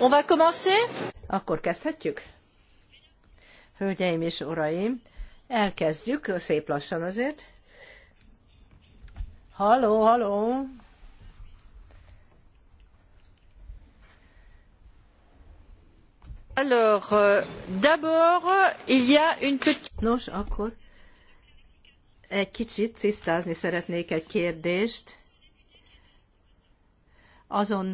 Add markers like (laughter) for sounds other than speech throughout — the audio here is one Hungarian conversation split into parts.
On va commencer? Akkor kezdhetjük? Hölgyeim és uraim, elkezdjük, szép lassan azért. Halló, halló! Alors, euh, d'abord, il y a une petite... Nos, akkor egy kicsit tisztázni szeretnék egy kérdést azon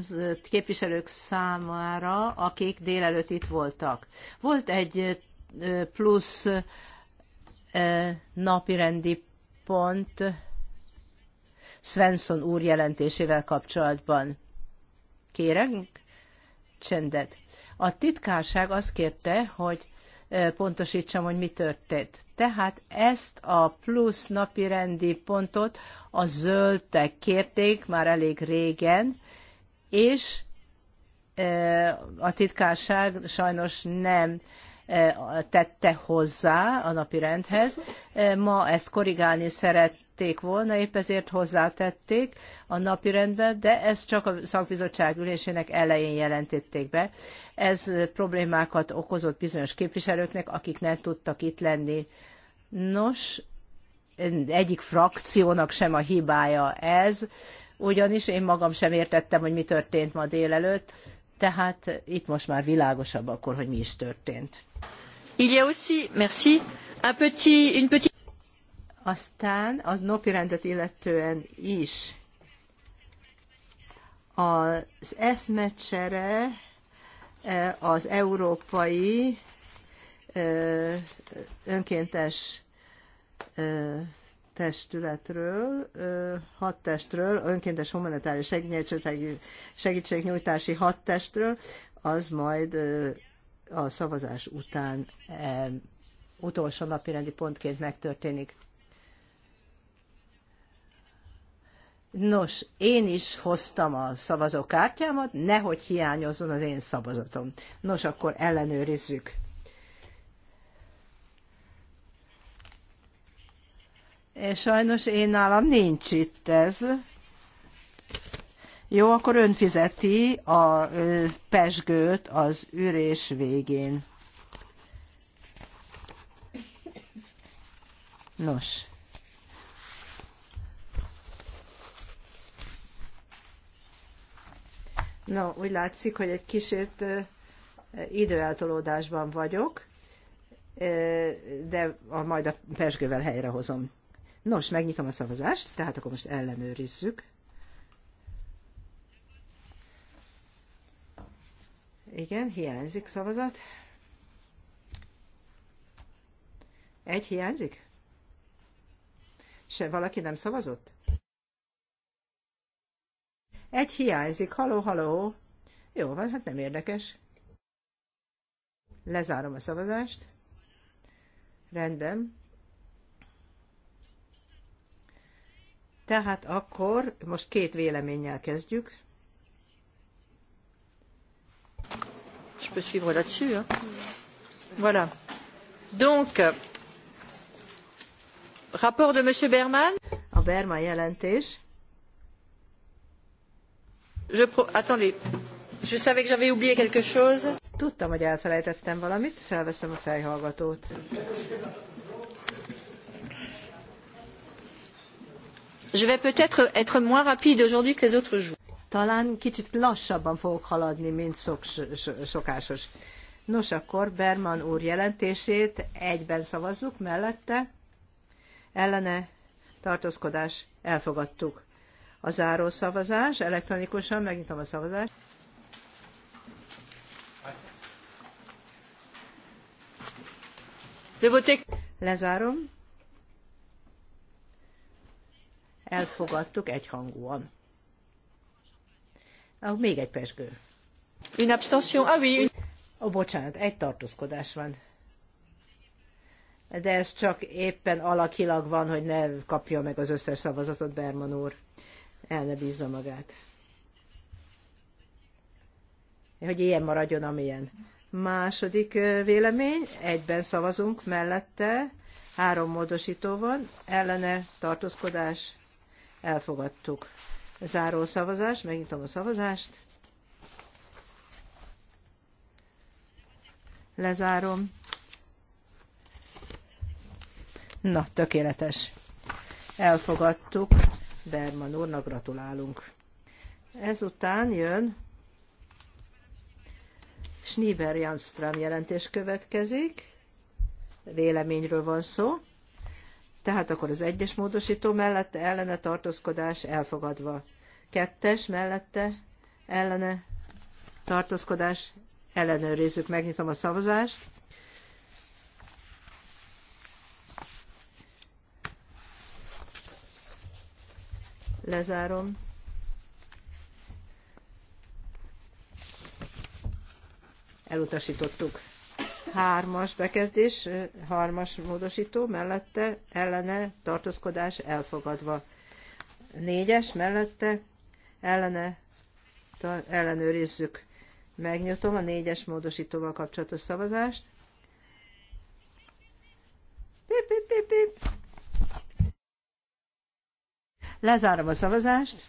képviselők számára, akik délelőtt itt voltak. Volt egy plusz napirendi pont Svensson úr jelentésével kapcsolatban. Kérek csendet. A titkárság azt kérte, hogy pontosítsam, hogy mi történt. Tehát ezt a plusz napi rendi pontot a zöldek kérték már elég régen, és a titkárság sajnos nem tette hozzá a napi rendhez. Ma ezt korrigálni szerették volna, épp ezért hozzátették a napi rendbe, de ezt csak a szakbizottság ülésének elején jelentették be. Ez problémákat okozott bizonyos képviselőknek, akik nem tudtak itt lenni. Nos, egyik frakciónak sem a hibája ez, ugyanis én magam sem értettem, hogy mi történt ma délelőtt, tehát itt most már világosabb akkor, hogy mi is történt. Il y a aussi, merci, un petit, une petit. Aztán az napi rendet illetően is az eszmecsere e, az európai e, önkéntes e, testületről, hat testről, önkéntes humanitári segítségnyújtási hat testről, az majd a szavazás után e, utolsó napi rendi pontként megtörténik. Nos, én is hoztam a szavazókártyámat, nehogy hiányozzon az én szavazatom. Nos, akkor ellenőrizzük. Eh, sajnos én nálam nincs itt ez. Jó, akkor ön fizeti a pesgőt az ürés végén. Nos. Na, úgy látszik, hogy egy kicsit időeltolódásban vagyok, de majd a pesgővel helyrehozom. Nos, megnyitom a szavazást, tehát akkor most ellenőrizzük. Igen, hiányzik szavazat. Egy hiányzik? Se valaki nem szavazott? Egy hiányzik, haló, haló. Jó van, hát nem érdekes. Lezárom a szavazást. Rendben. Tehát akkor most két véleménnyel kezdjük. Je peux suivre là-dessus. Hein. Voilà. Donc, rapport de M. Berman. A Berman jelentés. Je pro... Attendez. Je savais que j'avais oublié quelque chose. Tudtam, hogy elfelejtettem valamit, felveszem a fejhallgatót. Je vais peut-être être moins rapide aujourd'hui que les autres jours. Talán kicsit lassabban fogok haladni, mint szok, szokásos. Nos, akkor Berman úr jelentését egyben szavazzuk, mellette ellene tartózkodás elfogadtuk. A záró szavazás, elektronikusan megnyitom a szavazást. Lezárom. elfogadtuk egyhangúan. Ah, még egy pesgő. Une abstention, ah oui. Ó, oh, bocsánat, egy tartózkodás van. De ez csak éppen alakilag van, hogy ne kapja meg az összes szavazatot Berman úr. El ne bízza magát. Hogy ilyen maradjon, amilyen. Második vélemény, egyben szavazunk mellette, három módosító van, ellene tartózkodás elfogadtuk. Záró szavazás, megnyitom a szavazást. Lezárom. Na, tökéletes. Elfogadtuk. Berman úrnak gratulálunk. Ezután jön Schnieber Janström jelentés következik. Véleményről van szó. Tehát akkor az egyes módosító mellette ellene tartózkodás elfogadva. Kettes mellette ellene tartózkodás ellenőrizzük. Megnyitom a szavazást. Lezárom. Elutasítottuk hármas bekezdés, hármas módosító, mellette ellene tartózkodás elfogadva. Négyes mellette ellene ellenőrizzük. Megnyitom a négyes módosítóval kapcsolatos szavazást. Pip, pip, pip, pip. Lezárom a szavazást.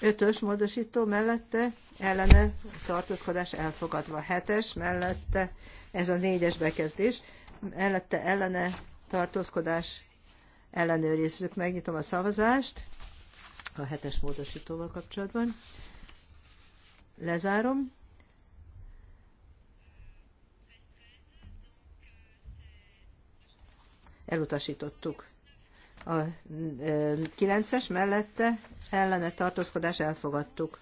Ötös módosító mellette ellene tartózkodás elfogadva. Hetes mellette ez a négyes bekezdés, mellette ellene tartózkodás ellenőrizzük. Megnyitom a szavazást a hetes módosítóval kapcsolatban. Lezárom. Elutasítottuk. A kilences mellette ellene tartózkodás elfogadtuk.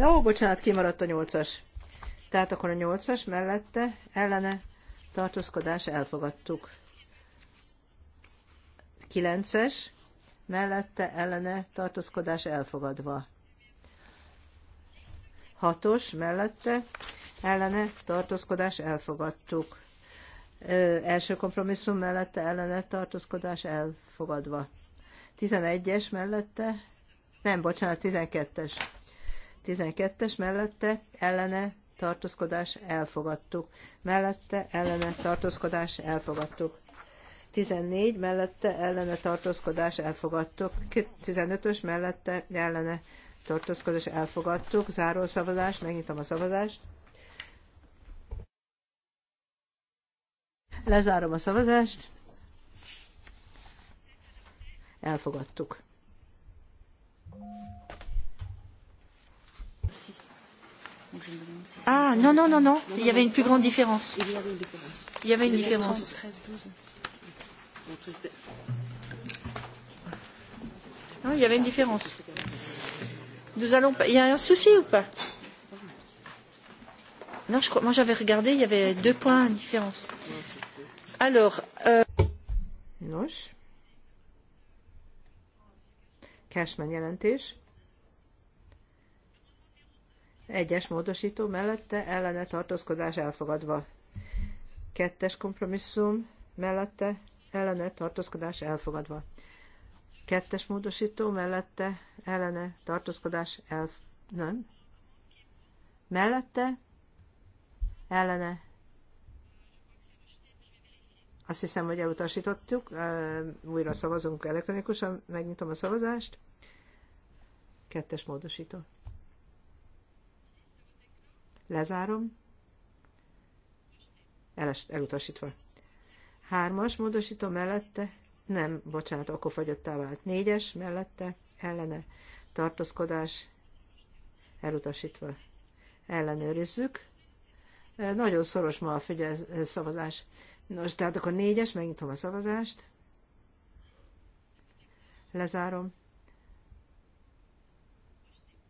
Ó, bocsánat, kimaradt a nyolcas. Tehát akkor a nyolcas mellette ellene tartózkodás elfogadtuk. Kilences mellette ellene tartózkodás elfogadva. Hatos mellette ellene tartózkodás elfogadtuk. Ö, első kompromisszum mellette ellene tartózkodás elfogadva. 11-es mellette, nem, bocsánat, 12-es 12-es mellette ellene tartózkodás elfogadtuk. Mellette ellene tartózkodás elfogadtuk. 14 mellette ellene tartózkodás elfogadtuk. 15-ös mellette ellene tartózkodás elfogadtuk. Záró szavazás, megnyitom a szavazást. Lezárom a szavazást. Elfogadtuk. Ah non, non, non, non, il y avait une plus grande différence. Il y avait une différence. Non, ah il y avait une différence. Nous allons. Il y a un souci ou pas Non, je crois. Moi, j'avais regardé. Il y avait deux points de différence. Alors. Euh... Nos. Cashman jelentés. Egyes módosító mellette ellene tartózkodás elfogadva. Kettes kompromisszum mellette ellene tartózkodás elfogadva. Kettes módosító mellette ellene tartózkodás elf... nem? Mellette ellene azt hiszem, hogy elutasítottuk. Újra szavazunk elektronikusan. Megnyitom a szavazást. Kettes módosító. Lezárom. Eles, elutasítva. Hármas módosító mellette, nem, bocsánat, Akkor fagyottá vált. Négyes mellette, ellene, tartózkodás, elutasítva. Ellenőrizzük. Nagyon szoros ma a figyel szavazás. Nos, tehát akkor négyes, megnyitom a szavazást. Lezárom.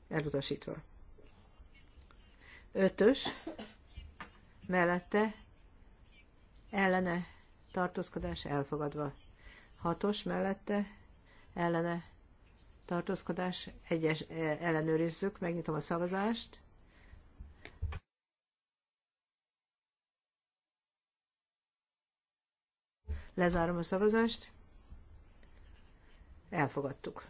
Elutasítva. Ötös mellette ellene tartózkodás elfogadva. Hatos mellette ellene tartózkodás egyes eh, ellenőrizzük, megnyitom a szavazást. Lezárom a szavazást. Elfogadtuk.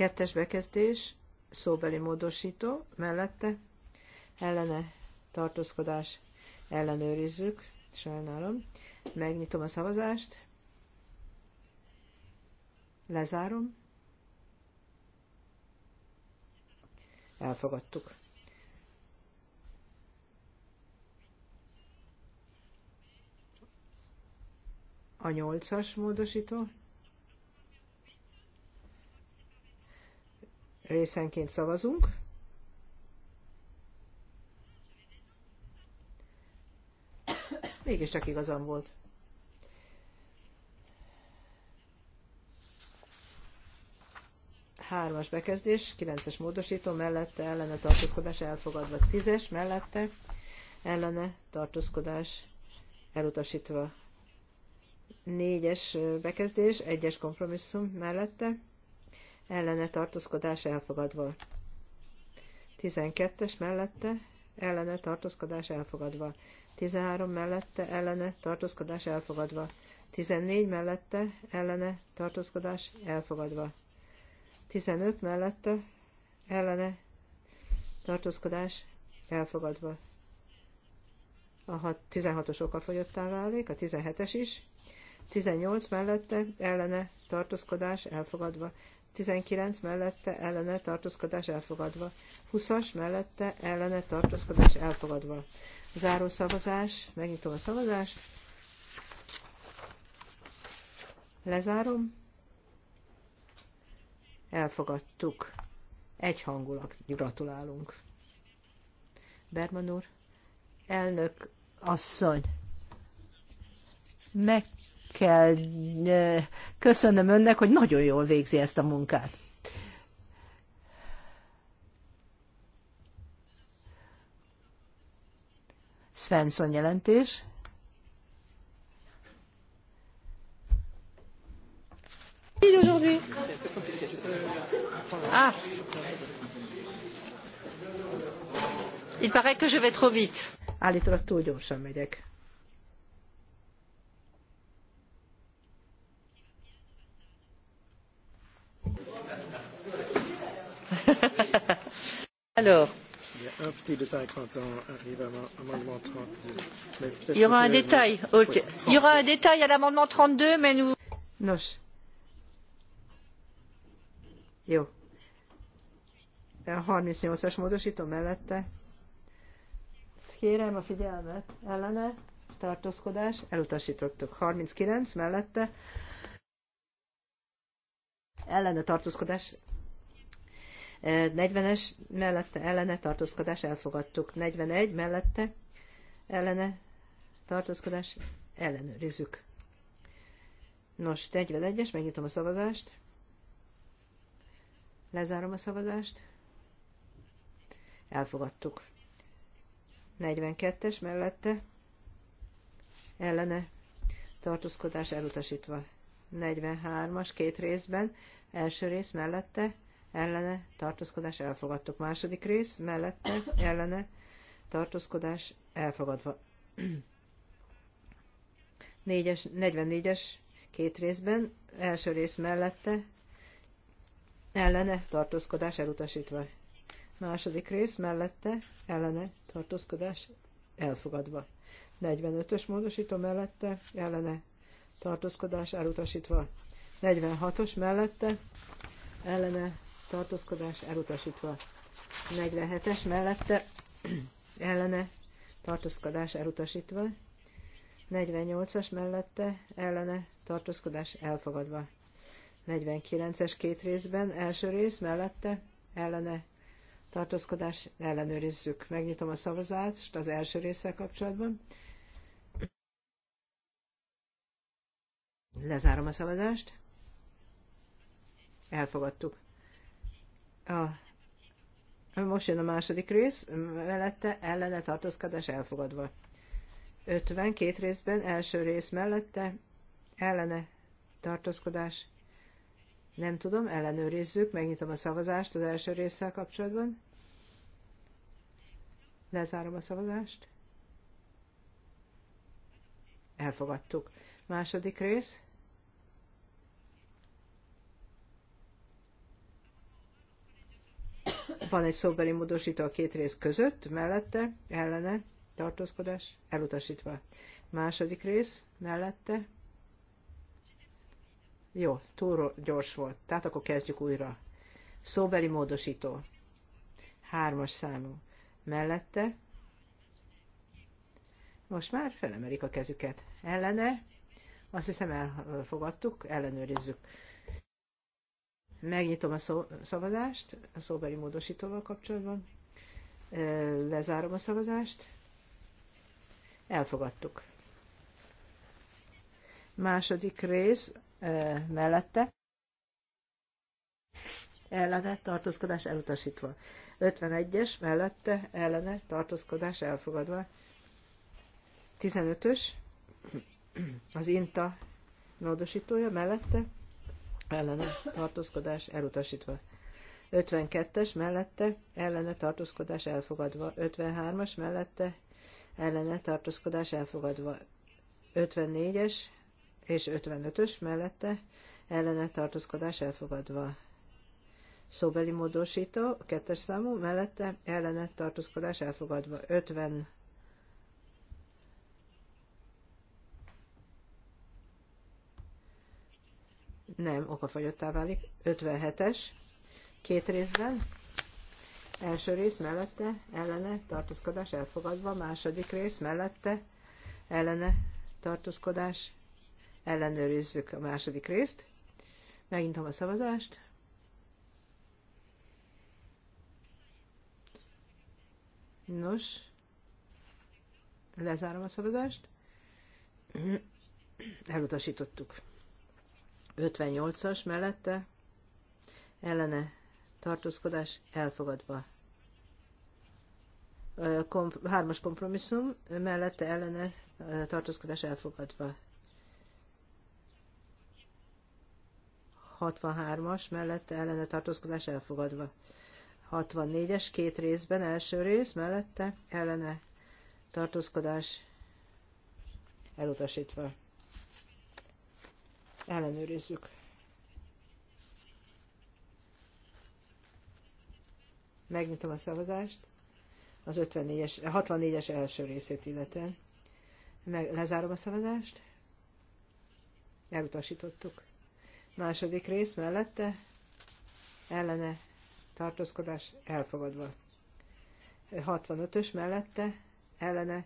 Kettes bekezdés, szóbeli módosító, mellette ellene tartózkodás ellenőrizzük, sajnálom. Megnyitom a szavazást, lezárom, elfogadtuk. A nyolcas módosító részenként szavazunk. Mégiscsak igazam volt. Hármas bekezdés, kilences módosító mellette, ellene tartózkodás elfogadva, tízes mellette, ellene tartózkodás elutasítva. négyes bekezdés, egyes kompromisszum mellette, ellene tartózkodás elfogadva. 12-es mellette ellene tartózkodás elfogadva. 13 mellette ellene tartózkodás elfogadva. 14 mellette ellene tartózkodás elfogadva. 15 mellette ellene tartózkodás elfogadva. A 16-os okafogyottá válik, a 17-es is. 18 mellette ellene tartózkodás elfogadva. 19 mellette ellene tartózkodás elfogadva. 20-as mellette ellene tartózkodás elfogadva. Záró szavazás, megnyitom a szavazást. Lezárom. Elfogadtuk. Egyhangulag gratulálunk. Berman úr, elnök asszony, meg kell köszönöm önnek, hogy nagyon jól végzi ezt a munkát. Svensson jelentés. aujourd'hui Ah Il paraît que je vais trop vite. Állítólag túl gyorsan megyek. Alors. Il y a aura un détail. Okay. Il y aura un détail à l'amendement 32, mais nous. Nos. Jó. A 38-as módosító mellette. Kérem a figyelmet ellene, tartózkodás, elutasítottuk. 39 mellette ellene tartózkodás 40-es mellette ellene tartózkodás elfogadtuk. 41 mellette ellene tartózkodás ellenőrizzük. Nos, 41-es, megnyitom a szavazást. Lezárom a szavazást. Elfogadtuk. 42-es mellette ellene tartózkodás elutasítva. 43-as két részben, első rész mellette ellene tartózkodás elfogadtok. Második rész mellette ellene tartózkodás elfogadva. 44-es két részben, első rész mellette ellene tartózkodás elutasítva. Második rész mellette ellene tartózkodás elfogadva. 45-ös módosító mellette ellene tartózkodás elutasítva. 46-os mellette ellene tartózkodás elutasítva. 47-es mellette (clears throat) ellene tartózkodás elutasítva. 48-as mellette ellene tartózkodás elfogadva. 49-es két részben, első rész mellette ellene tartózkodás ellenőrizzük. Megnyitom a szavazást az első részsel kapcsolatban. Lezárom a szavazást. Elfogadtuk. A, most jön a második rész, mellette ellene tartózkodás elfogadva. 52 részben, első rész mellette ellene tartózkodás. Nem tudom, ellenőrizzük, megnyitom a szavazást az első résszel kapcsolatban. Lezárom a szavazást. Elfogadtuk. Második rész. Van egy szóbeli módosító a két rész között, mellette, ellene, tartózkodás, elutasítva. Második rész, mellette. Jó, túl gyors volt. Tehát akkor kezdjük újra. Szóbeli módosító. Hármas számú. Mellette. Most már felemelik a kezüket. Ellene. Azt hiszem elfogadtuk, ellenőrizzük. Megnyitom a szavazást a szóbeli módosítóval kapcsolatban. Lezárom a szavazást. Elfogadtuk. Második rész mellette. Ellene tartózkodás elutasítva. 51-es mellette ellene tartózkodás elfogadva. 15-ös az INTA módosítója mellette ellene tartózkodás elutasítva. 52-es mellette ellene tartózkodás elfogadva, 53-as mellette ellene tartózkodás elfogadva, 54-es és 55-ös mellette ellene tartózkodás elfogadva. Szóbeli módosító, kettes számú, mellette ellene tartózkodás elfogadva. 50 nem, okafagyottá válik. 57-es, két részben. Első rész mellette, ellene, tartózkodás elfogadva. Második rész mellette, ellene, tartózkodás. Ellenőrizzük a második részt. Megintom a szavazást. Nos, lezárom a szavazást. Elutasítottuk. 58-as mellette ellene tartózkodás elfogadva. Komp- hármas kompromisszum mellette ellene tartózkodás elfogadva. 63-as mellette ellene tartózkodás elfogadva. 64-es két részben, első rész mellette ellene tartózkodás elutasítva ellenőrizzük. Megnyitom a szavazást az 54-es, 64-es első részét illetően. Meg, lezárom a szavazást. Elutasítottuk. Második rész mellette ellene tartózkodás elfogadva. 65-ös mellette ellene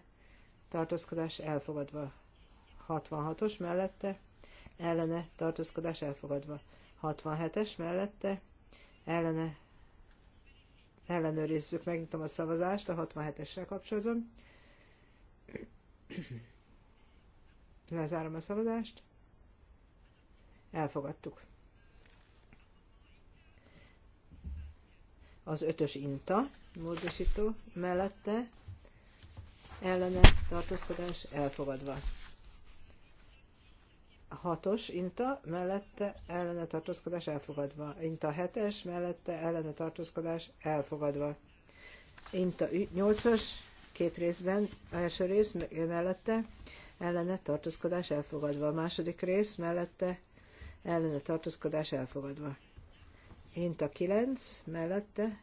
tartózkodás elfogadva. 66-os mellette ellene tartózkodás elfogadva. 67-es mellette ellene ellenőrizzük, megnyitom a szavazást a 67-essel kapcsolatban. Lezárom a szavazást. Elfogadtuk. Az ötös inta módosító mellette ellene tartózkodás elfogadva hatos inta mellette ellene tartózkodás elfogadva. Inta hetes mellette ellene tartózkodás elfogadva. Inta nyolcas két részben, első rész mellette ellene tartózkodás elfogadva. A második rész mellette ellene tartózkodás elfogadva. Inta kilenc mellette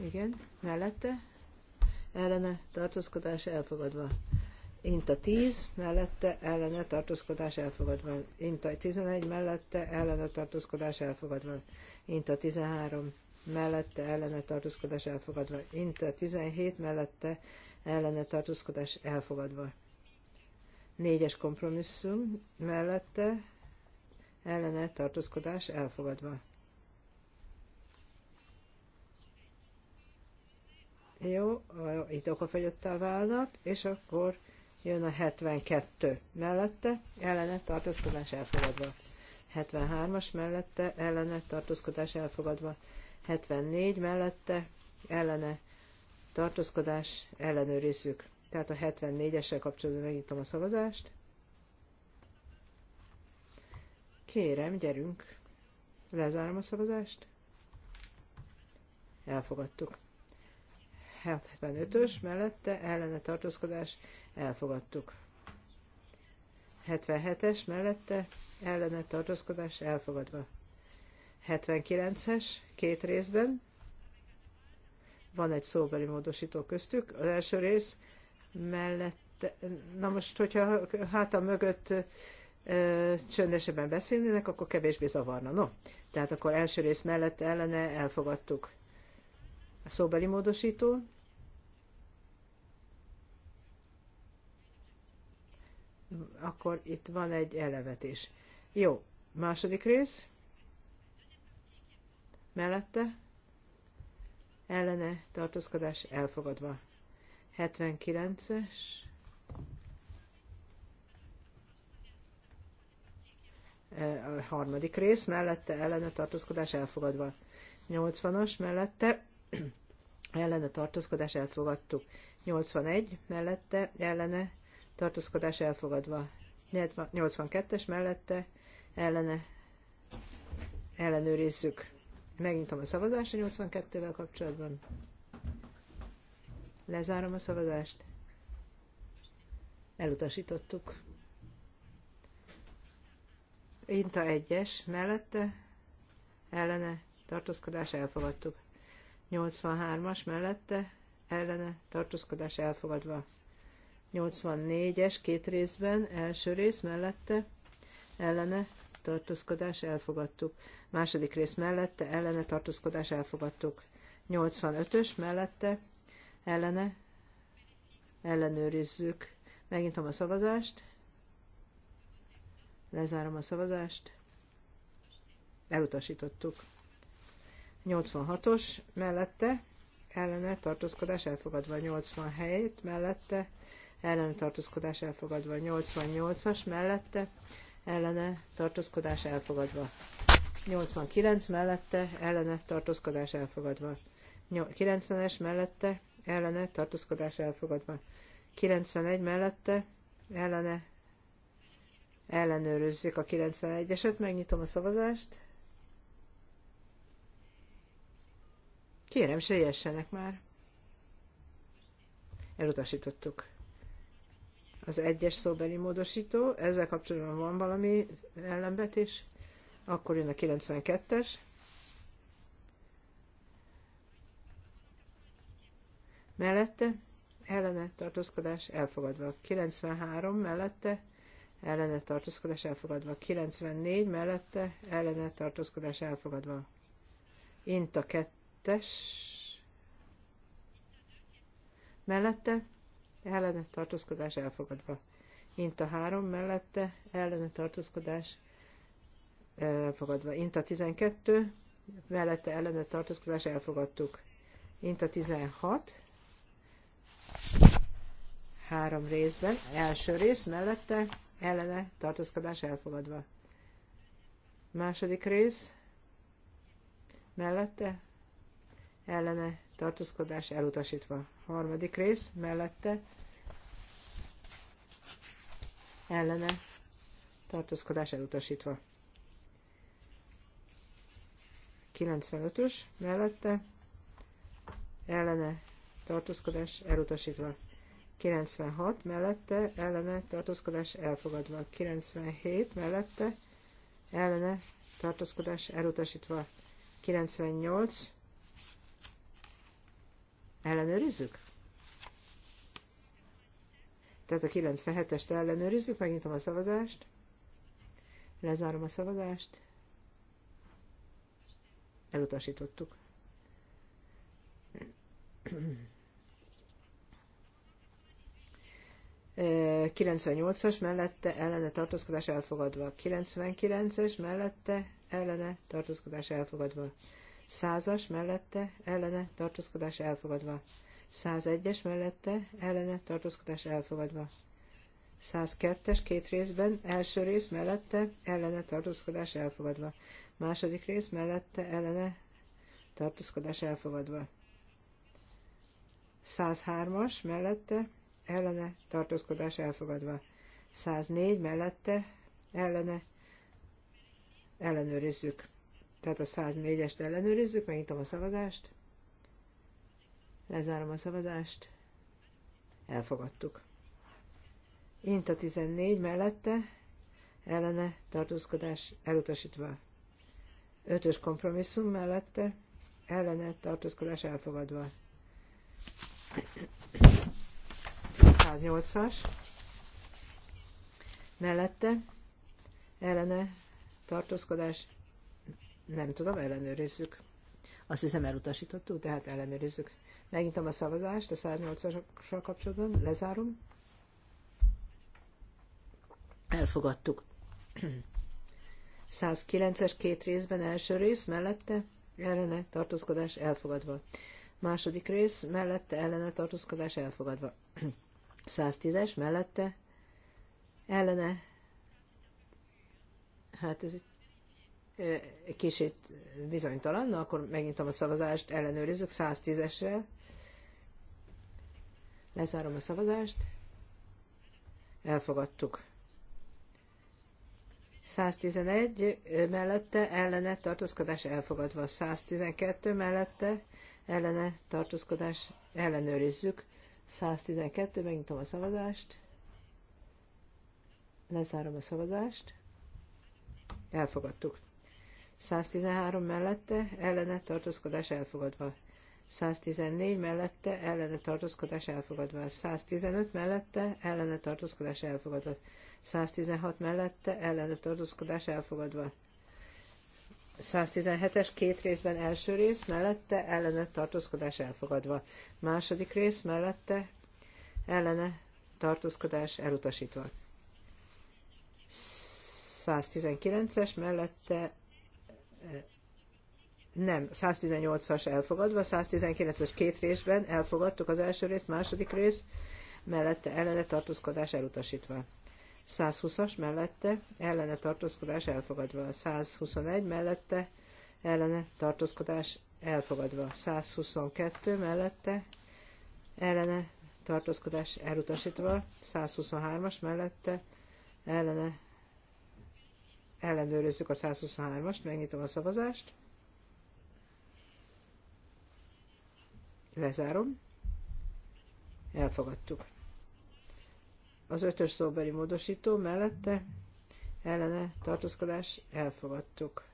igen, mellette ellene tartózkodás elfogadva. Inta 10 mellette ellene tartózkodás elfogadva. Inta 11 mellette ellene tartózkodás elfogadva. Inta 13 mellette ellene tartózkodás elfogadva. Inta 17 mellette ellene tartózkodás elfogadva. Négyes kompromisszum mellette ellene tartózkodás elfogadva. Jó, itt okafogyottá válnak, és akkor Jön a 72 mellette, ellene tartózkodás elfogadva. 73-as mellette, ellene tartózkodás elfogadva. 74 mellette, ellene tartózkodás ellenőrizzük. Tehát a 74-essel kapcsolatban megnyitom a szavazást. Kérem, gyerünk. Lezárom a szavazást. Elfogadtuk. 75-ös mellette ellene tartózkodás elfogadtuk. 77-es mellette ellene tartózkodás elfogadva. 79-es két részben van egy szóbeli módosító köztük. Az első rész mellette, na most, hogyha a mögött ö, csöndesebben beszélnének, akkor kevésbé zavarna. No, tehát akkor első rész mellette ellene elfogadtuk. A szóbeli módosító akkor itt van egy elevetés. Jó, második rész. Mellette. Ellene tartózkodás elfogadva. 79-es. E, a harmadik rész mellette ellene tartózkodás elfogadva. 80-as mellette (clears throat) ellene tartózkodás elfogadtuk. 81 mellette ellene tartózkodás elfogadva. 82-es mellette ellene ellenőrizzük. Megnyitom a szavazást a 82-vel kapcsolatban. Lezárom a szavazást. Elutasítottuk. Inta 1-es mellette ellene tartózkodás elfogadtuk. 83-as mellette ellene tartózkodás elfogadva. 84-es két részben, első rész mellette, ellene, tartózkodás, elfogadtuk. Második rész mellette, ellene, tartózkodás, elfogadtuk. 85-ös mellette, ellene, ellenőrizzük. Megintom a szavazást, lezárom a szavazást, elutasítottuk. 86-os mellette, ellene, tartózkodás, elfogadva. 87 mellette, ellene tartózkodás elfogadva. 88-as mellette ellene tartózkodás elfogadva. 89 mellette ellene tartózkodás elfogadva. 90-es mellette ellene tartózkodás elfogadva. 91 mellette ellene ellenőrizzük a 91-eset, megnyitom a szavazást. Kérem, sejjessenek már. Elutasítottuk az egyes szóbeli módosító, ezzel kapcsolatban van valami ellenvetés, akkor jön a 92-es. Mellette ellene tartózkodás elfogadva. 93 mellette ellene tartózkodás elfogadva. 94 mellette ellene tartózkodás elfogadva. Inta 2 mellette ellene tartózkodás elfogadva. Inta 3 mellette ellene tartózkodás elfogadva. Inta 12 mellette ellene tartózkodás elfogadtuk. Inta 16 három részben. Első rész mellette ellene tartózkodás elfogadva. Második rész mellette ellene tartózkodás elutasítva harmadik rész mellette ellene tartózkodás elutasítva. 95-ös mellette ellene tartózkodás elutasítva. 96 mellette ellene tartózkodás elfogadva. 97 mellette ellene tartózkodás elutasítva. 98 Ellenőrizzük? Tehát a 97-est ellenőrizzük, megnyitom a szavazást, lezárom a szavazást, elutasítottuk. 98-as mellette ellene tartózkodás elfogadva, 99-es mellette ellene tartózkodás elfogadva, 100-as mellette ellene tartózkodás elfogadva. 101-es mellette ellene tartózkodás elfogadva. 102-es két részben, első rész mellette ellene tartózkodás elfogadva. Második rész mellette ellene tartózkodás elfogadva. 103-as mellette ellene tartózkodás elfogadva. 104 mellette ellene ellenőrizzük. Tehát a 104-est ellenőrizzük, megnyitom a szavazást. Lezárom a szavazást. Elfogadtuk. Int a 14 mellette, ellene tartózkodás elutasítva. Ötös kompromisszum mellette, ellene tartózkodás elfogadva. 108-as mellette, ellene tartózkodás nem tudom, ellenőrizzük. Azt hiszem elutasítottuk, tehát ellenőrizzük. Megintem a szavazást a 108-asra kapcsolatban, lezárom. Elfogadtuk. 109-es két részben első rész mellette ellene tartózkodás elfogadva. Második rész mellette ellene tartózkodás elfogadva. 110-es mellette ellene. Hát ez itt kicsit bizonytalan, na akkor megnyitom a szavazást, ellenőrizzük 110-esre. Lezárom a szavazást. Elfogadtuk. 111 mellette ellene tartózkodás elfogadva. 112 mellette ellene tartózkodás ellenőrizzük. 112, megnyitom a szavazást. Lezárom a szavazást. Elfogadtuk. 113 mellette ellene tartózkodás elfogadva. 114 mellette ellene tartózkodás elfogadva. 115 mellette ellene tartózkodás elfogadva. 116 mellette ellene tartózkodás elfogadva. 117-es két részben első rész mellette ellene tartózkodás elfogadva. Második rész mellette ellene tartózkodás elutasítva. 119-es mellette nem, 118-as elfogadva, 119-es két részben elfogadtuk az első részt, második rész mellette ellene tartózkodás elutasítva. 120-as mellette ellene tartózkodás elfogadva, 121 mellette ellene tartózkodás elfogadva, 122 mellette ellene tartózkodás elutasítva, 123-as mellette ellene ellenőrizzük a 123-ast, megnyitom a szavazást. Lezárom. Elfogadtuk. Az ötös szóbeli módosító mellette ellene tartózkodás elfogadtuk.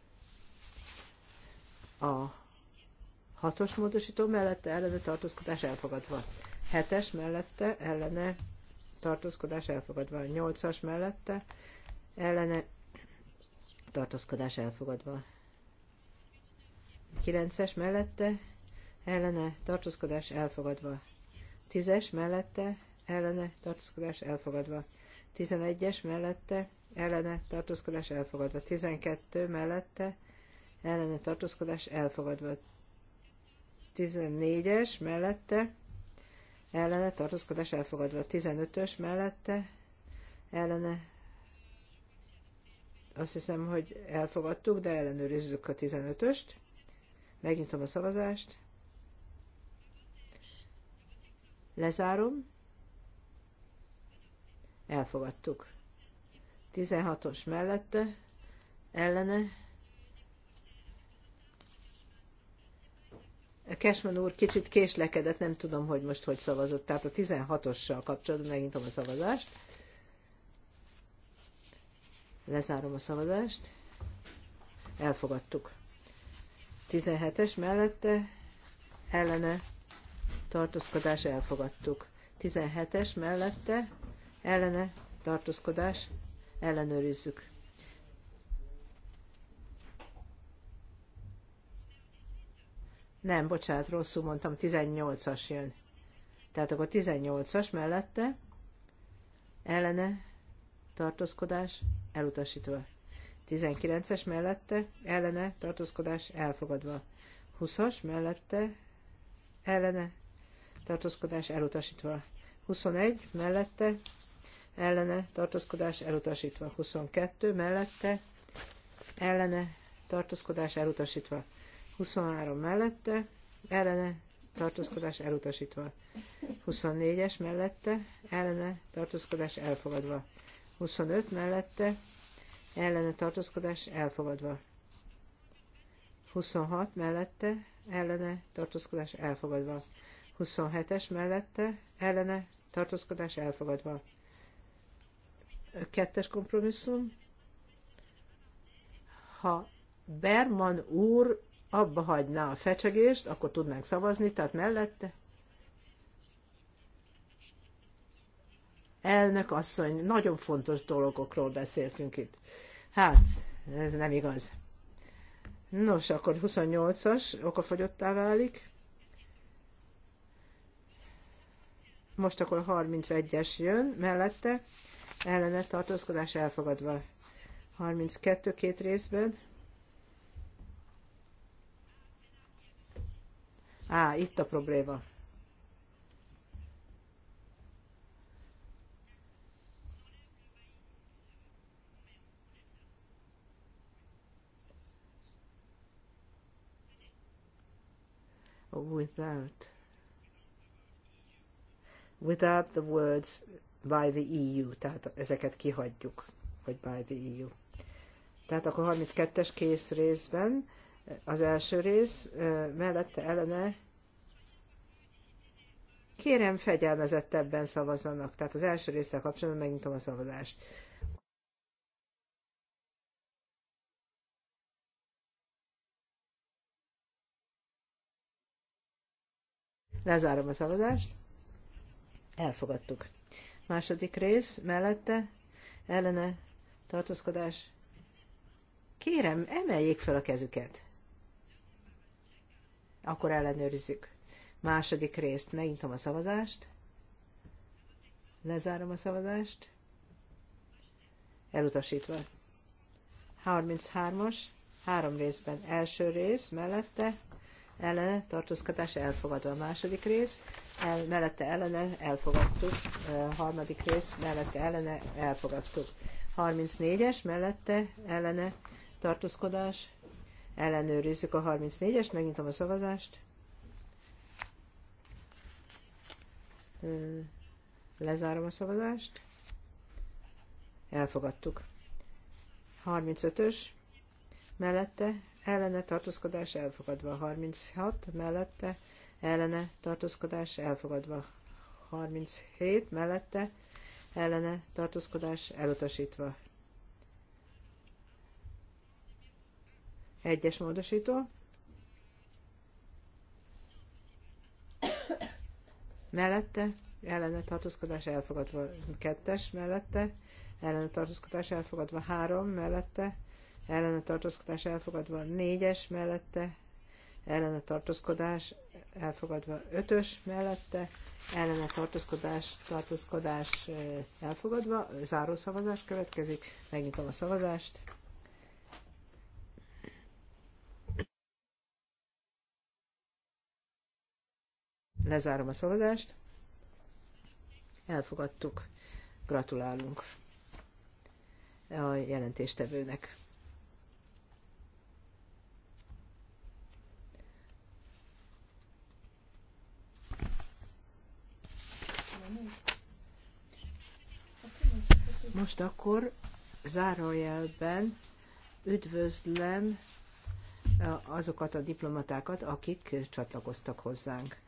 A hatos módosító mellette ellene tartózkodás elfogadva. Hetes mellette ellene tartózkodás elfogadva. Nyolcas mellette ellene tartózkodás elfogadva. 9-es mellette ellene tartózkodás elfogadva. 10-es mellette ellene tartózkodás elfogadva. 11-es mellette ellene tartózkodás elfogadva. 12 mellette ellene tartózkodás elfogadva. 14-es mellette ellene tartózkodás elfogadva. 15-ös mellette ellene azt hiszem, hogy elfogadtuk, de ellenőrizzük a 15-öst. Megnyitom a szavazást. Lezárom. Elfogadtuk. 16-os mellette, ellene. Kesman úr kicsit késlekedett, nem tudom, hogy most hogy szavazott. Tehát a 16-ossal kapcsolatban megnyitom a szavazást. Lezárom a szavazást. Elfogadtuk. 17-es mellette ellene tartózkodás elfogadtuk. 17-es mellette ellene tartózkodás ellenőrizzük. Nem, bocsánat, rosszul mondtam, 18-as jön. Tehát akkor 18-as mellette ellene tartózkodás elutasítva. 19-es mellette ellene tartózkodás elfogadva. 20-as mellette ellene tartózkodás elutasítva. 21 mellette ellene tartózkodás elutasítva. 22 mellette ellene tartózkodás elutasítva. 23 mellette ellene tartózkodás elutasítva. 24-es mellette ellene tartózkodás elfogadva. 25 mellette ellene tartózkodás elfogadva. 26 mellette ellene tartózkodás elfogadva. 27-es mellette ellene tartózkodás elfogadva. Kettes kompromisszum. Ha Berman úr abba hagyná a fecsegést, akkor tudnánk szavazni, tehát mellette elnök asszony, nagyon fontos dolgokról beszéltünk itt. Hát, ez nem igaz. Nos, akkor 28-as okafogyottá válik. Most akkor 31-es jön mellette, ellene tartózkodás elfogadva. 32 két részben. Á, itt a probléma. without without the words by the EU, tehát ezeket kihagyjuk, hogy by the EU. Tehát akkor 32-es kész részben az első rész mellette ellene kérem fegyelmezettebben szavazzanak. Tehát az első részsel kapcsolatban megnyitom a szavazást. Lezárom a szavazást. Elfogadtuk. Második rész mellette ellene tartózkodás. Kérem, emeljék fel a kezüket. Akkor ellenőrizzük. Második részt megintom a szavazást. Lezárom a szavazást. Elutasítva. 33-as, három részben első rész mellette ellene tartózkodás elfogadva. A második rész el, mellette ellene elfogadtuk. e, harmadik rész mellette ellene elfogadtuk. 34-es mellette ellene tartózkodás. Ellenőrizzük a 34 es megnyitom a szavazást. Lezárom a szavazást. Elfogadtuk. 35-ös mellette ellene tartózkodás elfogadva, 36 mellette ellene tartózkodás elfogadva, 37 mellette ellene tartózkodás elutasítva. Egyes módosító. Mellette ellene tartózkodás elfogadva. Kettes mellette ellene tartózkodás elfogadva. Három mellette ellene tartózkodás elfogadva, 4-es mellette ellene tartózkodás elfogadva, 5-ös mellette ellene tartózkodás, tartózkodás eh, elfogadva, záró szavazás következik, megnyitom a szavazást. Lezárom a szavazást. Elfogadtuk. Gratulálunk a jelentéstevőnek. Most akkor zárójelben üdvözlöm eh, azokat a diplomatákat, akik csatlakoztak hozzánk.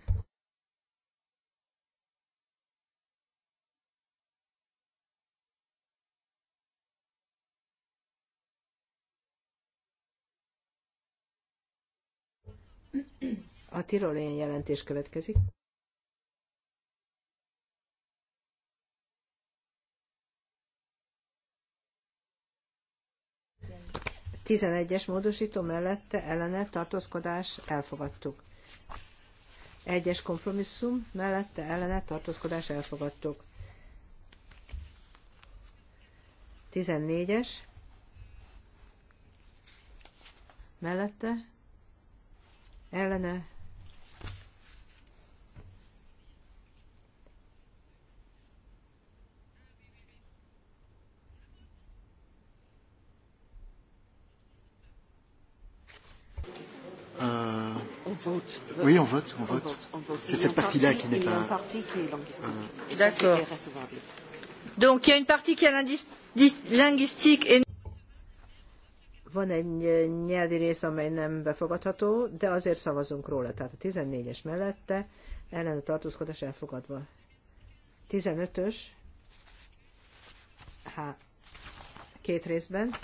A tirolén jelentés következik. 11-es módosító mellette ellene tartózkodás elfogadtuk. 1-es kompromisszum mellette ellene tartózkodás elfogadtuk. 14-es mellette ellene vote. Oui, on vote, on vote. C'est cette partie-là qui n'est pas. Euh, D'accord. Donc il y a une partie qui est linguistique et van egy nyelvi rész, amely nem befogadható, de azért szavazunk róla. Tehát a 14-es mellette ellen a tartózkodás elfogadva. 15-ös, há, két részben,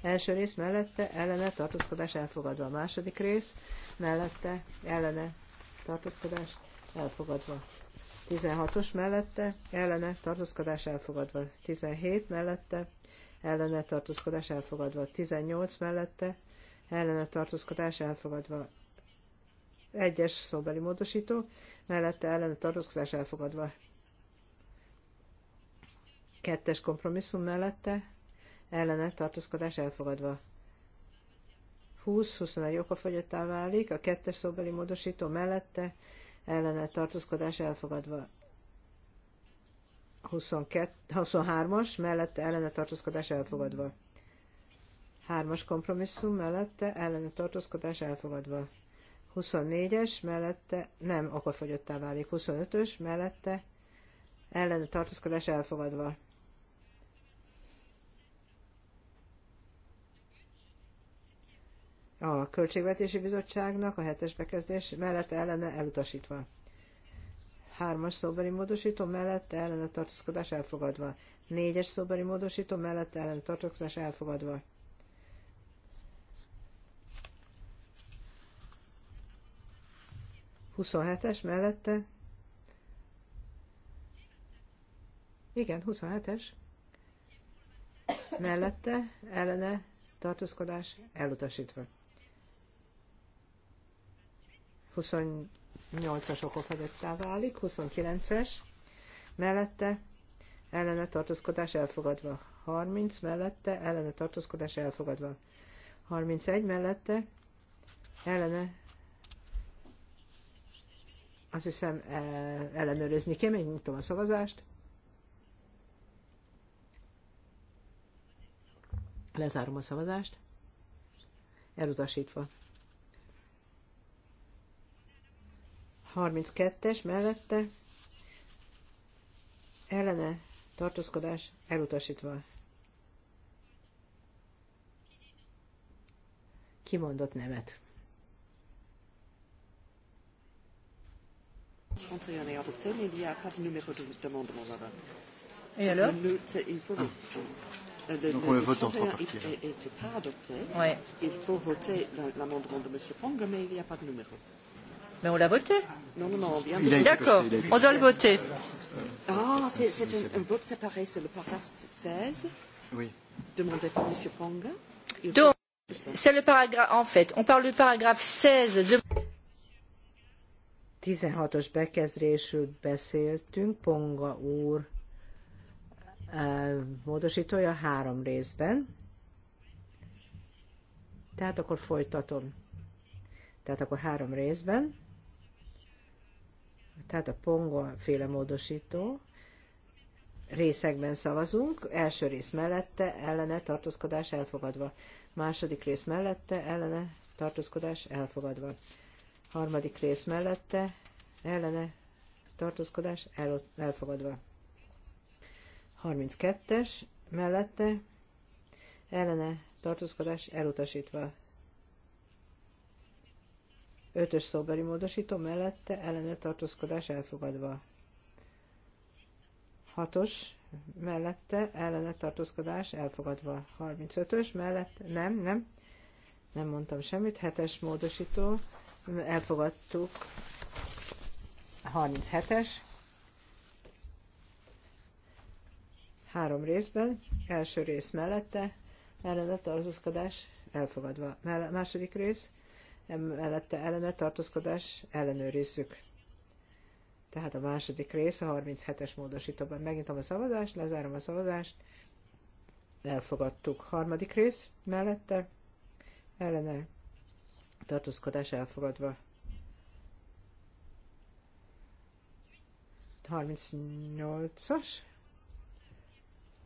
Első rész mellette ellene tartózkodás elfogadva. A második rész mellette ellene tartózkodás elfogadva. 16-os mellette ellene tartózkodás elfogadva. 17 mellette ellene tartózkodás elfogadva. 18 mellette ellene tartózkodás elfogadva. Egyes szóbeli módosító, mellette ellene tartózkodás elfogadva. Kettes kompromisszum mellette ellene tartózkodás elfogadva. 20-21 okafogyottá válik, a kettes szóbeli módosító mellette ellene tartózkodás elfogadva. 23-as mellette ellene tartózkodás elfogadva. 3-as kompromisszum mellette ellene tartózkodás elfogadva. 24-es mellette nem okafogyottá válik. 25-ös mellette ellene tartózkodás elfogadva. a Költségvetési Bizottságnak a hetes bekezdés mellett ellene elutasítva. Hármas szóbeli módosító mellett ellene tartózkodás elfogadva. Négyes szóbeli módosító mellett ellene tartózkodás elfogadva. Huszonhetes mellette. Igen, 27-es. Mellette ellene tartózkodás elutasítva. 28-as okofagyottá válik, 29-es mellette ellene tartózkodás elfogadva, 30 mellette ellene tartózkodás elfogadva, 31 mellette ellene azt hiszem e, ellenőrizni kell, nyitom a szavazást. Lezárom a szavazást. Elutasítva. 32-es mellette ellene tartózkodás elutasítva. Kimondott nemet. Et alors Il faut ah. Donc on le vote en trois parties. Il faut voter l'amendement de M. Pong, mais il n'y a pas de numéro. Mais on l'a voté Non, non, non, bien D'accord, on doit le voter. Ah, c'est un, un vote séparé, c'est le paragraphe 16. Oui. Demandé par M. Pong. Donc, c'est le paragraphe, en fait, on parle du paragraphe 16 de... 16-os bekezdésről beszéltünk, Ponga úr e, módosítója három részben. Tehát akkor folytatom. Tehát akkor három részben. Tehát a Pongon féle módosító részekben szavazunk, első rész mellette, ellene, tartózkodás elfogadva. Második rész mellette, ellene, tartózkodás elfogadva. Harmadik rész mellette, ellene, tartózkodás el, elfogadva. 32-es mellette, ellene, tartózkodás elutasítva. Ötös szóbeli módosító mellette ellene tartózkodás elfogadva. Hatos mellette ellene tartózkodás elfogadva. 35-ös mellette nem, nem, nem mondtam semmit. Hetes módosító elfogadtuk. 37-es. Három részben, első rész mellette, ellene tartózkodás elfogadva. Második rész mellette ellene tartózkodás ellenőrizzük. Tehát a második rész, a 37-es módosítóban megnyitom a szavazást, lezárom a szavazást, elfogadtuk. Harmadik rész mellette ellene tartózkodás elfogadva. 38-as,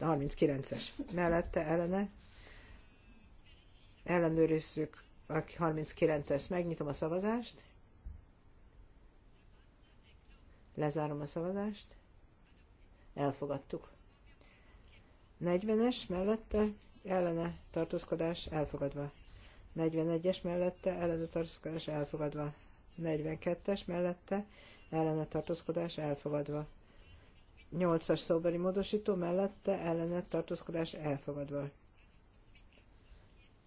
39-es mellette ellene ellenőrizzük aki 39-es, megnyitom a szavazást. Lezárom a szavazást. Elfogadtuk. 40-es mellette ellene tartózkodás elfogadva. 41-es mellette ellene tartózkodás elfogadva. 42-es mellette ellene tartózkodás elfogadva. 8-as szóbeli módosító mellette ellene tartózkodás elfogadva.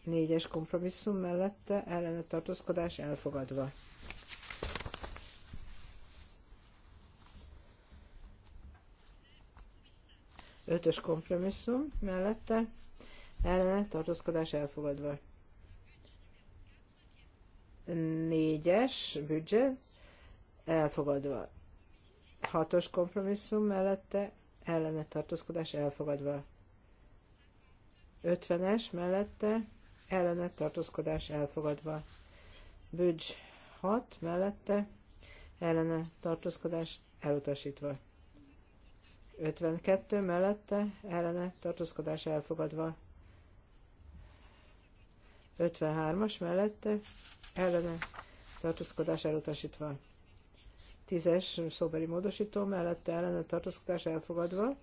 Négyes kompromisszum mellette ellene tartózkodás elfogadva. Ötös kompromisszum mellette ellene tartózkodás elfogadva. Négyes büdzse elfogadva. Hatos kompromisszum mellette ellene tartózkodás elfogadva. 50-es mellette ellene tartózkodás elfogadva. Bridge 6 mellette ellene tartózkodás elutasítva. 52 mellette ellene tartózkodás elfogadva. 53-as mellette ellene tartózkodás elutasítva. 10-es szóbeli módosító mellette ellene tartózkodás elfogadva.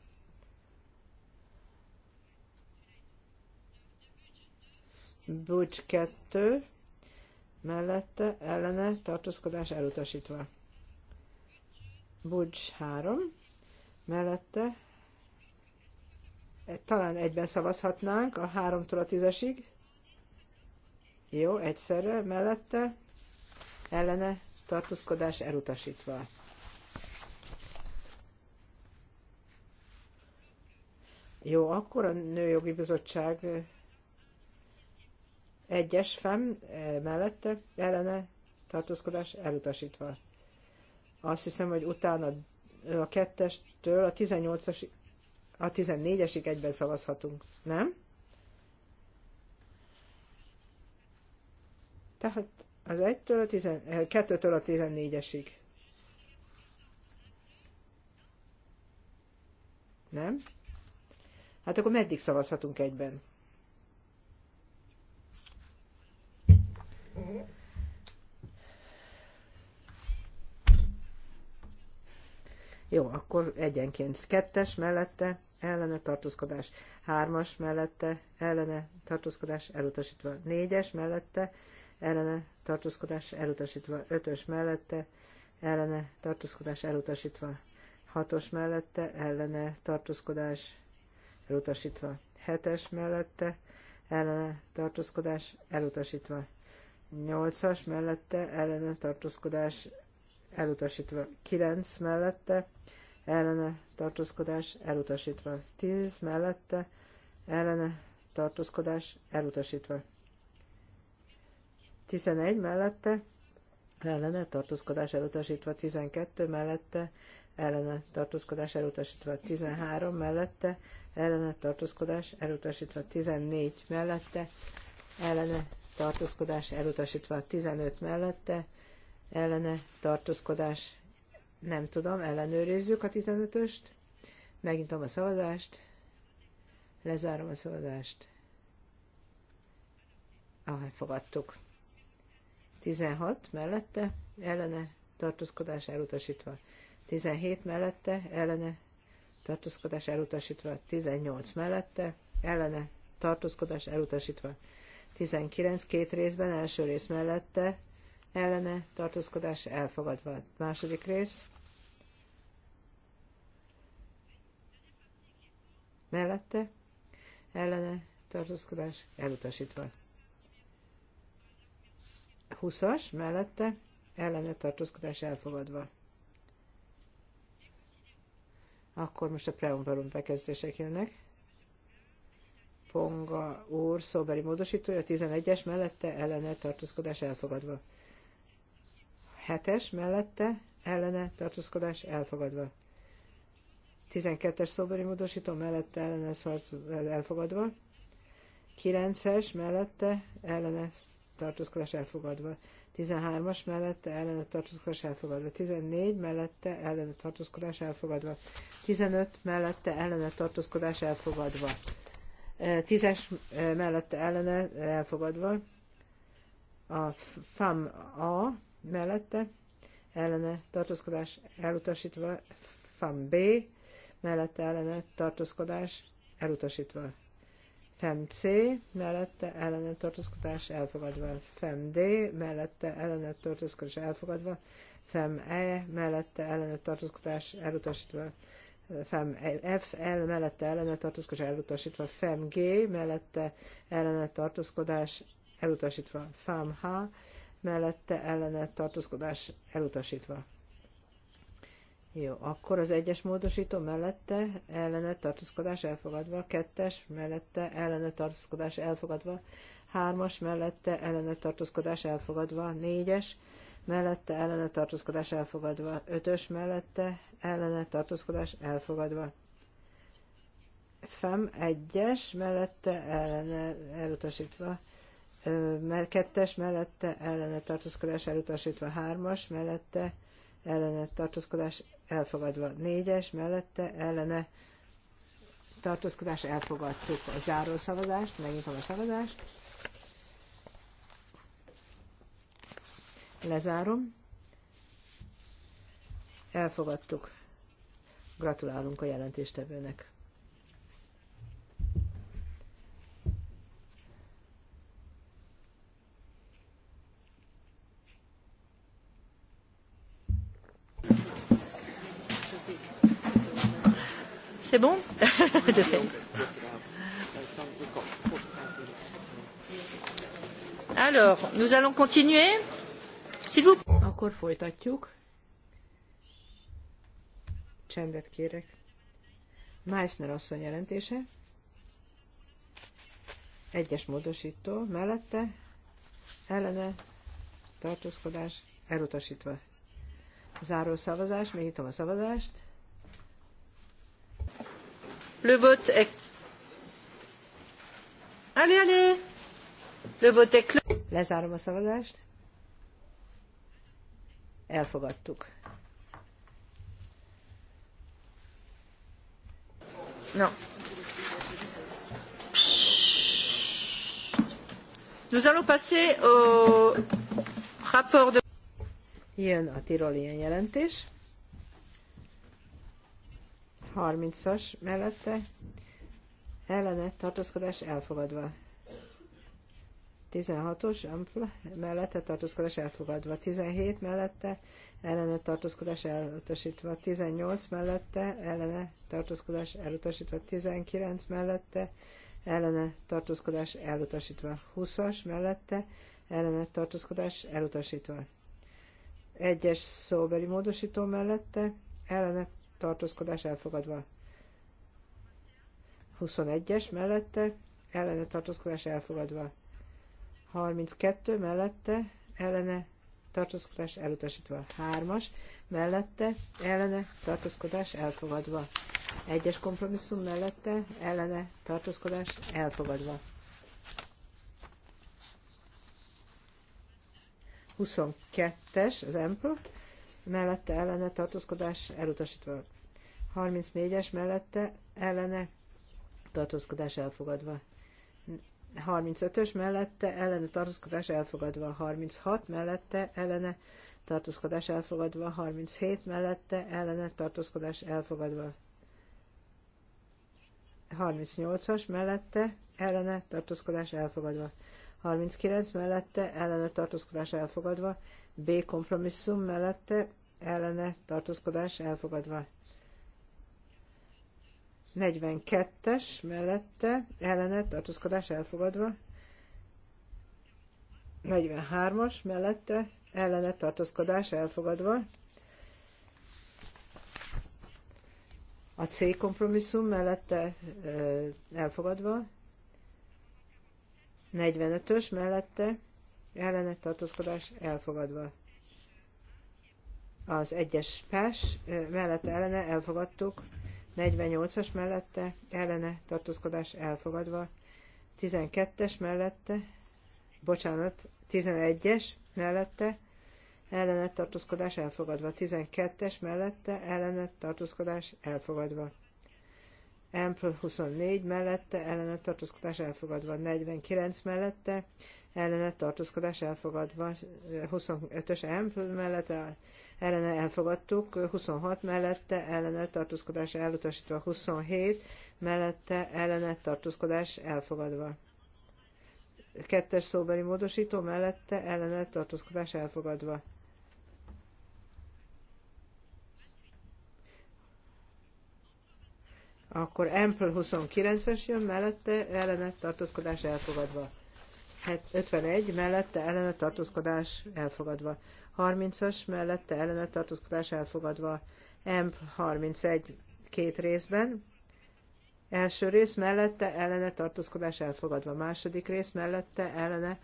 Bucs 2 mellette ellene tartózkodás elutasítva. Bucs 3 mellette eh, talán egyben szavazhatnánk a 3-tól a 10-esig. Jó, egyszerre mellette ellene tartózkodás elutasítva. Jó, akkor a Nőjogi Bizottság eh, egyes fem eh, mellette ellene tartózkodás elutasítva. Azt hiszem, hogy utána a kettestől a 18-as, a 14-esig egyben szavazhatunk, nem? Tehát az 1-től a 2-től eh, a 14-esig. Nem? Hát akkor meddig szavazhatunk egyben? Jó, akkor egyenként kettes mellette ellene tartózkodás, hármas mellette ellene tartózkodás elutasítva, négyes mellette ellene tartózkodás elutasítva, ötös mellette ellene tartózkodás elutasítva, hatos mellette ellene tartózkodás elutasítva, hetes mellette ellene tartózkodás elutasítva, nyolcas mellette ellene tartózkodás elutasítva 9 mellette, ellene tartózkodás elutasítva 10 mellette, ellene tartózkodás elutasítva 11 mellette, ellene tartózkodás elutasítva 12 mellette, ellene tartózkodás elutasítva 13 mellette, ellene tartózkodás elutasítva 14 mellette, ellene tartózkodás elutasítva 15 mellette, ellene ellene tartózkodás. Nem tudom, ellenőrizzük a 15-öst. Megnyitom a szavazást. Lezárom a szavazást. Ah, fogadtuk. 16 mellette, ellene tartózkodás elutasítva. 17 mellette, ellene tartózkodás elutasítva. 18 mellette, ellene tartózkodás elutasítva. 19 két részben, első rész mellette, ellene tartózkodás elfogadva. Második rész mellette ellene tartózkodás elutasítva. 20-as mellette ellene tartózkodás elfogadva. Akkor most a preumperum bekezdések jönnek. Ponga úr szóbeli módosítója 11-es mellette ellene tartózkodás elfogadva hetes mellette ellene tartózkodás elfogadva. 12-es szobori módosító mellette ellene elfogadva. 9-es mellette ellene tartózkodás elfogadva. 13-as mellette ellene tartózkodás elfogadva. 14 mellette ellene tartózkodás elfogadva. 15 mellette ellene tartózkodás elfogadva. 10-es e, e, mellette ellene elfogadva. A FAM A mellette, ellene tartózkodás elutasítva, fan B, mellette ellene tartózkodás elutasítva. FEM C, mellette ellene tartózkodás elfogadva. FEM D, mellette ellene tartózkodás elfogadva. FEM E, mellette ellene tartózkodás elutasítva. FEM F, L, mellette ellene tartózkodás elutasítva. FEM G, mellette ellene tartózkodás elutasítva. FEM H, mellette ellene tartózkodás elutasítva. Jó, akkor az egyes módosító mellette ellene tartózkodás elfogadva, kettes mellette ellene tartózkodás elfogadva, hármas mellette ellene tartózkodás elfogadva, négyes mellette ellene tartózkodás elfogadva, ötös mellette ellene tartózkodás elfogadva. Fem egyes mellette ellene elutasítva, kettes mellette ellene tartózkodás elutasítva, hármas mellette ellene tartózkodás elfogadva, négyes mellette ellene tartózkodás elfogadtuk a záró szavazást, megnyitom a szavazást, lezárom, elfogadtuk. Gratulálunk a jelentéstevőnek. C'est bon (laughs) De fait. Alors, nous allons continuer. S'il vous Akkor folytatjuk. Csendet kérek. Meissner asszony jelentése. Egyes módosító mellette ellene tartózkodás elutasítva. Záró szavazás, megnyitom a szavazást. Le vote est... Allez, allez Le vote est clos. Lezárom a szavazást. Elfogadtuk. Non. Nous allons passer au rapport de... Jön a tirolien jelentés. 30-as mellette ellene tartózkodás elfogadva. 16-os mellette tartózkodás elfogadva, 17 mellette ellene tartózkodás elutasítva, 18 mellette ellene tartózkodás elutasítva, 19 mellette ellene tartózkodás elutasítva, 20-as mellette ellene tartózkodás elutasítva. 1-es szóbeli módosító mellette ellene tartózkodás elfogadva. 21-es mellette ellene tartózkodás elfogadva. 32 mellette ellene tartózkodás elutasítva. 3-as mellette ellene tartózkodás elfogadva. 1-es kompromisszum mellette ellene tartózkodás elfogadva. 22-es az empl mellette ellene tartózkodás elutasítva. 34-es mellette ellene tartózkodás elfogadva. 35-ös mellette ellene tartózkodás elfogadva. 36 mellette ellene tartózkodás elfogadva. 37 mellette ellene tartózkodás elfogadva. 38-as mellette ellene tartózkodás elfogadva. 39 mellette ellene tartózkodás elfogadva. B kompromisszum mellette ellene tartózkodás elfogadva. 42-es mellette ellene tartózkodás elfogadva. 43-as mellette ellene tartózkodás elfogadva. A C kompromisszum mellette elfogadva. 45-ös mellette ellene tartózkodás elfogadva. Az egyes pás mellette ellene elfogadtuk, 48-as mellette ellene tartózkodás elfogadva, 12-es mellette, bocsánat, 11-es mellette ellene tartózkodás elfogadva, 12-es mellette ellene tartózkodás elfogadva m 24 mellette ellene tartózkodás elfogadva, 49 mellette ellene tartózkodás elfogadva, 25-ös M mellette ellene elfogadtuk, 26 mellette ellene tartózkodás elutasítva, 27 mellette ellene tartózkodás elfogadva. Kettes szóbeli módosító mellette ellene tartózkodás elfogadva. Akkor Ample 29-es jön mellette, ellene tartózkodás elfogadva. 51 mellette ellene tartózkodás elfogadva. 30-as mellette ellene tartózkodás elfogadva. Ample 31 két részben. Első rész mellette ellene tartózkodás elfogadva. Második rész mellette ellene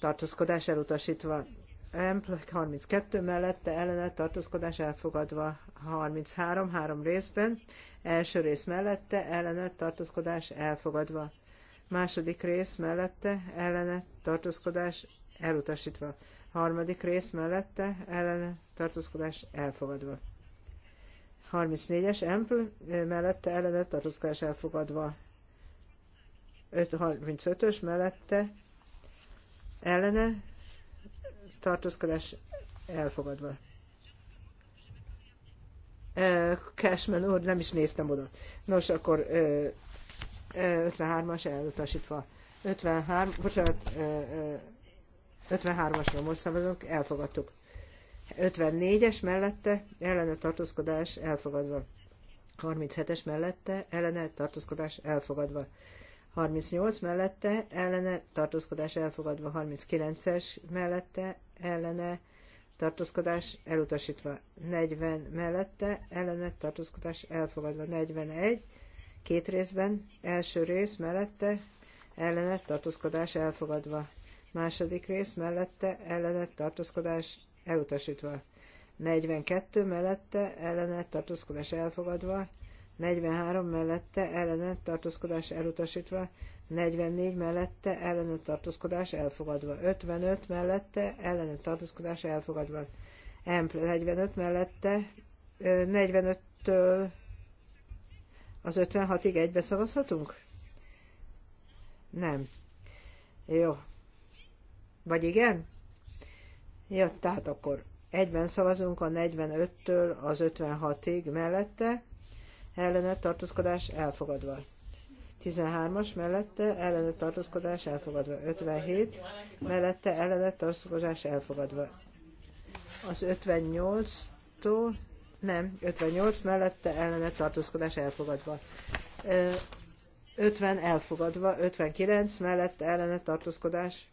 tartózkodás elutasítva. Ample 32 mellette ellene tartózkodás elfogadva. 33 három részben. Első rész mellette ellene tartózkodás elfogadva. Második rész mellette ellene tartózkodás elutasítva. Harmadik rész mellette ellene tartózkodás elfogadva. 34-es empl mellette ellene tartózkodás elfogadva. 35-ös mellette ellene tartózkodás elfogadva. Cashman úr, nem is néztem oda. Nos, akkor 53-as elutasítva. 53, bocsánat, 53-asra most szavazunk, elfogadtuk. 54-es mellette ellene tartózkodás elfogadva. 37-es mellette ellene tartózkodás elfogadva. 38 mellette ellene tartózkodás elfogadva. 39-es mellette ellene tartózkodás elutasítva 40 mellette, ellene tartózkodás elfogadva 41, két részben, első rész mellette, ellene tartózkodás elfogadva, második rész mellette, ellene tartózkodás elutasítva, 42 mellette, ellene tartózkodás elfogadva, 43 mellette, ellene tartózkodás elutasítva, 44 mellette ellenőtt tartózkodás elfogadva, 55 mellette ellenőtt tartózkodás elfogadva, M 45 mellette 45-től az 56-ig egybe szavazhatunk? Nem. Jó. Vagy igen? Jó, tehát akkor egyben szavazunk a 45-től az 56-ig mellette, ellene tartózkodás elfogadva. 13-as mellette ellene tartózkodás elfogadva. 57 mellette ellene tartózkodás elfogadva. Az 58-tól nem, 58 mellette ellene tartózkodás elfogadva. 50 elfogadva, 59 mellette ellene tartózkodás.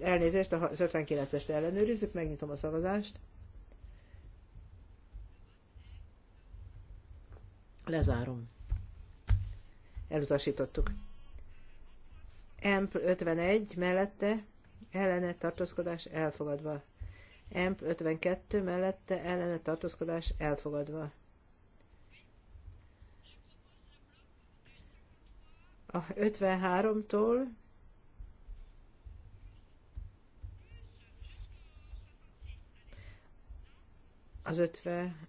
Elnézést, az 59-est ellenőrizzük, megnyitom a szavazást. Lezárom. Elutasítottuk. EMP 51 mellette ellene tartózkodás elfogadva. EMP 52 mellette ellene tartózkodás elfogadva. A 53-tól az 50,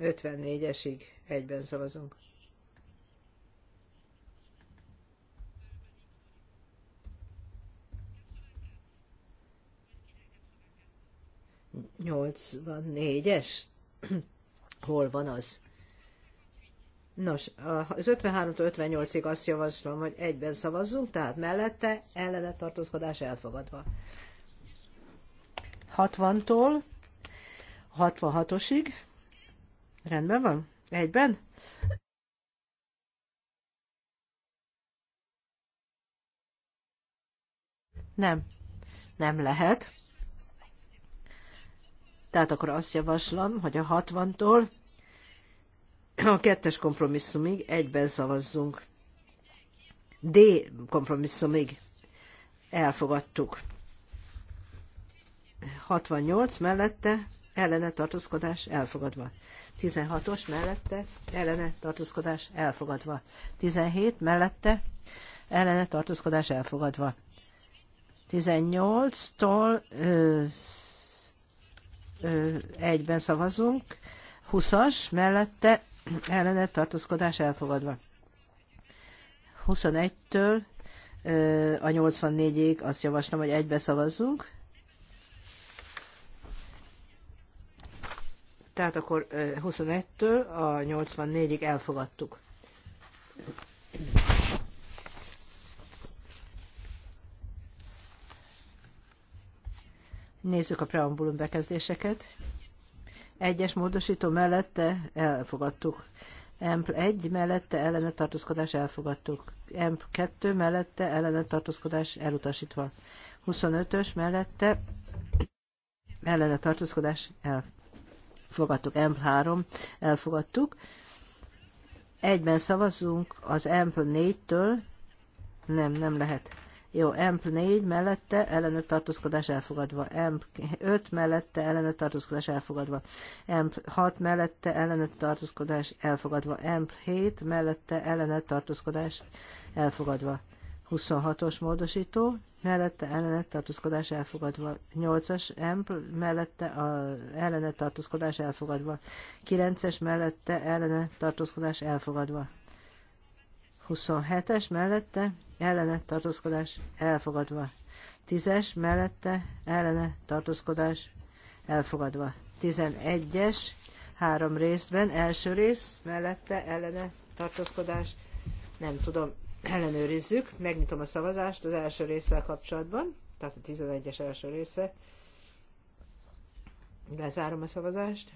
54-esig egyben szavazunk. Nyolc van négyes? (clears throat) Hol van az? Nos, az 53-től 58-ig azt javaslom, hogy egyben szavazzunk, tehát mellette ellene tartózkodás elfogadva. 60-tól 66-osig. Rendben van? Egyben? Nem. Nem lehet. Tehát akkor azt javaslom, hogy a 60-tól a kettes kompromisszumig egyben szavazzunk. D kompromisszumig elfogadtuk. 68 mellette ellene tartózkodás elfogadva. 16-os mellette ellene tartózkodás elfogadva. 17 mellette ellene tartózkodás elfogadva. 18-tól egyben szavazunk, 20-as mellette ellene tartózkodás elfogadva. 21-től a 84-ig azt javaslom, hogy egybe szavazzunk tehát akkor 21-től a 84-ig elfogadtuk. Nézzük a preambulum bekezdéseket. Egyes módosító mellette elfogadtuk. EMP 1 mellette ellene tartózkodás elfogadtuk. EMP 2 mellette ellene tartózkodás elutasítva. 25-ös mellette ellene tartózkodás elfogadtuk fogadtuk, M3 elfogadtuk. Egyben szavazzunk az M4-től, nem, nem lehet. Jó, M4 mellette ellene tartózkodás elfogadva, M5 mellette ellene tartózkodás elfogadva, M6 mellette ellene tartózkodás elfogadva, M7 mellette ellene tartózkodás elfogadva. 26-os módosító mellette ellenet tartózkodás elfogadva. 8-as M mellette a ellenet tartózkodás elfogadva. 9-es mellette ellenet tartózkodás elfogadva. 27-es mellette ellenet tartózkodás elfogadva. 10-es mellette ellene tartózkodás elfogadva. 11-es három részben, első rész mellette ellene tartózkodás, nem tudom, ellenőrizzük, megnyitom a szavazást az első résszel kapcsolatban, tehát a 11-es első része. Lezárom a szavazást.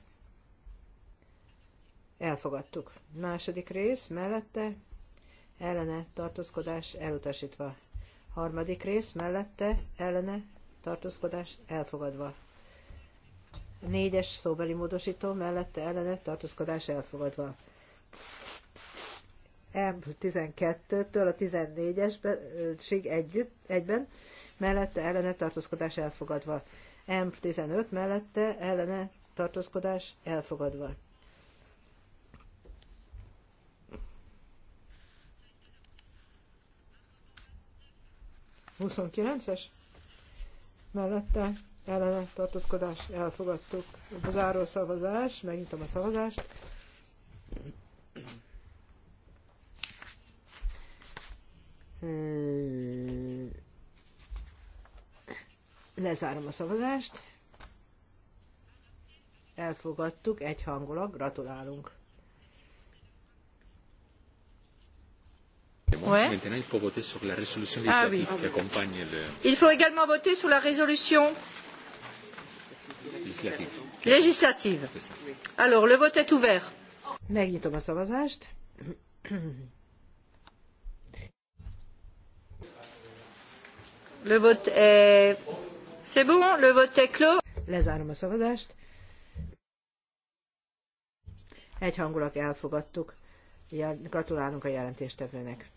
Elfogadtuk. Második rész mellette ellene tartózkodás elutasítva. Harmadik rész mellette ellene tartózkodás elfogadva. Négyes szóbeli módosító mellette ellene tartózkodás elfogadva. M12-től a 14-esig együtt, egyben, mellette ellene tartózkodás elfogadva. M15 mellette ellene tartózkodás elfogadva. Huszonkilences? Mellette ellene tartózkodás elfogadtuk. Záró szavazás, megnyitom a szavazást. Lezárom a szavazást. Elfogadtuk hangulag. gratulálunk. Ouais. Maintenant, il faut voter sur la résolution ah, oui. qui accompagne le. Eh, il faut également voter sur la résolution législative. législative. Alors, le vote est ouvert. Megnyitom a szavazást. Le vote est... C'est bon, le vote est clos. Lezárom a szavazást. Egyhangulag elfogadtuk. Gratulálunk a jelentéstevőnek.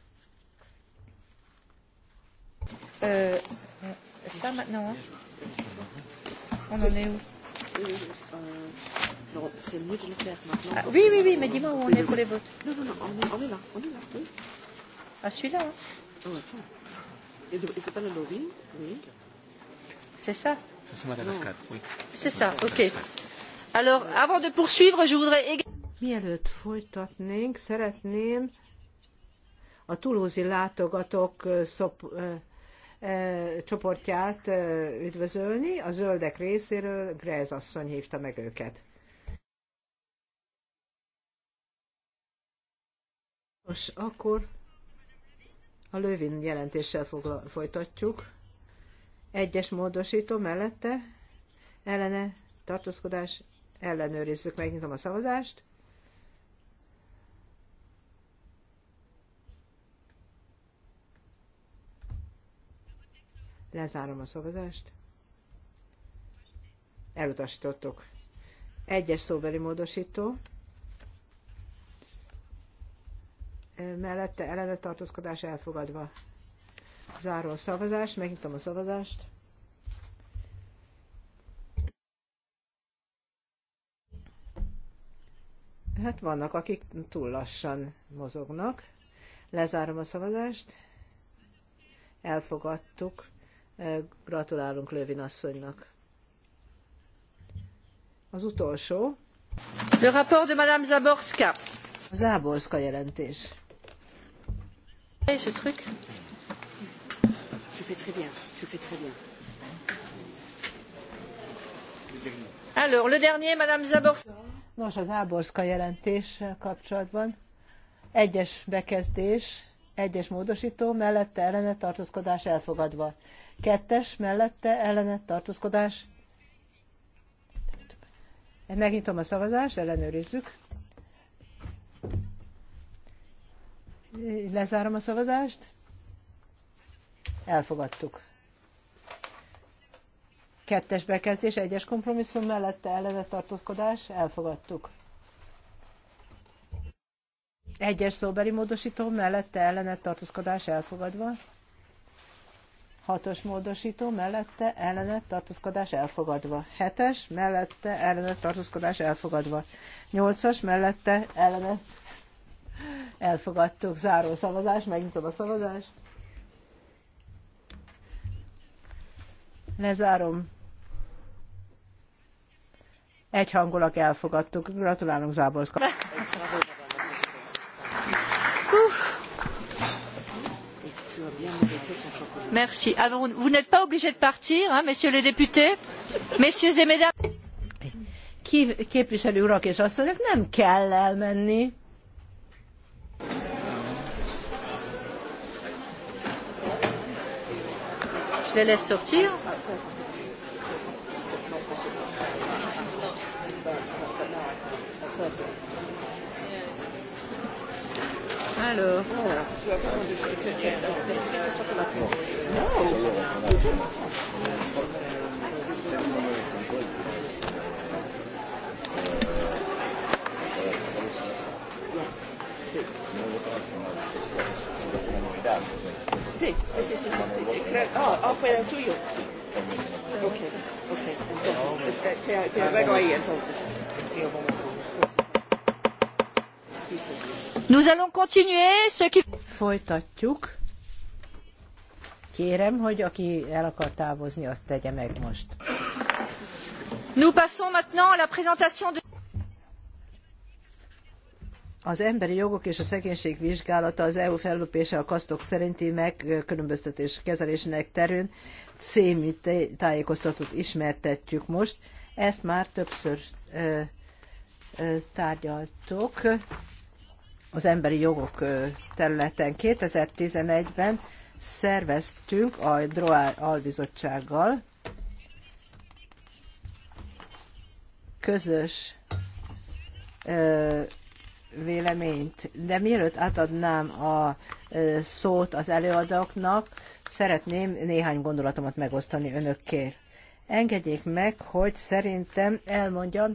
Euh, euh, ah, oui, oui, oui, mais dis-moi où on est pour les votes. Non, non, non, on est, là, on est là, Ah, celui-là Oh, attends. C'est pas la lobby Oui. C'est ça Ça, c'est Madagascar, oui. C'est ça, ok. Alors, avant de poursuivre, je voudrais Mielőtt folytatnénk, szeretném a tulózi látogatók szop, ö, ö, csoportját ö, üdvözölni. A zöldek részéről Grez asszony hívta meg őket. Most akkor a Lövin jelentéssel fogla, folytatjuk. Egyes módosító mellette ellene tartózkodás ellenőrizzük. Megnyitom a szavazást. Lezárom a szavazást. Elutasítottuk. Egyes szóbeli módosító mellette ellene tartózkodás elfogadva. Záró szavazás, megnyitom a szavazást. Hát vannak, akik túl lassan mozognak. Lezárom a szavazást. Elfogadtuk. Eh, gratulálunk Lövin asszonynak. Az utolsó. Le rapport de Madame Zaborska. Zaborska jelentés. Et ce truc Tu fais très bien, tu fais très bien. Alors, le dernier, Madame Zaborska. Nos, az Áborszka jelentés kapcsolatban egyes bekezdés, egyes módosító, mellette ellene tartózkodás elfogadva. Kettes, mellette ellene tartózkodás. Megnyitom a szavazást, ellenőrizzük. Lezárom a szavazást. Elfogadtuk. Kettes bekezdés, egyes kompromisszum mellette ellenet tartózkodás, elfogadtuk. Egyes szóbeli módosító mellette ellenet tartózkodás elfogadva. Hatos módosító mellette ellenet tartózkodás elfogadva. Hetes mellette ellenet tartózkodás elfogadva. Nyolcas mellette ellenet Elfogadtuk. Záró szavazás. Megnyitom a szavazást. Lezárom. hangulak elfogadtuk. Gratulálunk Záborszka. Merci. Alors, ah, vous n'êtes pas obligé de partir, hein, messieurs les députés, messieurs et mesdames. Képviselő urak és asszonyok, nem kell elmenni. les laisse sortir. Alors. Thank you sí, sí, sí, creo, ah, ah, fue el tuyo. Ok, ok, entonces, te, te arreglo ahí entonces. Nous allons continuer, ce qui... Folytatjuk. Kérem, hogy aki el akar távozni, azt tegye meg most. Nous passons maintenant à la présentation de... Az emberi jogok és a szegénység vizsgálata az EU fellépése a kasztok szerinti megkülönböztetés kezelésének terén című tájékoztatót ismertetjük most. Ezt már többször ö, ö, tárgyaltuk az emberi jogok területen. 2011-ben szerveztünk a DROA albizottsággal közös véleményt. De mielőtt átadnám a szót az előadóknak, szeretném néhány gondolatomat megosztani önökkel. Engedjék meg, hogy szerintem elmondjam,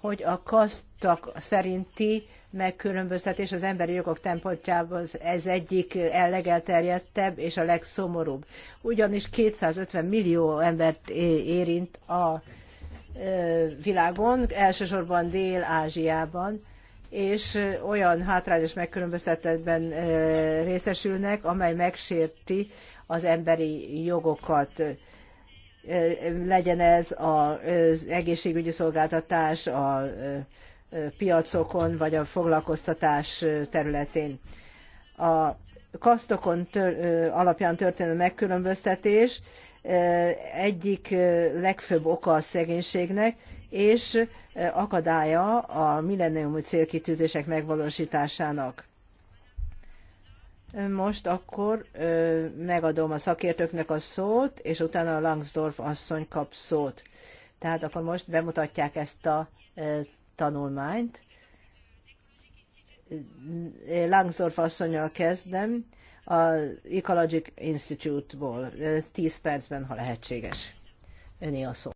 hogy a kasztak szerinti megkülönböztetés az emberi jogok tempontjában ez egyik legelterjedtebb és a legszomorúbb. Ugyanis 250 millió embert érint a világon, elsősorban Dél-Ázsiában, és olyan hátrányos megkülönböztetetben részesülnek, amely megsérti az emberi jogokat legyen ez az egészségügyi szolgáltatás a piacokon, vagy a foglalkoztatás területén. A kasztokon tör, alapján történő megkülönböztetés egyik legfőbb oka a szegénységnek, és akadálya a milleniumi célkitűzések megvalósításának. Most akkor megadom a szakértőknek a szót, és utána a Langsdorf asszony kap szót. Tehát akkor most bemutatják ezt a tanulmányt. Langsdorf Asszonyal kezdem, az Ecologic Institute-ból. 10 percben, ha lehetséges. Öné a szó.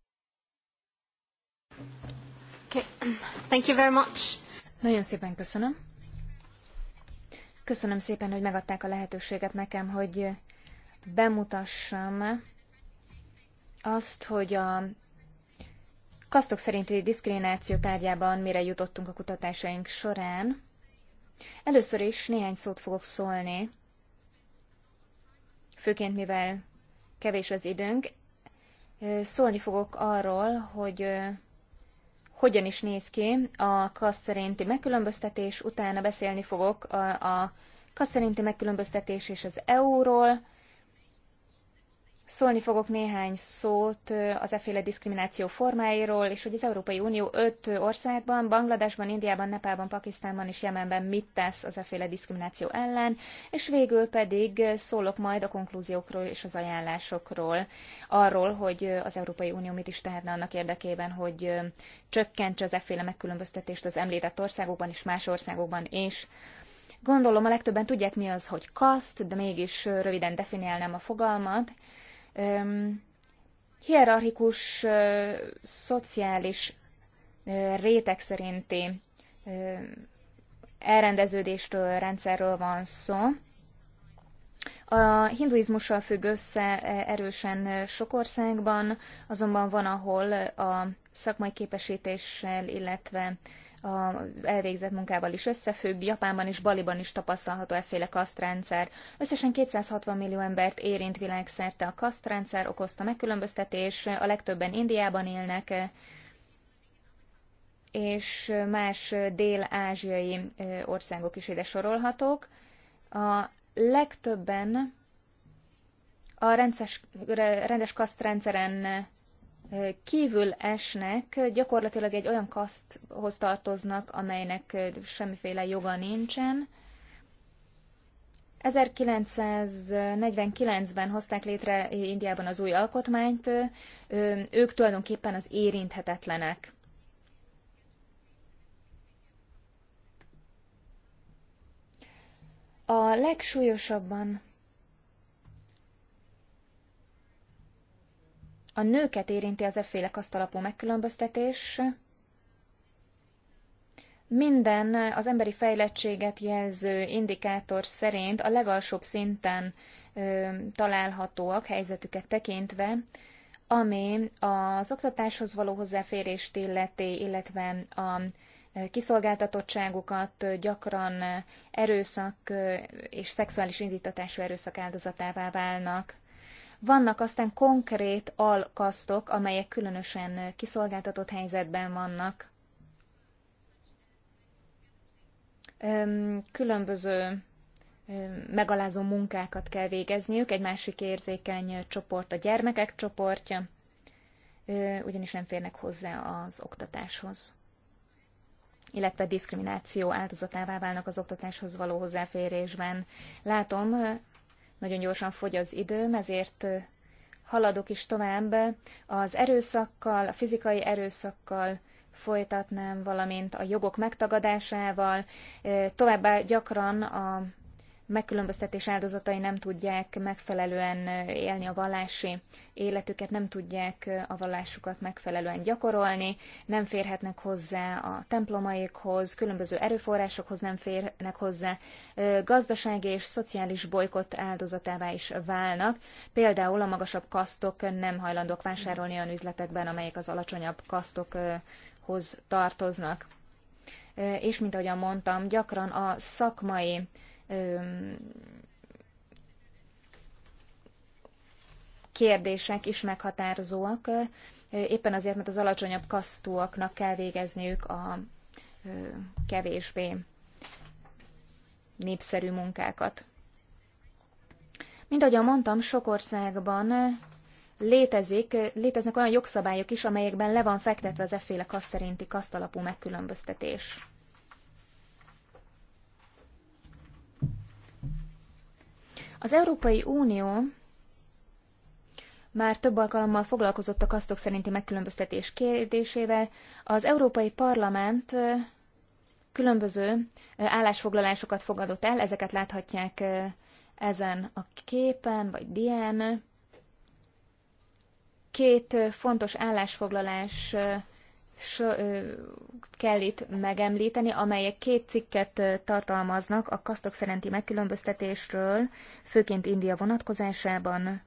Okay. Thank you very much. Nagyon szépen köszönöm. Köszönöm szépen, hogy megadták a lehetőséget nekem, hogy bemutassam azt, hogy a kasztok szerinti diszkrimináció tárgyában mire jutottunk a kutatásaink során. Először is néhány szót fogok szólni főként mivel kevés az időnk, szólni fogok arról, hogy hogyan is néz ki a kassz szerinti megkülönböztetés, utána beszélni fogok a, a szerinti megkülönböztetés és az EU-ról, Szólni fogok néhány szót az eféle diszkrimináció formáiról, és hogy az Európai Unió öt országban, Bangladesban, Indiában, Nepálban, Pakisztánban és Jemenben mit tesz az eféle diszkrimináció ellen, és végül pedig szólok majd a konklúziókról és az ajánlásokról, arról, hogy az Európai Unió mit is tehetne annak érdekében, hogy csökkentse az eféle megkülönböztetést az említett országokban és más országokban is. Gondolom a legtöbben tudják mi az, hogy kaszt, de mégis röviden definiálnám a fogalmat hierarchikus, szociális réteg szerinti elrendeződéstől, rendszerről van szó. A hinduizmussal függ össze erősen sok országban, azonban van, ahol a szakmai képesítéssel, illetve a elvégzett munkával is összefügg, Japánban és Baliban is tapasztalható efféle kasztrendszer. Összesen 260 millió embert érint világszerte a kasztrendszer, okozta megkülönböztetés, a legtöbben Indiában élnek, és más dél-ázsiai országok is ide sorolhatók. A legtöbben a rendes, rendes kasztrendszeren kívül esnek, gyakorlatilag egy olyan kaszthoz tartoznak, amelynek semmiféle joga nincsen. 1949-ben hozták létre Indiában az új alkotmányt, ők tulajdonképpen az érinthetetlenek. A legsúlyosabban A nőket érinti az efféle kasztalapú megkülönböztetés. Minden az emberi fejlettséget jelző indikátor szerint a legalsóbb szinten ö, találhatóak helyzetüket tekintve, ami az oktatáshoz való hozzáférést illeti, illetve a kiszolgáltatottságukat gyakran erőszak és szexuális indítatású erőszak áldozatává válnak. Vannak aztán konkrét alkasztok, amelyek különösen kiszolgáltatott helyzetben vannak. Különböző megalázó munkákat kell végezniük, egy másik érzékeny csoport a gyermekek csoportja, ugyanis nem férnek hozzá az oktatáshoz illetve diszkrimináció áldozatává válnak az oktatáshoz való hozzáférésben. Látom, nagyon gyorsan fogy az időm, ezért haladok is tovább. Az erőszakkal, a fizikai erőszakkal folytatnám, valamint a jogok megtagadásával, továbbá gyakran a megkülönböztetés áldozatai nem tudják megfelelően élni a vallási életüket, nem tudják a vallásukat megfelelően gyakorolni, nem férhetnek hozzá a templomaikhoz, különböző erőforrásokhoz nem férnek hozzá, gazdasági és szociális bolykott áldozatává is válnak. Például a magasabb kasztok nem hajlandók vásárolni olyan üzletekben, amelyek az alacsonyabb kasztokhoz tartoznak. És mint ahogyan mondtam, gyakran a szakmai kérdések is meghatározóak, éppen azért, mert az alacsonyabb kasztúaknak kell végezniük a kevésbé népszerű munkákat. Mint ahogyan mondtam, sok országban létezik, léteznek olyan jogszabályok is, amelyekben le van fektetve az efféle kaszt szerinti kasztalapú megkülönböztetés. Az Európai Unió már több alkalommal foglalkozott a kasztok szerinti megkülönböztetés kérdésével. Az Európai Parlament különböző állásfoglalásokat fogadott el, ezeket láthatják ezen a képen, vagy dián. Két fontos állásfoglalás kell itt megemlíteni, amelyek két cikket tartalmaznak a kasztok szerinti megkülönböztetésről, főként India vonatkozásában.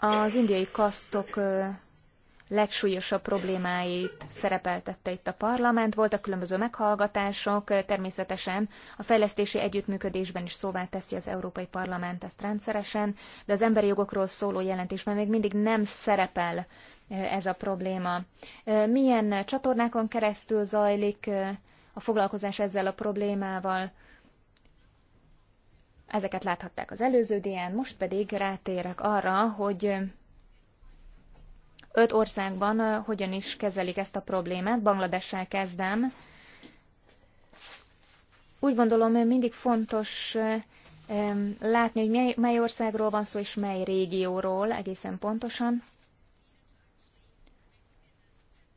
Az indiai kasztok legsúlyosabb problémáit szerepeltette itt a parlament. Voltak különböző meghallgatások, természetesen a fejlesztési együttműködésben is szóvá teszi az Európai Parlament ezt rendszeresen, de az emberi jogokról szóló jelentésben még mindig nem szerepel ez a probléma. Milyen csatornákon keresztül zajlik a foglalkozás ezzel a problémával? Ezeket láthatták az előző dián, most pedig rátérek arra, hogy öt országban hogyan is kezelik ezt a problémát. Bangladessel kezdem. Úgy gondolom, mindig fontos látni, hogy mely, mely országról van szó, és mely régióról egészen pontosan.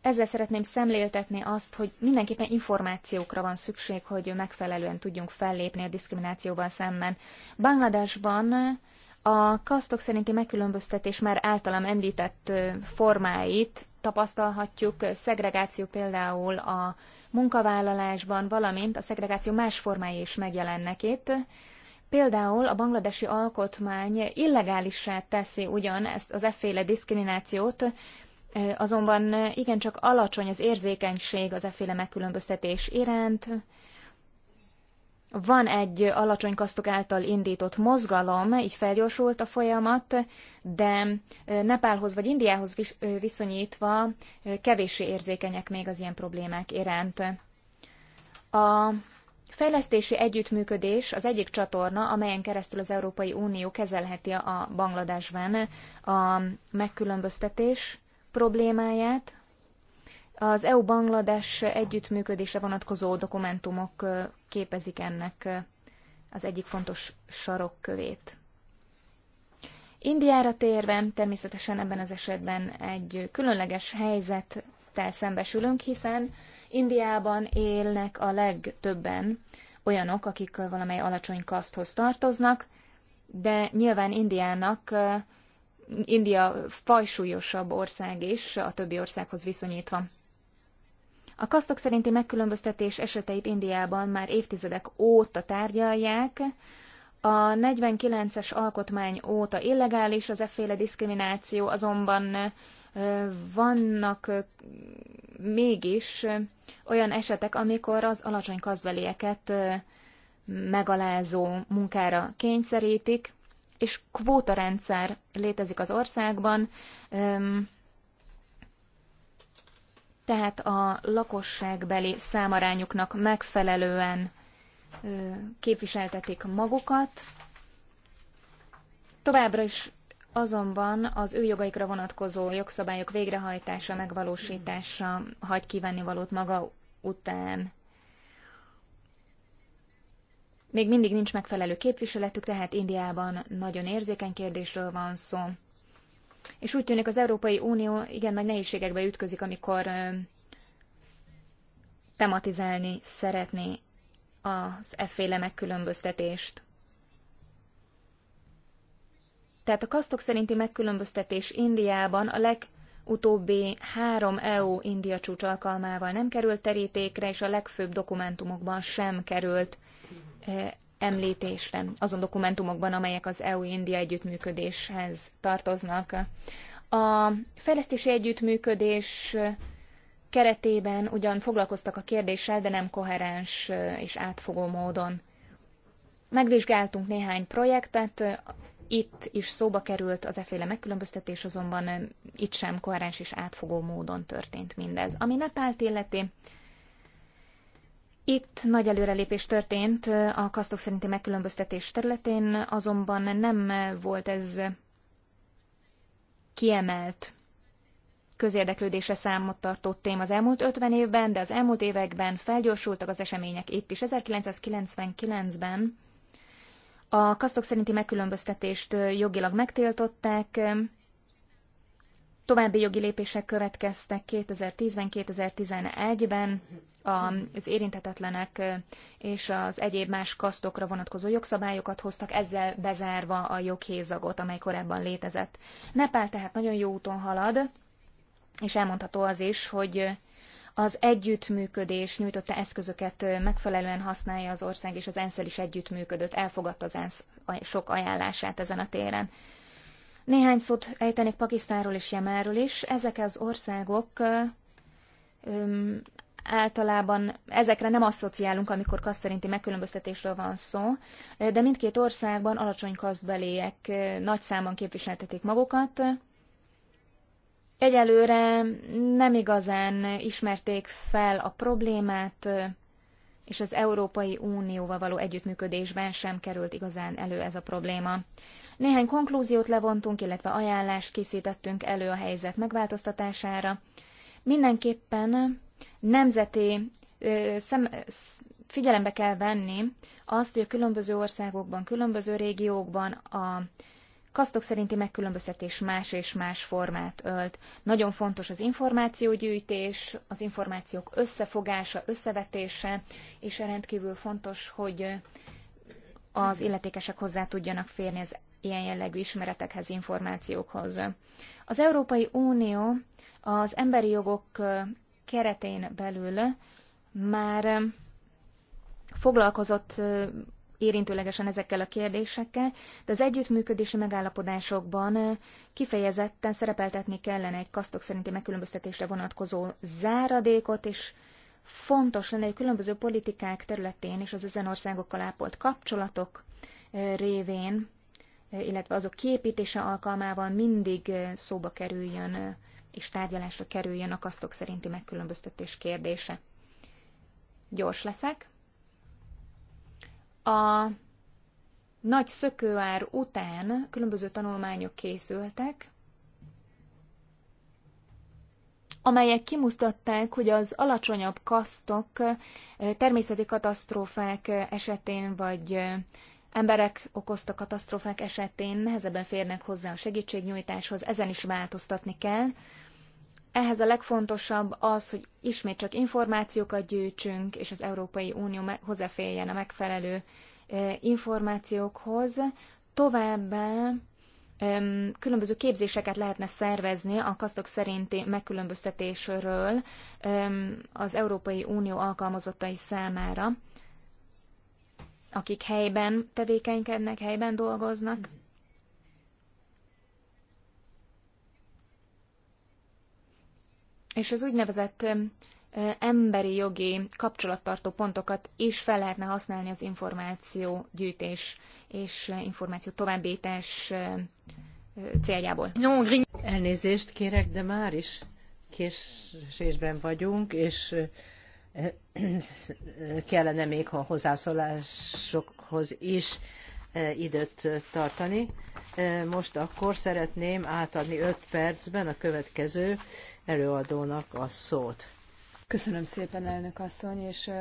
Ezzel szeretném szemléltetni azt, hogy mindenképpen információkra van szükség, hogy megfelelően tudjunk fellépni a diszkriminációval szemben. Bangladesban a kasztok szerinti megkülönböztetés már általam említett formáit tapasztalhatjuk, szegregáció például a munkavállalásban, valamint a szegregáció más formái is megjelennek itt. Például a bangladesi alkotmány illegálissá teszi ugyan ezt az efféle diszkriminációt, azonban igencsak alacsony az érzékenység az efféle megkülönböztetés iránt, van egy alacsony kasztok által indított mozgalom, így felgyorsult a folyamat, de Nepálhoz vagy Indiához viszonyítva kevéssé érzékenyek még az ilyen problémák iránt. A fejlesztési együttműködés az egyik csatorna, amelyen keresztül az Európai Unió kezelheti a Bangladesben a megkülönböztetés problémáját, az EU-Banglades együttműködésre vonatkozó dokumentumok képezik ennek az egyik fontos sarokkövét. Indiára térve természetesen ebben az esetben egy különleges helyzettel szembesülünk, hiszen Indiában élnek a legtöbben olyanok, akik valamely alacsony kaszthoz tartoznak, de nyilván Indiának India fajsúlyosabb ország is a többi országhoz viszonyítva. A kasztok szerinti megkülönböztetés eseteit Indiában már évtizedek óta tárgyalják, a 49-es alkotmány óta illegális az efféle diszkrimináció, azonban vannak mégis olyan esetek, amikor az alacsony kaszbelieket megalázó munkára kényszerítik, és kvótarendszer létezik az országban, tehát a lakosságbeli számarányuknak megfelelően képviseltetik magukat. Továbbra is azonban az ő jogaikra vonatkozó jogszabályok végrehajtása, megvalósítása hagy kívánni valót maga után. Még mindig nincs megfelelő képviseletük, tehát Indiában nagyon érzékeny kérdésről van szó és úgy tűnik az Európai Unió igen nagy nehézségekbe ütközik, amikor tematizálni szeretné az efféle megkülönböztetést. Tehát a kasztok szerinti megkülönböztetés Indiában a legutóbbi három EU-India csúcs alkalmával nem került terítékre, és a legfőbb dokumentumokban sem került említésre azon dokumentumokban, amelyek az EU-India együttműködéshez tartoznak. A fejlesztési együttműködés keretében ugyan foglalkoztak a kérdéssel, de nem koherens és átfogó módon. Megvizsgáltunk néhány projektet, itt is szóba került az eféle megkülönböztetés, azonban itt sem koherens és átfogó módon történt mindez. Ami Nepált illeti, itt nagy előrelépés történt a kasztok szerinti megkülönböztetés területén, azonban nem volt ez kiemelt közérdeklődése számot tartó téma az elmúlt 50 évben, de az elmúlt években felgyorsultak az események itt is. 1999-ben a kasztok szerinti megkülönböztetést jogilag megtiltották, További jogi lépések következtek 2010-ben, 2011-ben az érintetetlenek és az egyéb más kasztokra vonatkozó jogszabályokat hoztak, ezzel bezárva a joghézagot, amely korábban létezett. Nepál tehát nagyon jó úton halad, és elmondható az is, hogy az együttműködés nyújtotta eszközöket megfelelően használja az ország, és az ENSZ-el is együttműködött, elfogadta az ENSZ sok ajánlását ezen a téren. Néhány szót ejtenék Pakisztánról és Jemenről is. Ezek az országok öm, általában ezekre nem asszociálunk, amikor kasszerinti megkülönböztetésről van szó, de mindkét országban alacsony kaszbeliek nagy számban képviseltetik magukat. Egyelőre nem igazán ismerték fel a problémát, és az Európai Unióval való együttműködésben sem került igazán elő ez a probléma. Néhány konklúziót levontunk, illetve ajánlást készítettünk elő a helyzet megváltoztatására. Mindenképpen nemzeti szem, figyelembe kell venni azt, hogy a különböző országokban, különböző régiókban a kasztok szerinti megkülönböztetés más és más formát ölt. Nagyon fontos az információgyűjtés, az információk összefogása, összevetése, és rendkívül fontos, hogy az illetékesek hozzá tudjanak férni az ilyen jellegű ismeretekhez, információkhoz. Az Európai Unió az emberi jogok keretén belül már foglalkozott érintőlegesen ezekkel a kérdésekkel, de az együttműködési megállapodásokban kifejezetten szerepeltetni kellene egy kasztok szerinti megkülönböztetésre vonatkozó záradékot, és fontos lenne, hogy különböző politikák területén és az ezen országokkal ápolt kapcsolatok révén illetve azok kiépítése alkalmával mindig szóba kerüljön és tárgyalásra kerüljön a kasztok szerinti megkülönböztetés kérdése. Gyors leszek. A nagy szökőár után különböző tanulmányok készültek, amelyek kimutatták, hogy az alacsonyabb kasztok természeti katasztrófák esetén vagy emberek okozta katasztrófák esetén nehezebben férnek hozzá a segítségnyújtáshoz, ezen is változtatni kell. Ehhez a legfontosabb az, hogy ismét csak információkat gyűjtsünk, és az Európai Unió hozzáférjen a megfelelő információkhoz. Továbbá különböző képzéseket lehetne szervezni a kasztok szerinti megkülönböztetésről az Európai Unió alkalmazottai számára akik helyben tevékenykednek, helyben dolgoznak. És az úgynevezett emberi jogi kapcsolattartó pontokat is fel lehetne használni az információ gyűjtés és információ továbbítás céljából. Elnézést kérek, de már is késésben vagyunk, és kellene még a hozzászólásokhoz is időt tartani. Most akkor szeretném átadni 5 percben a következő előadónak a szót. Köszönöm szépen, elnök asszony, és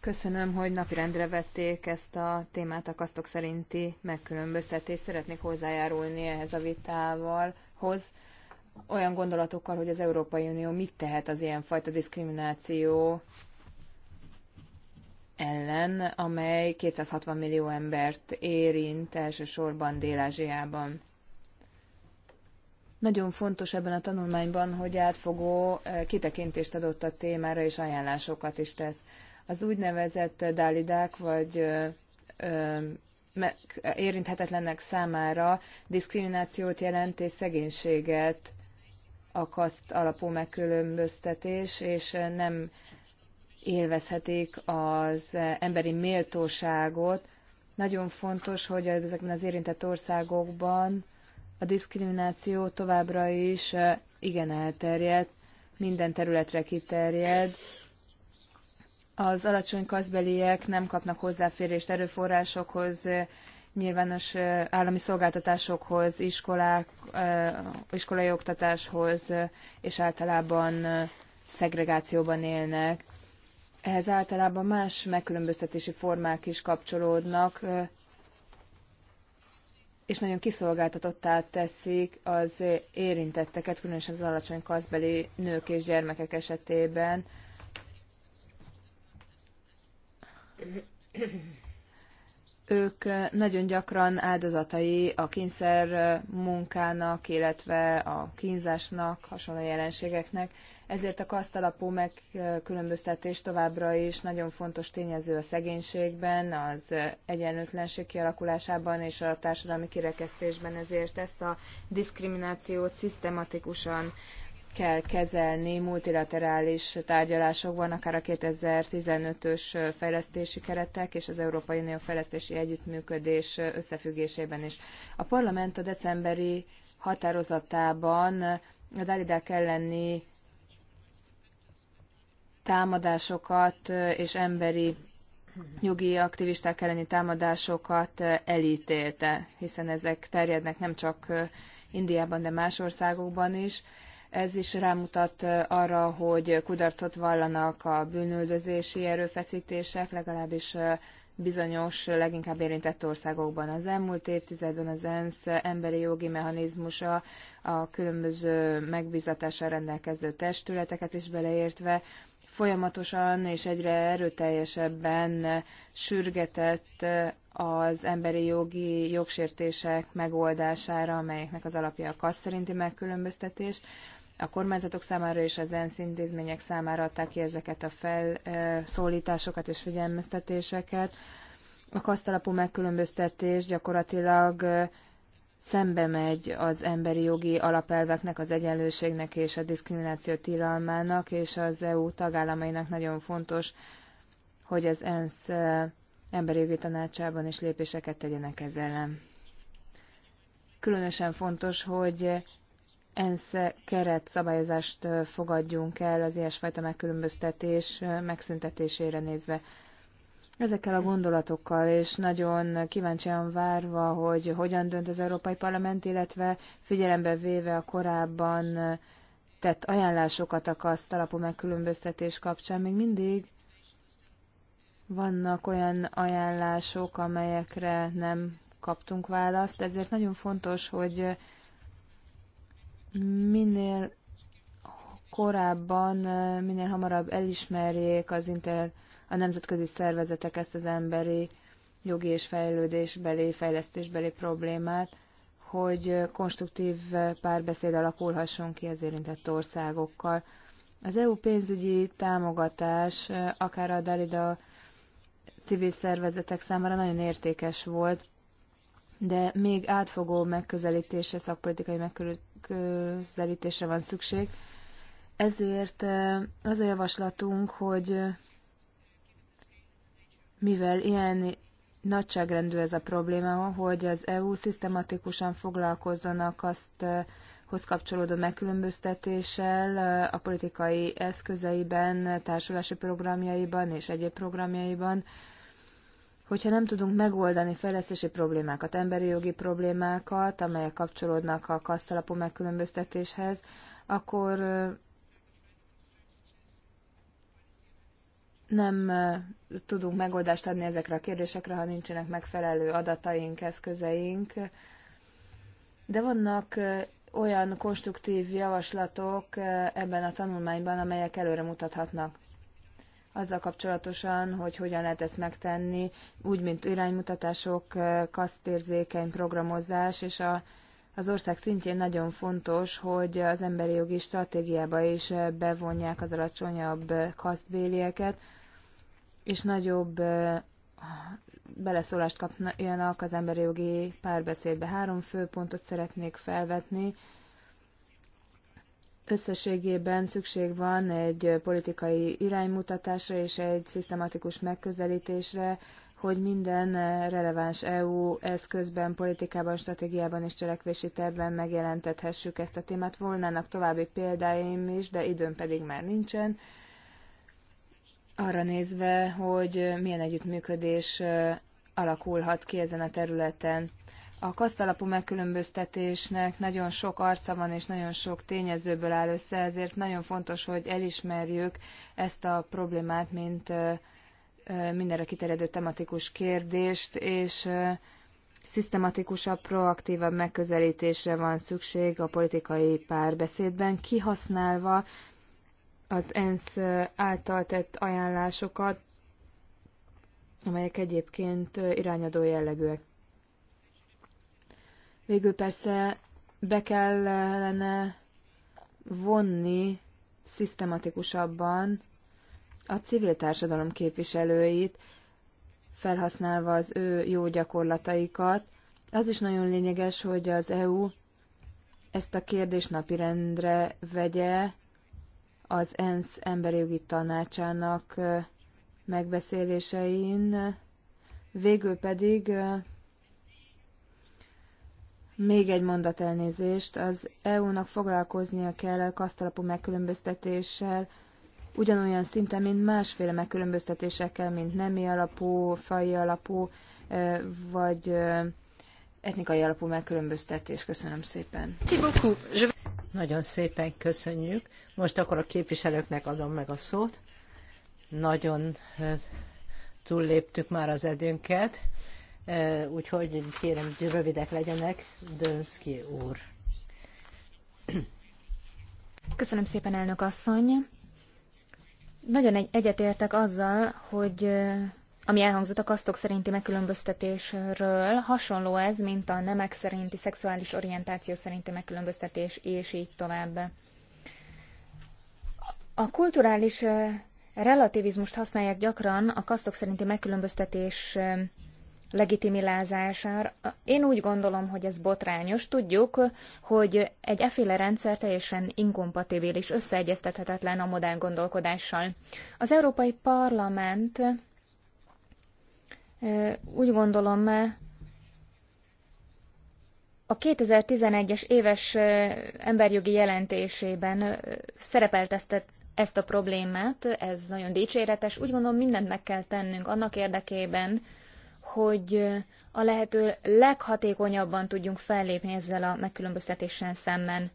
köszönöm, hogy napirendre vették ezt a témát a kasztok szerinti megkülönböztetést. Szeretnék hozzájárulni ehhez a vitával, hoz, olyan gondolatokkal, hogy az Európai Unió mit tehet az ilyenfajta diszkrimináció ellen, amely 260 millió embert érint elsősorban Dél-Ázsiában. Nagyon fontos ebben a tanulmányban, hogy átfogó eh, kitekintést adott a témára és ajánlásokat is tesz. Az úgynevezett dálidák vagy ö, eh, ö, eh, érinthetetlenek számára diszkriminációt jelent és szegénységet a kaszt alapú megkülönböztetés, és nem élvezhetik az emberi méltóságot. Nagyon fontos, hogy ezekben az érintett országokban a diszkrimináció továbbra is igen elterjedt, minden területre kiterjed. Az alacsony kaszbeliek nem kapnak hozzáférést erőforrásokhoz, nyilvános állami szolgáltatásokhoz, iskolák, iskolai oktatáshoz, és általában szegregációban élnek. Ehhez általában más megkülönböztetési formák is kapcsolódnak, és nagyon kiszolgáltatottá teszik az érintetteket, különösen az alacsony kaszbeli nők és gyermekek esetében ők nagyon gyakran áldozatai a kényszer munkának, illetve a kínzásnak, hasonló jelenségeknek. Ezért a kasztalapú megkülönböztetés továbbra is nagyon fontos tényező a szegénységben, az egyenlőtlenség kialakulásában és a társadalmi kirekesztésben. Ezért ezt a diszkriminációt szisztematikusan kell kezelni multilaterális tárgyalásokban, akár a 2015-ös fejlesztési keretek és az Európai Unió fejlesztési együttműködés összefüggésében is. A parlament a decemberi határozatában az állidák elleni támadásokat és emberi jogi aktivisták elleni támadásokat elítélte, hiszen ezek terjednek nem csak Indiában, de más országokban is. Ez is rámutat arra, hogy kudarcot vallanak a bűnöldözési erőfeszítések, legalábbis bizonyos, leginkább érintett országokban. Az elmúlt évtizedben az ENSZ emberi jogi mechanizmusa a különböző megbízatással rendelkező testületeket is beleértve folyamatosan és egyre erőteljesebben sürgetett az emberi jogi jogsértések megoldására, amelyeknek az alapja a kassz szerinti megkülönböztetés a kormányzatok számára és az ENSZ intézmények számára adták ki ezeket a felszólításokat és figyelmeztetéseket. A kasztalapú megkülönböztetés gyakorlatilag szembe megy az emberi jogi alapelveknek, az egyenlőségnek és a diszkrimináció tilalmának, és az EU tagállamainak nagyon fontos, hogy az ENSZ emberi jogi tanácsában is lépéseket tegyenek ezzel. Különösen fontos, hogy ENSZ keret szabályozást fogadjunk el az ilyesfajta megkülönböztetés megszüntetésére nézve. Ezekkel a gondolatokkal, és nagyon kíváncsian várva, hogy hogyan dönt az Európai Parlament, illetve figyelembe véve a korábban tett ajánlásokat a kaszt alapú megkülönböztetés kapcsán, még mindig vannak olyan ajánlások, amelyekre nem kaptunk választ, ezért nagyon fontos, hogy minél korábban, minél hamarabb elismerjék az inter, a nemzetközi szervezetek ezt az emberi jogi és fejlődésbeli, fejlesztésbeli problémát, hogy konstruktív párbeszéd alakulhasson ki az érintett országokkal. Az EU pénzügyi támogatás, akár a Dalida civil szervezetek számára nagyon értékes volt, de még átfogó megközelítése, szakpolitikai megközelítésre van szükség. Ezért az a javaslatunk, hogy mivel ilyen nagyságrendű ez a probléma, hogy az EU szisztematikusan foglalkozzon a hoz kapcsolódó megkülönböztetéssel a politikai eszközeiben, társulási programjaiban és egyéb programjaiban, hogyha nem tudunk megoldani fejlesztési problémákat, emberi jogi problémákat, amelyek kapcsolódnak a kasztalapú megkülönböztetéshez, akkor nem tudunk megoldást adni ezekre a kérdésekre, ha nincsenek megfelelő adataink, eszközeink. De vannak olyan konstruktív javaslatok ebben a tanulmányban, amelyek előre mutathatnak azzal kapcsolatosan, hogy hogyan lehet ezt megtenni, úgy, mint iránymutatások, kasztérzékeny programozás, és a, az ország szintjén nagyon fontos, hogy az emberi jogi stratégiába is bevonják az alacsonyabb kasztbélieket, és nagyobb beleszólást kapjanak az emberi jogi párbeszédbe. Három fő pontot szeretnék felvetni. Összességében szükség van egy politikai iránymutatásra és egy szisztematikus megközelítésre, hogy minden releváns EU eszközben, politikában, stratégiában és cselekvési tervben megjelentethessük ezt a témát. Volnának további példáim is, de időm pedig már nincsen. Arra nézve, hogy milyen együttműködés alakulhat ki ezen a területen. A kasztalapú megkülönböztetésnek nagyon sok arca van és nagyon sok tényezőből áll össze, ezért nagyon fontos, hogy elismerjük ezt a problémát, mint mindenre kiterjedő tematikus kérdést, és szisztematikusabb, proaktívabb megközelítésre van szükség a politikai párbeszédben, kihasználva az ENSZ által tett ajánlásokat, amelyek egyébként irányadó jellegűek. Végül persze be kellene vonni szisztematikusabban a civil társadalom képviselőit, felhasználva az ő jó gyakorlataikat. Az is nagyon lényeges, hogy az EU ezt a kérdést napirendre vegye az ENSZ emberi jogi tanácsának megbeszélésein. Végül pedig még egy mondat elnézést. Az EU-nak foglalkoznia kell a kasztalapú megkülönböztetéssel, ugyanolyan szinten, mint másféle megkülönböztetésekkel, mint nemi alapú, fai alapú, vagy etnikai alapú megkülönböztetés. Köszönöm szépen. Nagyon szépen köszönjük. Most akkor a képviselőknek adom meg a szót. Nagyon túlléptük már az edőnket úgyhogy kérem, hogy rövidek legyenek. Dönszki úr. Köszönöm szépen, elnök asszony. Nagyon egy, egyetértek azzal, hogy ami elhangzott a kasztok szerinti megkülönböztetésről, hasonló ez, mint a nemek szerinti, szexuális orientáció szerinti megkülönböztetés, és így tovább. A kulturális relativizmust használják gyakran a kasztok szerinti megkülönböztetés legitimilázására. Én úgy gondolom, hogy ez botrányos. Tudjuk, hogy egy eféle rendszer teljesen inkompatibilis, összeegyeztethetetlen a modern gondolkodással. Az Európai Parlament úgy gondolom, a 2011-es éves emberjogi jelentésében szerepelt ezt, ezt a problémát, ez nagyon dicséretes. Úgy gondolom, mindent meg kell tennünk annak érdekében, hogy a lehető leghatékonyabban tudjunk fellépni ezzel a megkülönböztetéssel szemben.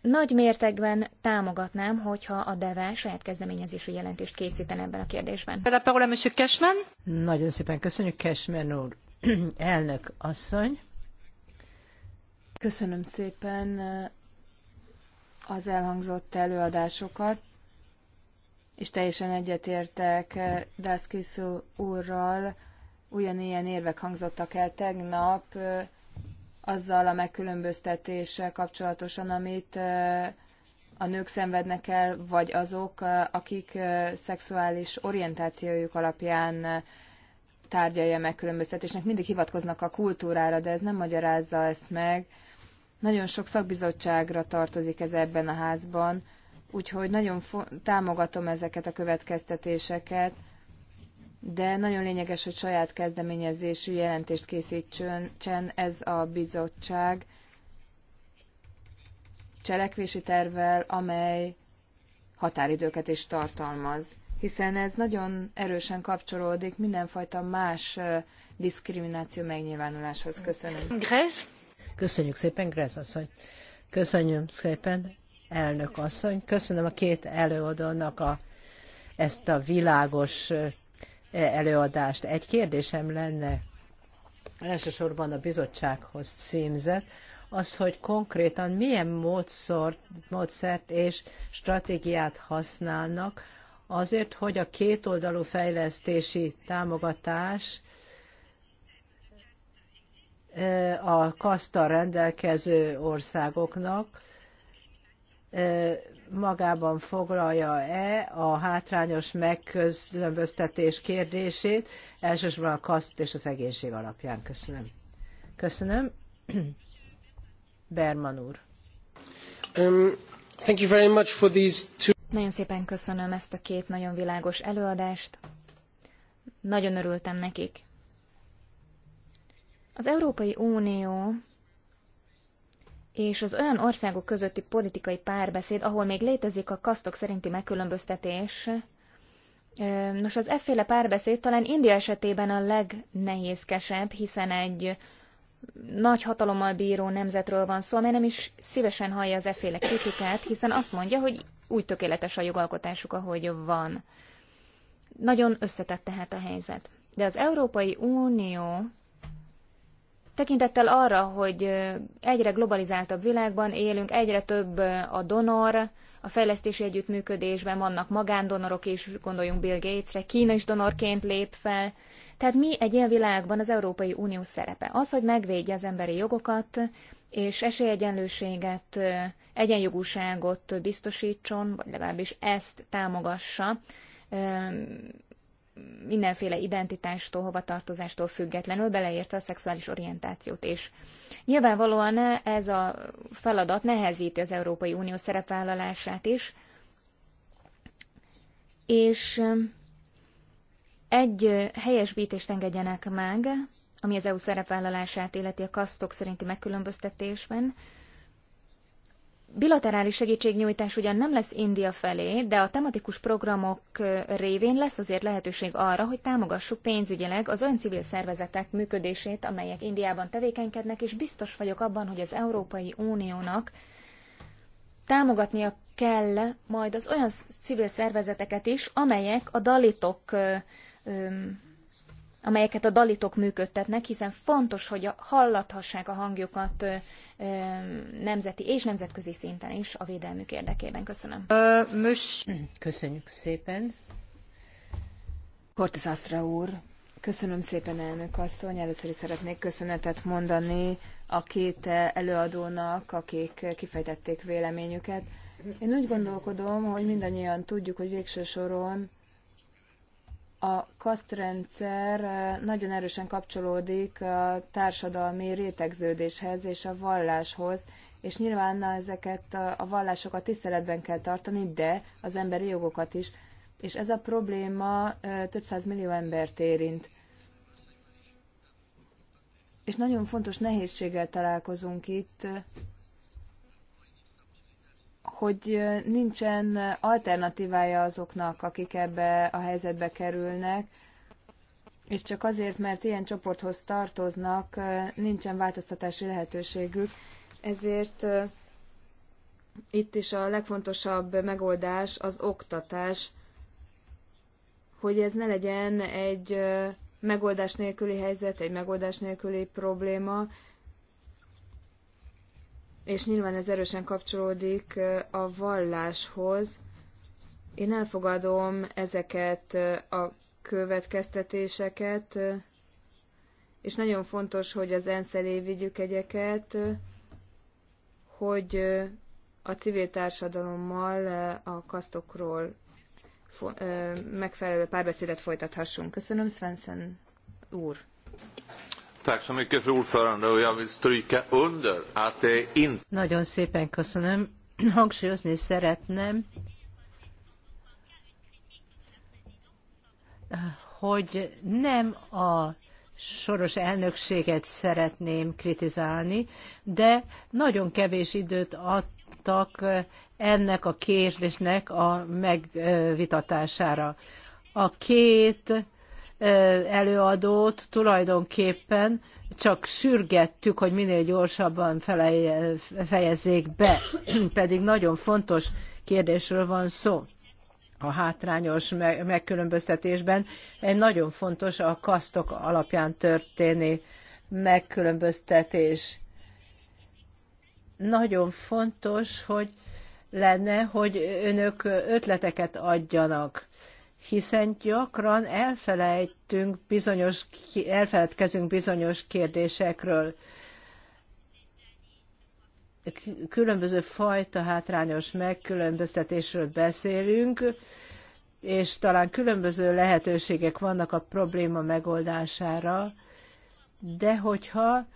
Nagy mértékben támogatnám, hogyha a DEVE saját kezdeményezési jelentést készítene ebben a kérdésben. A Nagyon szépen köszönjük, Cashman úr. (clears throat) Elnök asszony. Köszönöm szépen az elhangzott előadásokat és teljesen egyetértek eh, Dászkisz úrral, ugyanilyen érvek hangzottak el tegnap eh, azzal a megkülönböztetéssel kapcsolatosan, amit eh, a nők szenvednek el, vagy azok, akik szexuális orientációjuk alapján tárgyalja megkülönböztetésnek. Mindig hivatkoznak a kultúrára, de ez nem magyarázza ezt meg. Nagyon sok szakbizottságra tartozik ez ebben a házban, Úgyhogy nagyon támogatom ezeket a következtetéseket, de nagyon lényeges, hogy saját kezdeményezésű jelentést készítsen ez a bizottság cselekvési tervvel, amely határidőket is tartalmaz. Hiszen ez nagyon erősen kapcsolódik mindenfajta más diszkrimináció megnyilvánuláshoz. Köszönöm. Grez? Köszönjük szépen, Grace asszony. Köszönjük szépen elnök asszony. Köszönöm a két előadónak a, ezt a világos előadást. Egy kérdésem lenne elsősorban a bizottsághoz címzett, az, hogy konkrétan milyen módszert, módszert és stratégiát használnak azért, hogy a kétoldalú fejlesztési támogatás a kasztal rendelkező országoknak magában foglalja-e a hátrányos megközlömböztetés kérdését, elsősorban a kaszt és az szegénység alapján. Köszönöm. Köszönöm. (clears throat) Berman úr. Um, thank you very much for these two... Nagyon szépen köszönöm ezt a két nagyon világos előadást. Nagyon örültem nekik. Az Európai Unió és az olyan országok közötti politikai párbeszéd, ahol még létezik a kasztok szerinti megkülönböztetés, Nos, az efféle párbeszéd talán India esetében a legnehézkesebb, hiszen egy nagy hatalommal bíró nemzetről van szó, amely nem is szívesen hallja az efféle kritikát, hiszen azt mondja, hogy úgy tökéletes a jogalkotásuk, ahogy van. Nagyon összetett tehát a helyzet. De az Európai Unió Tekintettel arra, hogy egyre globalizáltabb világban élünk, egyre több a donor, a fejlesztési együttműködésben vannak magándonorok is, gondoljunk Bill Gatesre, Kína is donorként lép fel. Tehát mi egy ilyen világban az Európai Unió szerepe? Az, hogy megvédje az emberi jogokat, és esélyegyenlőséget, egyenjogúságot biztosítson, vagy legalábbis ezt támogassa mindenféle identitástól, hovatartozástól függetlenül, beleérte a szexuális orientációt is. Nyilvánvalóan ez a feladat nehezíti az Európai Unió szerepvállalását is, és um, egy helyesbítést engedjenek meg, ami az EU szerepvállalását illeti a kasztok szerinti megkülönböztetésben, bilaterális segítségnyújtás ugyan nem lesz India felé, de a tematikus programok révén lesz azért lehetőség arra, hogy támogassuk pénzügyileg az olyan civil szervezetek működését, amelyek Indiában tevékenykednek, és biztos vagyok abban, hogy az Európai Uniónak támogatnia kell majd az olyan civil szervezeteket is, amelyek a dalitok amelyeket a dalitok működtetnek, hiszen fontos, hogy hallathassák a hangjukat nemzeti és nemzetközi szinten is a védelmük érdekében. Köszönöm. Mös. Köszönjük szépen. Kortis Asztra úr, köszönöm szépen elnök asszony. Először is szeretnék köszönetet mondani a két előadónak, akik kifejtették véleményüket. Én úgy gondolkodom, hogy mindannyian tudjuk, hogy végső soron a kasztrendszer eh, nagyon erősen kapcsolódik a társadalmi rétegződéshez és a valláshoz, és nyilván ezeket a vallásokat tiszteletben kell tartani, de az emberi jogokat is, és ez a probléma eh, több száz millió embert érint. És nagyon fontos nehézséggel találkozunk itt, eh, hogy nincsen alternatívája azoknak, akik ebbe a helyzetbe kerülnek, és csak azért, mert ilyen csoporthoz tartoznak, nincsen változtatási lehetőségük. Ezért itt is a legfontosabb megoldás az oktatás, hogy ez ne legyen egy megoldás nélküli helyzet, egy megoldás nélküli probléma, és nyilván ez erősen kapcsolódik a valláshoz. Én elfogadom ezeket a következtetéseket, és nagyon fontos, hogy az ENSZ elé vigyük egyeket, hogy a civil társadalommal a kasztokról megfelelő párbeszédet folytathassunk. Köszönöm, Svensson úr! Tack så mycket fru ordförande och jag vill stryka under att det inte... Nagyon szépen köszönöm. (clears throat) Hangsúlyozni szeretném, hogy nem a soros elnökséget szeretném kritizálni, de nagyon kevés időt adtak ennek a kérdésnek a megvitatására. A két előadót tulajdonképpen csak sürgettük, hogy minél gyorsabban fejezzék be, (clears throat) pedig nagyon fontos kérdésről van szó a hátrányos megkülönböztetésben. Egy nagyon fontos a kasztok alapján történő megkülönböztetés. Nagyon fontos, hogy lenne, hogy önök ötleteket adjanak hiszen gyakran elfelejtünk bizonyos, elfeledkezünk bizonyos kérdésekről. Különböző fajta hátrányos megkülönböztetésről beszélünk, és talán különböző lehetőségek vannak a probléma megoldására, de hogyha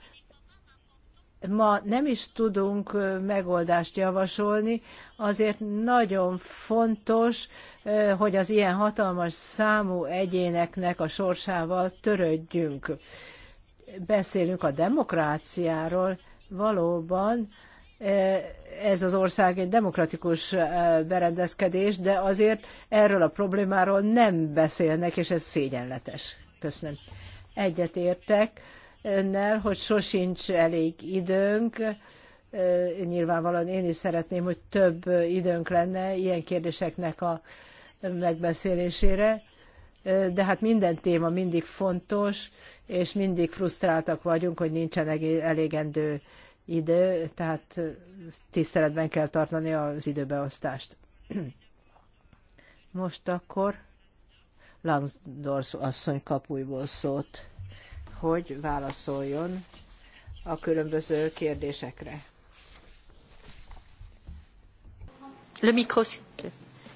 ma nem is tudunk megoldást javasolni, azért nagyon fontos, hogy az ilyen hatalmas számú egyéneknek a sorsával törődjünk. Beszélünk a demokráciáról, valóban ez az ország egy demokratikus berendezkedés, de azért erről a problémáról nem beszélnek, és ez szégyenletes. Köszönöm. Egyetértek önnel, hogy sosincs elég időnk. Nyilvánvalóan én is szeretném, hogy több időnk lenne ilyen kérdéseknek a megbeszélésére, de hát minden téma mindig fontos, és mindig frusztráltak vagyunk, hogy nincsen elégendő idő, tehát tiszteletben kell tartani az időbeosztást. Most akkor Langsdorf asszony kap újból szót hogy válaszoljon a különböző kérdésekre. Le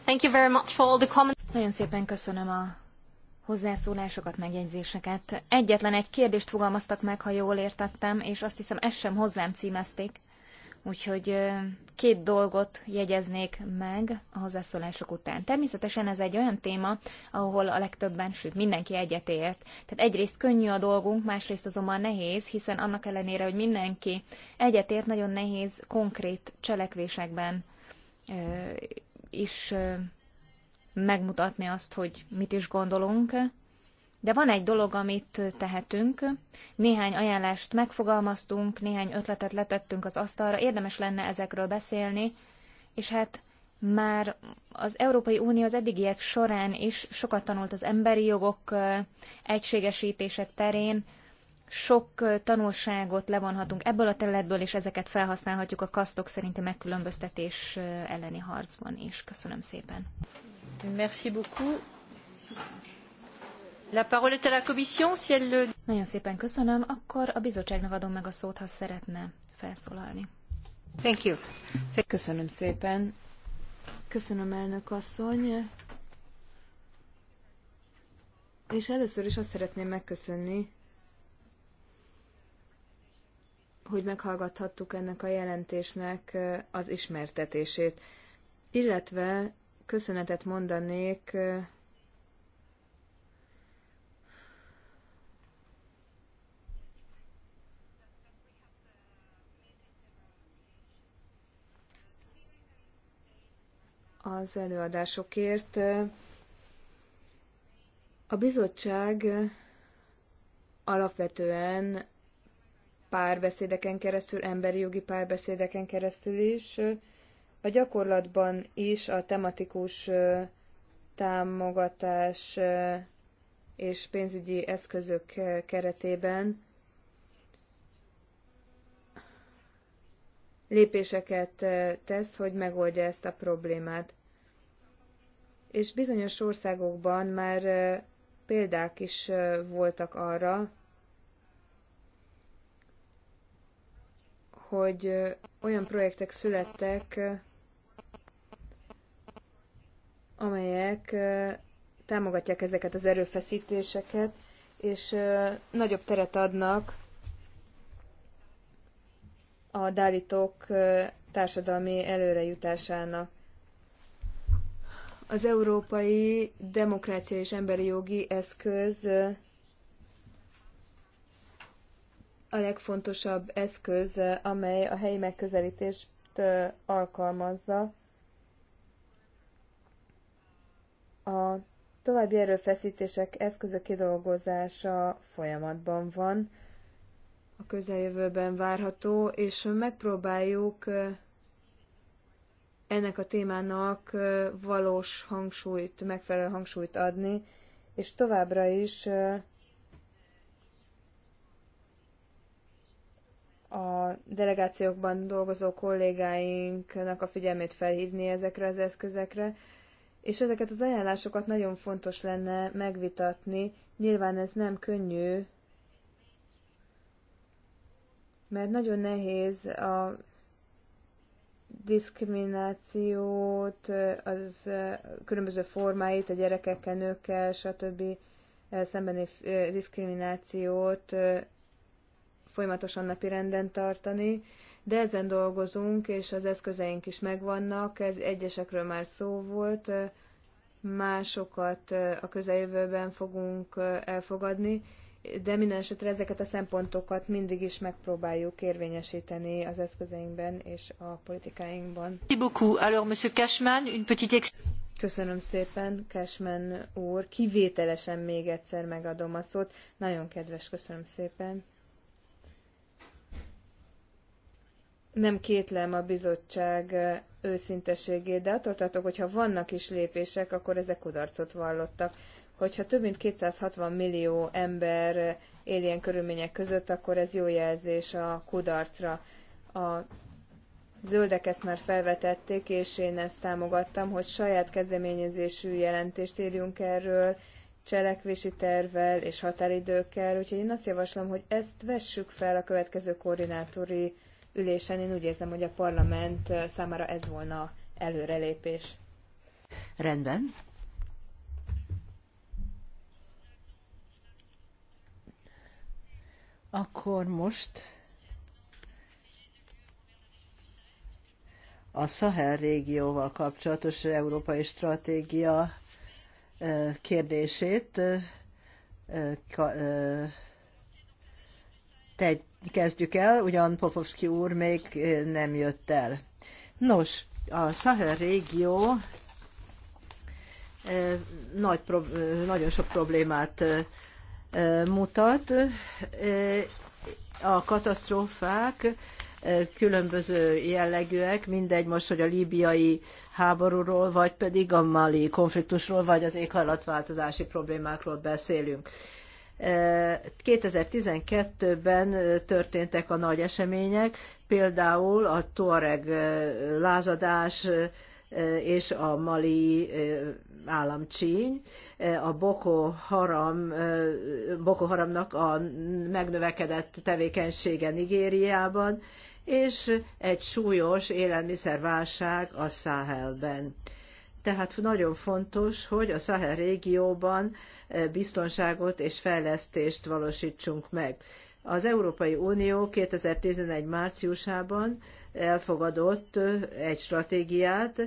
Thank you very much for all the comments. Nagyon szépen köszönöm a hozzászólásokat, megjegyzéseket. Egyetlen egy kérdést fogalmaztak meg, ha jól értettem, és azt hiszem ezt sem hozzám címezték. Úgyhogy két dolgot jegyeznék meg a hozzászólások után. Természetesen ez egy olyan téma, ahol a legtöbben, sőt mindenki egyetért. Tehát egyrészt könnyű a dolgunk, másrészt azonban nehéz, hiszen annak ellenére, hogy mindenki egyetért, nagyon nehéz konkrét cselekvésekben ö, is ö, megmutatni azt, hogy mit is gondolunk. De van egy dolog, amit tehetünk. Néhány ajánlást megfogalmaztunk, néhány ötletet letettünk az asztalra, érdemes lenne ezekről beszélni, és hát már az Európai Unió az eddigiek során is sokat tanult az emberi jogok egységesítése terén, sok tanulságot levonhatunk ebből a területből, és ezeket felhasználhatjuk a kasztok szerinti megkülönböztetés elleni harcban is. Köszönöm szépen. Merci beaucoup. La parole est à la commission, Nagyon szépen köszönöm. Akkor a bizottságnak adom meg a szót, ha szeretne felszólalni. Thank you. Thank köszönöm szépen. Köszönöm, elnök asszony. És először is azt szeretném megköszönni, hogy meghallgathattuk ennek a jelentésnek az ismertetését. Illetve köszönetet mondanék az előadásokért. A bizottság alapvetően párbeszédeken keresztül, emberi jogi párbeszédeken keresztül is, a gyakorlatban is a tematikus támogatás és pénzügyi eszközök keretében lépéseket tesz, hogy megoldja ezt a problémát és bizonyos országokban már példák is voltak arra, hogy olyan projektek születtek, amelyek támogatják ezeket az erőfeszítéseket, és nagyobb teret adnak a dálítók társadalmi előrejutásának. Az Európai Demokrácia és Emberi Jogi Eszköz a legfontosabb eszköz, amely a helyi megközelítést alkalmazza. A további erőfeszítések eszközök kidolgozása folyamatban van, a közeljövőben várható, és megpróbáljuk ennek a témának valós hangsúlyt, megfelelő hangsúlyt adni, és továbbra is a delegációkban dolgozó kollégáinknak a figyelmét felhívni ezekre az eszközekre, és ezeket az ajánlásokat nagyon fontos lenne megvitatni. Nyilván ez nem könnyű, mert nagyon nehéz a diszkriminációt, az eh, különböző formáit, a gyerekekkel, nőkkel, stb. Eh, szembeni eh, diszkriminációt folyamatosan napirenden tartani, de ezen dolgozunk, és az eszközeink is megvannak, ez egyesekről már szó volt, másokat a közeljövőben fogunk elfogadni, de minden esetre ezeket a szempontokat mindig is megpróbáljuk érvényesíteni az eszközeinkben és a politikáinkban. Köszönöm szépen, Cashman úr. Kivételesen még egyszer megadom a szót. Nagyon kedves, köszönöm szépen. nem kétlem a bizottság őszintességét, de attól tartok, hogyha vannak is lépések, akkor ezek kudarcot vallottak hogyha több mint 260 millió ember él ilyen körülmények között, akkor ez jó jelzés a kudarcra. A zöldek ezt már felvetették, és én ezt támogattam, hogy saját kezdeményezésű jelentést írjunk erről, cselekvési tervvel és határidőkkel, úgyhogy én azt javaslom, hogy ezt vessük fel a következő koordinátori ülésen. Én úgy érzem, hogy a parlament számára ez volna előrelépés. Rendben, Akkor most a Szahel régióval kapcsolatos európai stratégia kérdését te, kezdjük el, ugyan Popovski úr még nem jött el. Nos, a Szahel régió nagy, nagyon sok problémát mutat. A katasztrófák különböző jellegűek, mindegy most, hogy a líbiai háborúról, vagy pedig a mali konfliktusról, vagy az éghajlatváltozási problémákról beszélünk. 2012-ben történtek a nagy események, például a Tuareg lázadás, Eh, és a mali eh, államcsíny. Eh, a Boko, Haram, Boko Haramnak a megnövekedett tevékenysége Nigériában, és egy súlyos élelmiszerválság a Száhelben. Tehát nagyon fontos, hogy a Száhel régióban biztonságot és fejlesztést valósítsunk meg. Az Európai Unió 2011 márciusában elfogadott egy stratégiát,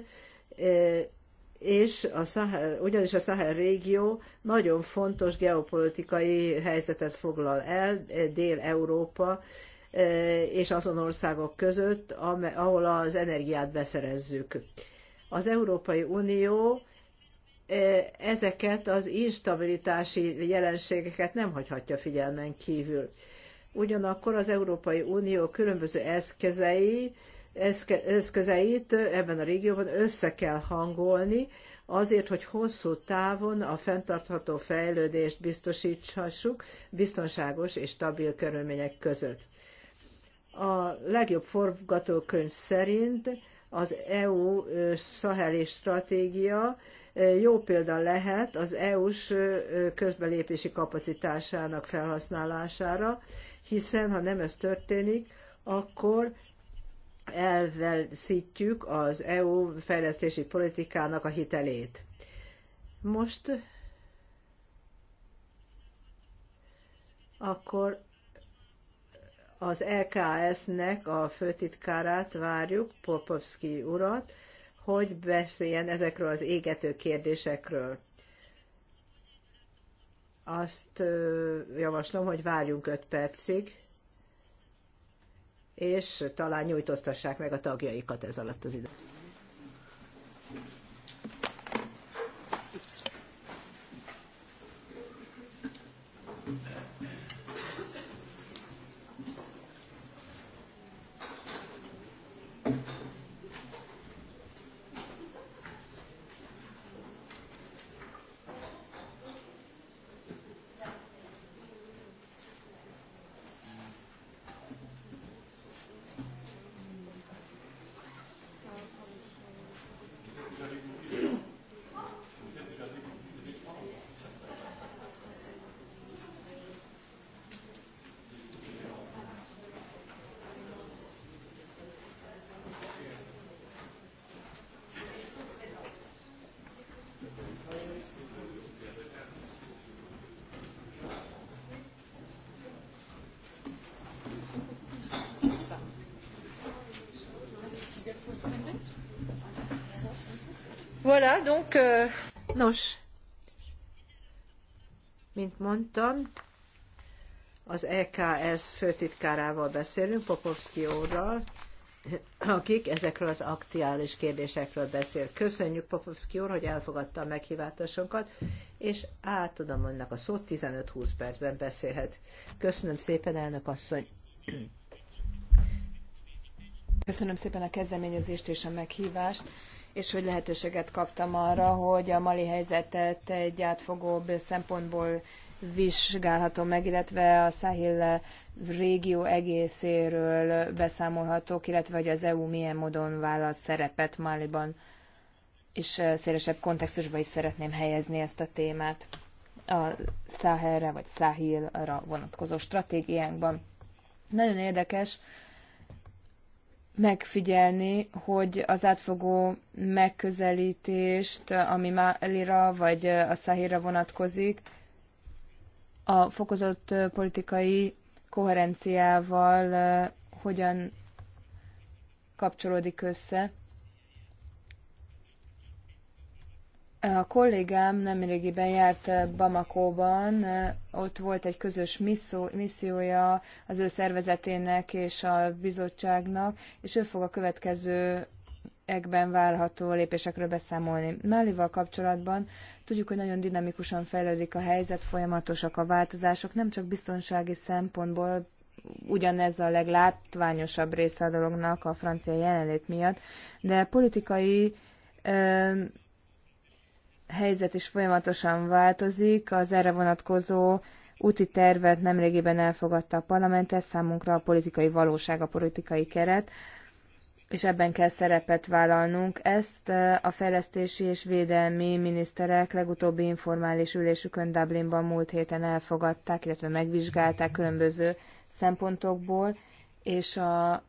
és a Szahel, ugyanis a Szahel régió nagyon fontos geopolitikai helyzetet foglal el Dél-Európa és azon országok között, ahol az energiát beszerezzük. Az Európai Unió ezeket az instabilitási jelenségeket nem hagyhatja figyelmen kívül. Ugyanakkor az Európai Unió különböző eszközei, eszközeit ebben a régióban össze kell hangolni, azért, hogy hosszú távon a fenntartható fejlődést biztosíthassuk biztonságos és stabil körülmények között. A legjobb forgatókönyv szerint az EU szaheli stratégia jó példa lehet az EU-s közbelépési kapacitásának felhasználására, hiszen ha nem ez történik, akkor elveszítjük az EU fejlesztési politikának a hitelét. Most akkor az EKS-nek a főtitkárát várjuk, Popovski urat, hogy beszéljen ezekről az égető kérdésekről. Azt javaslom, hogy várjunk 5 percig, és talán nyújtoztassák meg a tagjaikat ez alatt az időt. Voilà, donc... Euh, Nos, mint mondtam, az EKS főtitkárával beszélünk, Popovszki úrral, akik ezekről az aktuális kérdésekről beszél. Köszönjük Popovszki úr, hogy elfogadta a meghívásunkat, és átadom önnek a szót, 15-20 percben beszélhet. Köszönöm szépen, elnök asszony. Köszönöm szépen a kezdeményezést és a meghívást és hogy lehetőséget kaptam arra, hogy a mali helyzetet egy átfogóbb szempontból vizsgálhatom meg, illetve a Sahil régió egészéről beszámolhatok, illetve hogy az EU milyen módon vállal szerepet Maliban, és szélesebb kontextusba is szeretném helyezni ezt a témát a Sahelre vagy Sahilra vonatkozó stratégiánkban. Nagyon érdekes, megfigyelni, hogy az átfogó megközelítést, ami Málira vagy a Szahira vonatkozik, a fokozott politikai koherenciával eh, hogyan kapcsolódik össze. A kollégám nemrégiben járt Bamakóban, ott volt egy közös misszó, missziója az ő szervezetének és a bizottságnak, és ő fog a következő ekben várható lépésekről beszámolni. Málival kapcsolatban tudjuk, hogy nagyon dinamikusan fejlődik a helyzet, folyamatosak a változások, nem csak biztonsági szempontból, ugyanez a leglátványosabb része a dolognak a francia jelenlét miatt, de politikai helyzet is folyamatosan változik, az erre vonatkozó úti tervet nemrégiben elfogadta a parlament, ez számunkra a politikai valóság, a politikai keret, és ebben kell szerepet vállalnunk. Ezt a fejlesztési és védelmi miniszterek legutóbbi informális ülésükön Dublinban múlt héten elfogadták, illetve megvizsgálták különböző szempontokból, és a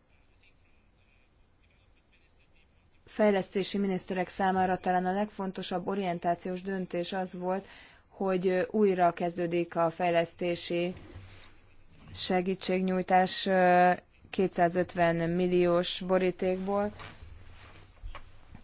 fejlesztési miniszterek számára talán a legfontosabb orientációs döntés az volt, hogy újra kezdődik a fejlesztési segítségnyújtás 250 milliós borítékból,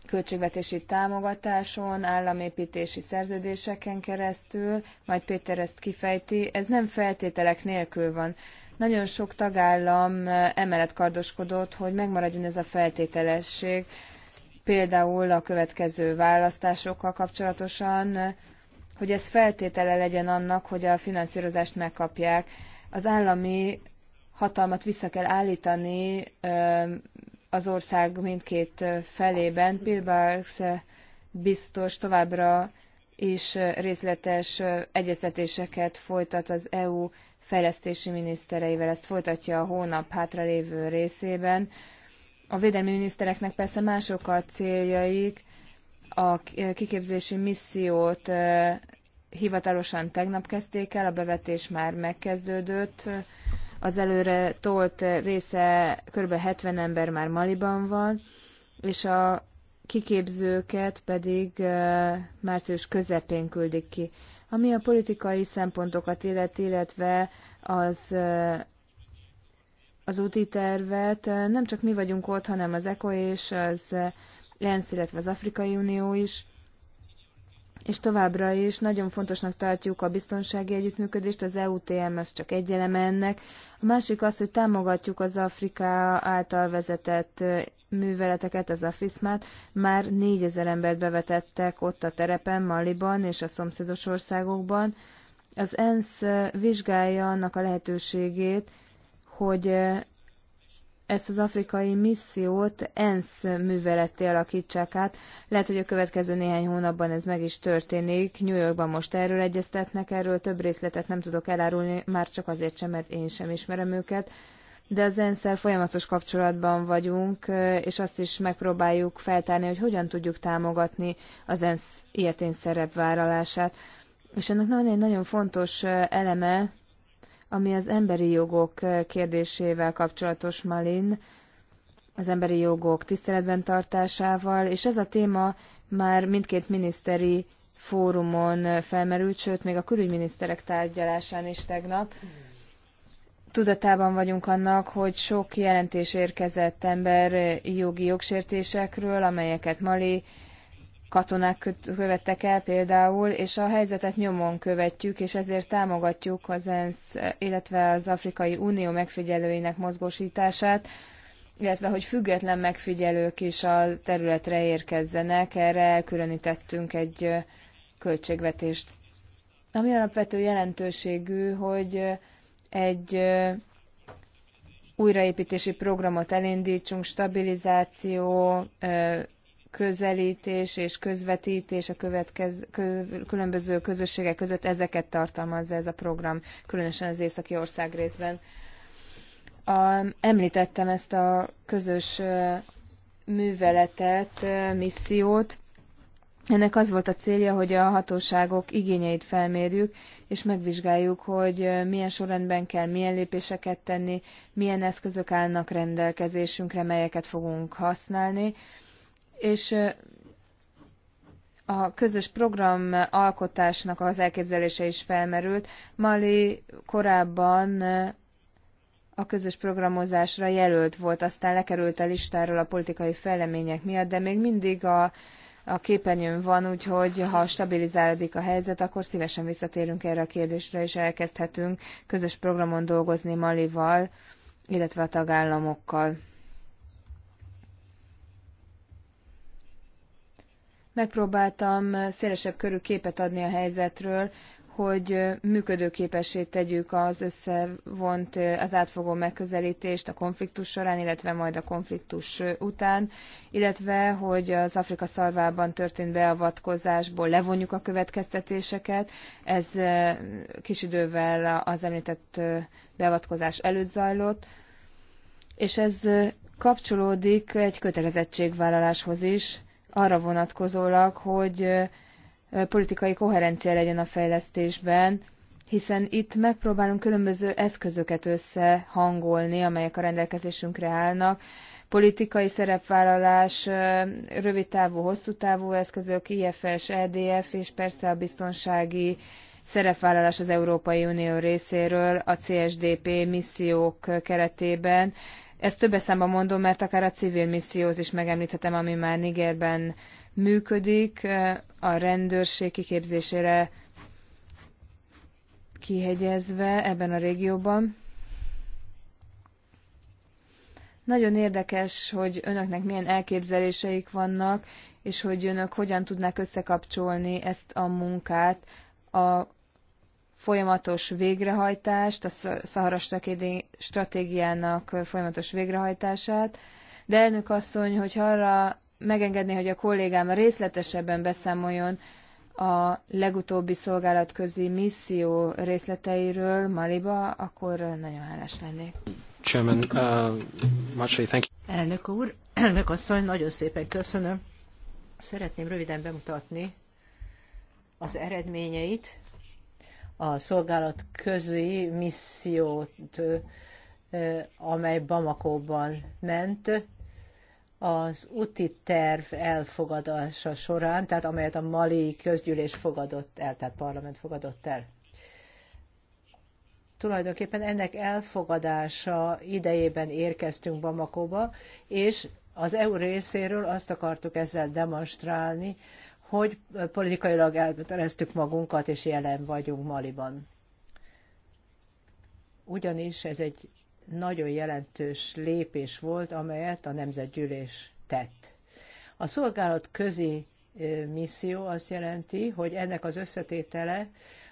költségvetési támogatáson, államépítési szerződéseken keresztül, majd Péter ezt kifejti, ez nem feltételek nélkül van. Nagyon sok tagállam emellett kardoskodott, hogy megmaradjon ez a feltételesség például a következő választásokkal kapcsolatosan, hogy ez feltétele legyen annak, hogy a finanszírozást megkapják. Az állami hatalmat vissza kell állítani az ország mindkét felében. Pilbarks biztos továbbra is részletes egyeztetéseket folytat az EU fejlesztési minisztereivel. Ezt folytatja a hónap hátralévő részében a védelmi minisztereknek persze mások a céljaik. A kiképzési missziót hivatalosan tegnap kezdték el, a bevetés már megkezdődött. Az előre tolt része kb. 70 ember már Maliban van, és a kiképzőket pedig március közepén küldik ki. Ami a politikai szempontokat illeti, illetve az az úti tervet. Nem csak mi vagyunk ott, hanem az ECO és az ENSZ, illetve az Afrikai Unió is. És továbbra is nagyon fontosnak tartjuk a biztonsági együttműködést, az EUTM az csak egy eleme ennek. A másik az, hogy támogatjuk az Afrika által vezetett műveleteket, az AFISMát. Már négyezer embert bevetettek ott a terepen, Maliban és a szomszédos országokban. Az ENSZ vizsgálja annak a lehetőségét, hogy ezt az afrikai missziót ENSZ műveletté alakítsák át. Lehet, hogy a következő néhány hónapban ez meg is történik. New Yorkban most erről egyeztetnek, erről több részletet nem tudok elárulni, már csak azért sem, mert én sem ismerem őket. De az ensz folyamatos kapcsolatban vagyunk, és azt is megpróbáljuk feltárni, hogy hogyan tudjuk támogatni az ENSZ ilyetén szerepvállalását. És ennek nagyon, egy nagyon fontos eleme, ami az emberi jogok eh, kérdésével kapcsolatos Malin, az emberi jogok tiszteletben tartásával, és ez a téma már mindkét miniszteri fórumon eh, felmerült, sőt, még a külügyminiszterek tárgyalásán is tegnap. Tudatában vagyunk annak, hogy sok jelentés érkezett emberi jogi jogsértésekről, amelyeket Mali katonák követtek el például, és a helyzetet nyomon követjük, és ezért támogatjuk az ENSZ, illetve az Afrikai Unió megfigyelőinek mozgósítását, illetve hogy független megfigyelők is a területre érkezzenek, erre elkülönítettünk egy költségvetést. Ami alapvető jelentőségű, hogy egy újraépítési programot elindítsunk, stabilizáció, közelítés és közvetítés a következ, kö, különböző közösségek között ezeket tartalmazza ez a program, különösen az északi ország részben. A, említettem ezt a közös műveletet, missziót. Ennek az volt a célja, hogy a hatóságok igényeit felmérjük, és megvizsgáljuk, hogy milyen sorrendben kell, milyen lépéseket tenni, milyen eszközök állnak rendelkezésünkre, melyeket fogunk használni és a közös program alkotásnak az elképzelése is felmerült. Mali korábban a közös programozásra jelölt volt, aztán lekerült a listáról a politikai fejlemények miatt, de még mindig a, a képernyőn van, úgyhogy ha stabilizálódik a helyzet, akkor szívesen visszatérünk erre a kérdésre, és elkezdhetünk közös programon dolgozni Malival, illetve a tagállamokkal. Megpróbáltam szélesebb körű képet adni a helyzetről, hogy működőképessé tegyük az összevont, az átfogó megközelítést a konfliktus során, illetve majd a konfliktus után, illetve hogy az Afrika szarvában történt beavatkozásból levonjuk a következtetéseket. Ez kis idővel az említett beavatkozás előtt zajlott, és ez kapcsolódik egy kötelezettségvállaláshoz is, arra vonatkozólag, hogy politikai koherencia legyen a fejlesztésben, hiszen itt megpróbálunk különböző eszközöket összehangolni, amelyek a rendelkezésünkre állnak, politikai szerepvállalás, rövidtávú, hosszútávú eszközök, IFS, EDF, és persze a biztonsági szerepvállalás az Európai Unió részéről a CSDP missziók keretében, ezt többes számban mondom, mert akár a civil missziót is megemlíthetem, ami már Nigerben működik, a rendőrség kiképzésére kihegyezve ebben a régióban. Nagyon érdekes, hogy önöknek milyen elképzeléseik vannak, és hogy önök hogyan tudnák összekapcsolni ezt a munkát a folyamatos végrehajtást, a Szahara stratégiának folyamatos végrehajtását. De elnök asszony, hogy arra megengedné, hogy a kollégám részletesebben beszámoljon a legutóbbi szolgálatközi misszió részleteiről Maliba, akkor nagyon hálás lennék. Chairman, uh, much thank you. Elnök úr, (clears throat) elnök asszony, nagyon szépen köszönöm. Szeretném röviden bemutatni az eredményeit a szolgálat közi missziót, amely Bamakóban ment, az úti terv elfogadása során, tehát amelyet a mali közgyűlés fogadott el, tehát parlament fogadott el. Tulajdonképpen ennek elfogadása idejében érkeztünk Bamakóba, és az EU részéről azt akartuk ezzel demonstrálni, hogy politikailag elköteleztük magunkat, és jelen vagyunk Maliban. Ugyanis ez egy nagyon jelentős lépés volt, amelyet a Nemzetgyűlés tett. A szolgálat közi misszió azt jelenti, hogy ennek az összetétele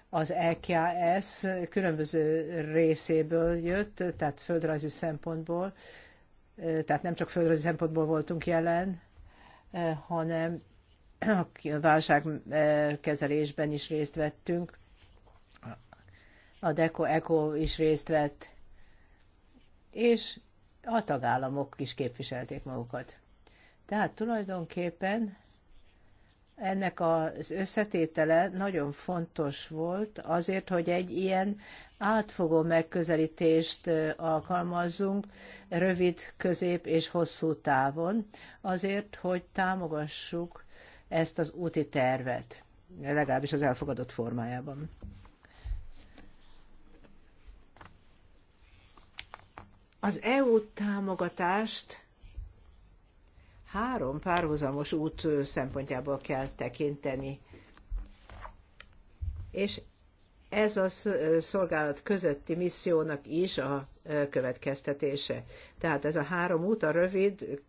az EKS különböző részéből jött, tehát földrajzi szempontból, tehát nem csak földrajzi szempontból voltunk jelen, hanem a válságkezelésben eh, is részt vettünk, a Deco Eco is részt vett, és a tagállamok is képviselték magukat. Tehát tulajdonképpen ennek az összetétele nagyon fontos volt azért, hogy egy ilyen átfogó megközelítést eh, alkalmazzunk rövid, közép és hosszú távon, azért, hogy támogassuk ezt az úti tervet, legalábbis az elfogadott formájában. Az EU támogatást három párhuzamos út szempontjából kell tekinteni. És ez a szolgálat közötti missziónak is a következtetése. Tehát ez a három út a rövid,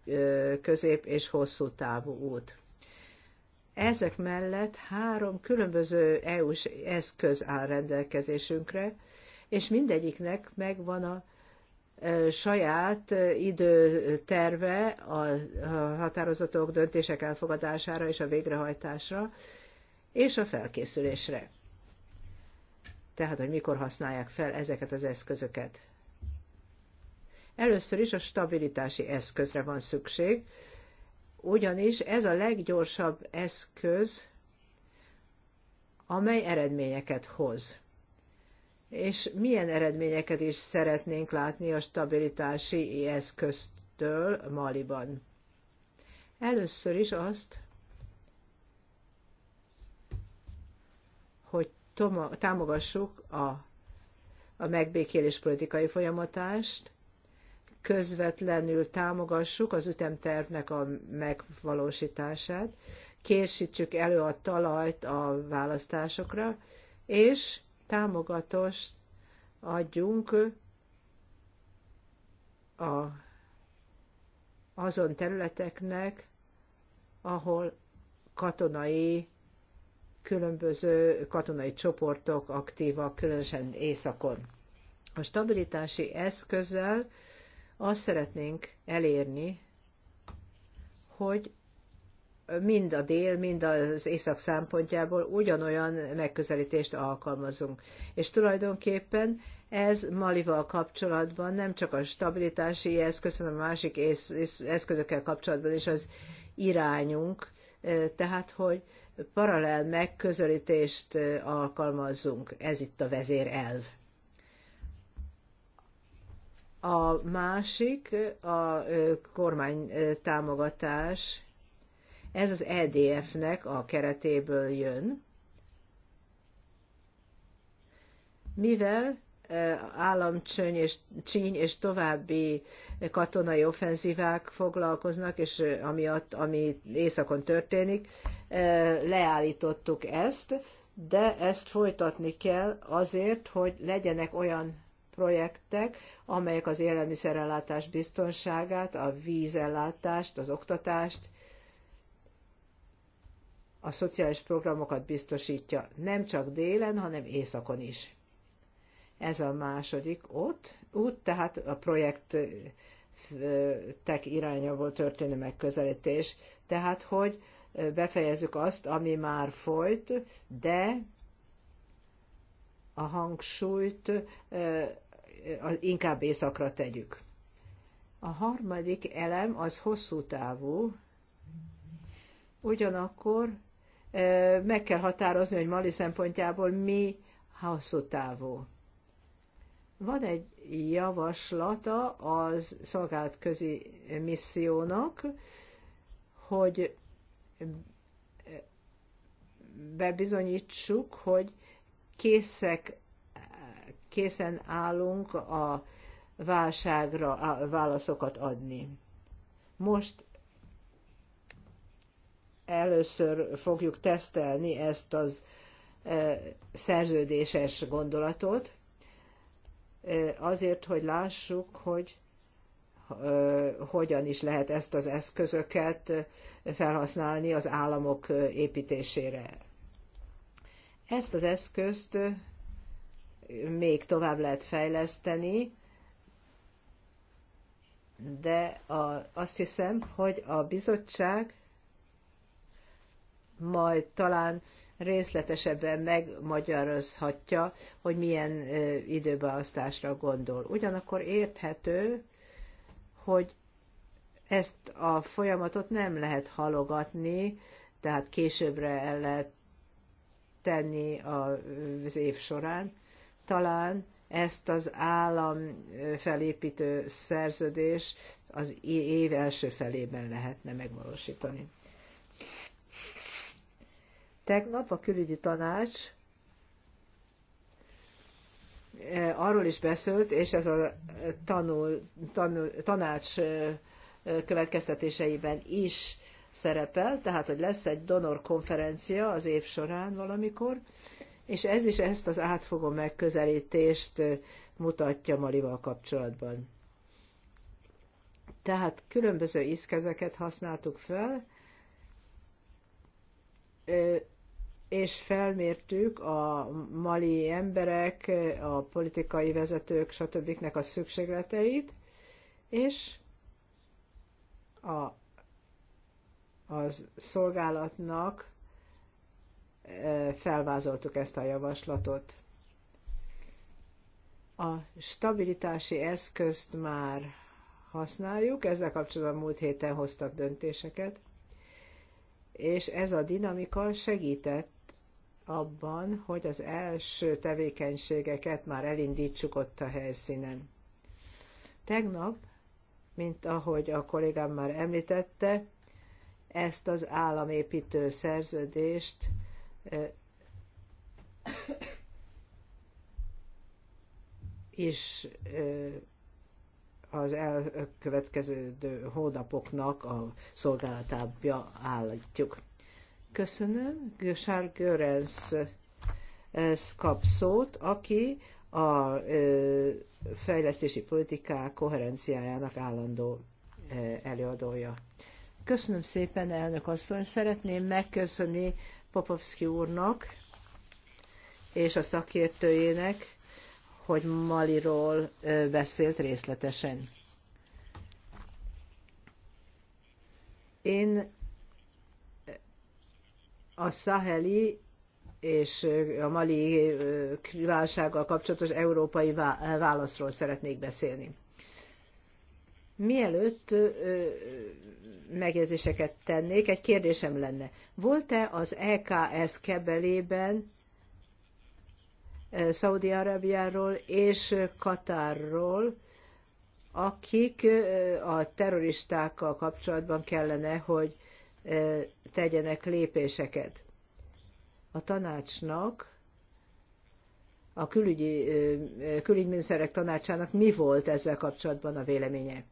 közép és hosszú távú út. Ezek mellett három különböző EU-s eszköz áll rendelkezésünkre, és mindegyiknek megvan a saját időterve a határozatok, döntések elfogadására és a végrehajtásra, és a felkészülésre. Tehát, hogy mikor használják fel ezeket az eszközöket. Először is a stabilitási eszközre van szükség, ugyanis ez a leggyorsabb eszköz, amely eredményeket hoz. És milyen eredményeket is szeretnénk látni a stabilitási eszköztől Maliban? Először is azt, hogy támogassuk a, a megbékélés politikai folyamatást, közvetlenül támogassuk az ütemtervnek a megvalósítását, készítsük elő a talajt a választásokra, és támogatást adjunk a, azon területeknek, ahol katonai különböző katonai csoportok aktívak, különösen északon. A stabilitási eszközzel azt szeretnénk elérni, hogy mind a dél, mind az észak szempontjából ugyanolyan megközelítést alkalmazunk. És tulajdonképpen ez Malival kapcsolatban nem csak a stabilitási eszköz, hanem a másik eszközökkel kapcsolatban is az irányunk, tehát hogy paralel megközelítést alkalmazzunk. Ez itt a vezérelv. A másik a kormány támogatás, ez az EDF-nek a keretéből jön, mivel államcsöny és csíny és további katonai offenzívák foglalkoznak, és amiatt, ami északon történik, leállítottuk ezt, de ezt folytatni kell azért, hogy legyenek olyan projektek, amelyek az élelmiszerellátás biztonságát, a vízellátást, az oktatást, a szociális programokat biztosítja nem csak délen, hanem északon is. Ez a második ott, út, tehát a projektek irányába történő megközelítés. Tehát, hogy befejezzük azt, ami már folyt, de a hangsúlyt inkább északra tegyük. A harmadik elem az hosszú távú, ugyanakkor meg kell határozni, hogy Mali szempontjából mi hosszú távú. Van egy javaslata az közi missziónak, hogy bebizonyítsuk, hogy készek készen állunk a válságra válaszokat adni. Most először fogjuk tesztelni ezt az e, szerződéses gondolatot, e, azért, hogy lássuk, hogy e, hogyan is lehet ezt az eszközöket felhasználni az államok építésére. Ezt az eszközt még tovább lehet fejleszteni, de a, azt hiszem, hogy a bizottság majd talán részletesebben megmagyarozhatja, hogy milyen ö, időbeosztásra gondol. Ugyanakkor érthető, hogy ezt a folyamatot nem lehet halogatni, tehát későbbre el lehet tenni a az év során, talán ezt az állam felépítő szerződés az év első felében lehetne megvalósítani. Tegnap a külügyi tanács arról is beszélt, és ez a tanul, tanul, tanács következtetéseiben is szerepel, tehát hogy lesz egy donor konferencia az év során valamikor, és ez is ezt az átfogó megközelítést mutatja Malival kapcsolatban. Tehát különböző iszkezeket használtuk fel, és felmértük a mali emberek, a politikai vezetők, stb. a szükségleteit, és a, az szolgálatnak felvázoltuk ezt a javaslatot. A stabilitási eszközt már használjuk, ezzel kapcsolatban múlt héten hoztak döntéseket, és ez a dinamika segített abban, hogy az első tevékenységeket már elindítsuk ott a helyszínen. Tegnap, mint ahogy a kollégám már említette, ezt az államépítő szerződést és az elkövetkező hónapoknak a szolgálatába állítjuk. Köszönöm. Gösár Görenz kap szót, aki a fejlesztési politikák koherenciájának állandó előadója. Köszönöm szépen, elnök asszony. Szeretném megköszönni Popovski úrnak és a szakértőjének, hogy Maliról beszélt részletesen. Én a szaheli és a mali válsággal kapcsolatos európai válaszról szeretnék beszélni. Mielőtt megjegyzéseket tennék, egy kérdésem lenne. Volt-e az EKS kebelében Szaudi-Arabiáról és Katárról, akik a terroristákkal kapcsolatban kellene, hogy tegyenek lépéseket. A tanácsnak, a külügyi, külügyminiszterek tanácsának mi volt ezzel kapcsolatban a véleménye?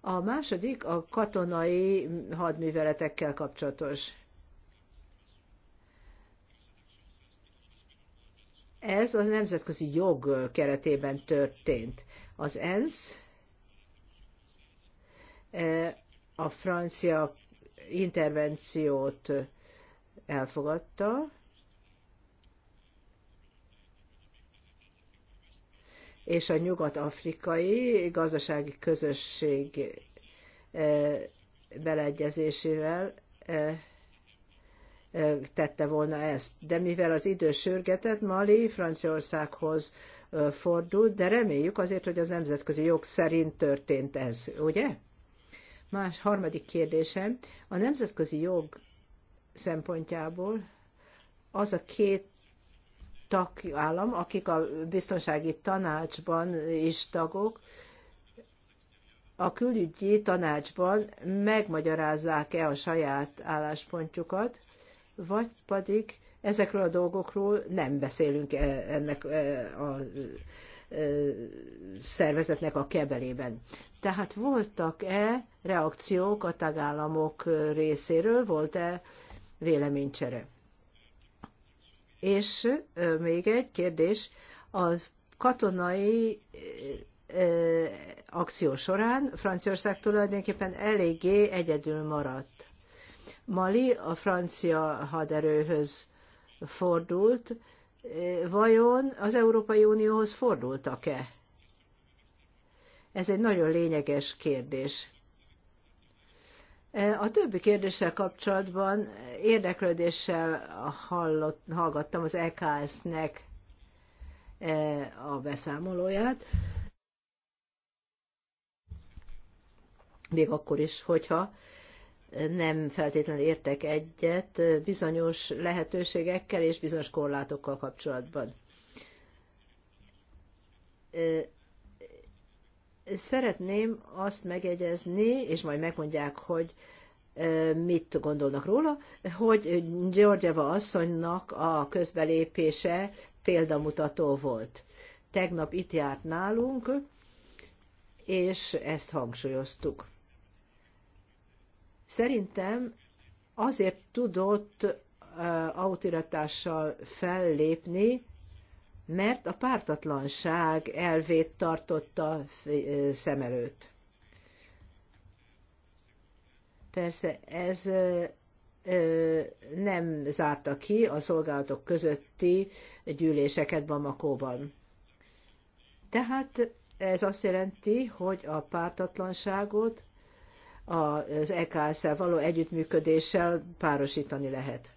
A második a katonai hadműveletekkel kapcsolatos. Ez a nemzetközi jog keretében történt. Az ENSZ e, a francia intervenciót elfogadta, és a nyugat-afrikai gazdasági közösség e, beleegyezésével e, e, tette volna ezt. De mivel az idő sürgetett, Mali Franciaországhoz fordult, de reméljük azért, hogy az nemzetközi jog szerint történt ez, ugye? Más harmadik kérdésem, a nemzetközi jog szempontjából az a két tagállam, akik a biztonsági tanácsban is tagok, a külügyi tanácsban megmagyarázzák-e a saját álláspontjukat, vagy pedig ezekről a dolgokról nem beszélünk e, ennek e, a e, szervezetnek a kebelében. Tehát voltak-e reakciók a tagállamok részéről, volt-e véleménycsere? És még egy kérdés, a katonai akció során Franciaország tulajdonképpen eléggé egyedül maradt. Mali a francia haderőhöz fordult, vajon az Európai Unióhoz fordultak-e? Ez egy nagyon lényeges kérdés. E, a többi kérdéssel kapcsolatban érdeklődéssel hallott, hallgattam az EKS-nek e, a beszámolóját. Még akkor is, hogyha nem feltétlenül értek egyet bizonyos lehetőségekkel és bizonyos korlátokkal kapcsolatban e, Szeretném azt megegyezni, és majd megmondják, hogy mit gondolnak róla, hogy Györgyeva asszonynak a közbelépése példamutató volt. Tegnap itt járt nálunk, és ezt hangsúlyoztuk. Szerintem azért tudott autiratással fellépni, mert a pártatlanság elvét tartotta eh, szem előtt. Persze ez eh, eh, nem zárta ki a szolgálatok közötti gyűléseket Bamakóban. Tehát ez azt jelenti, hogy a pártatlanságot az eks való együttműködéssel párosítani lehet.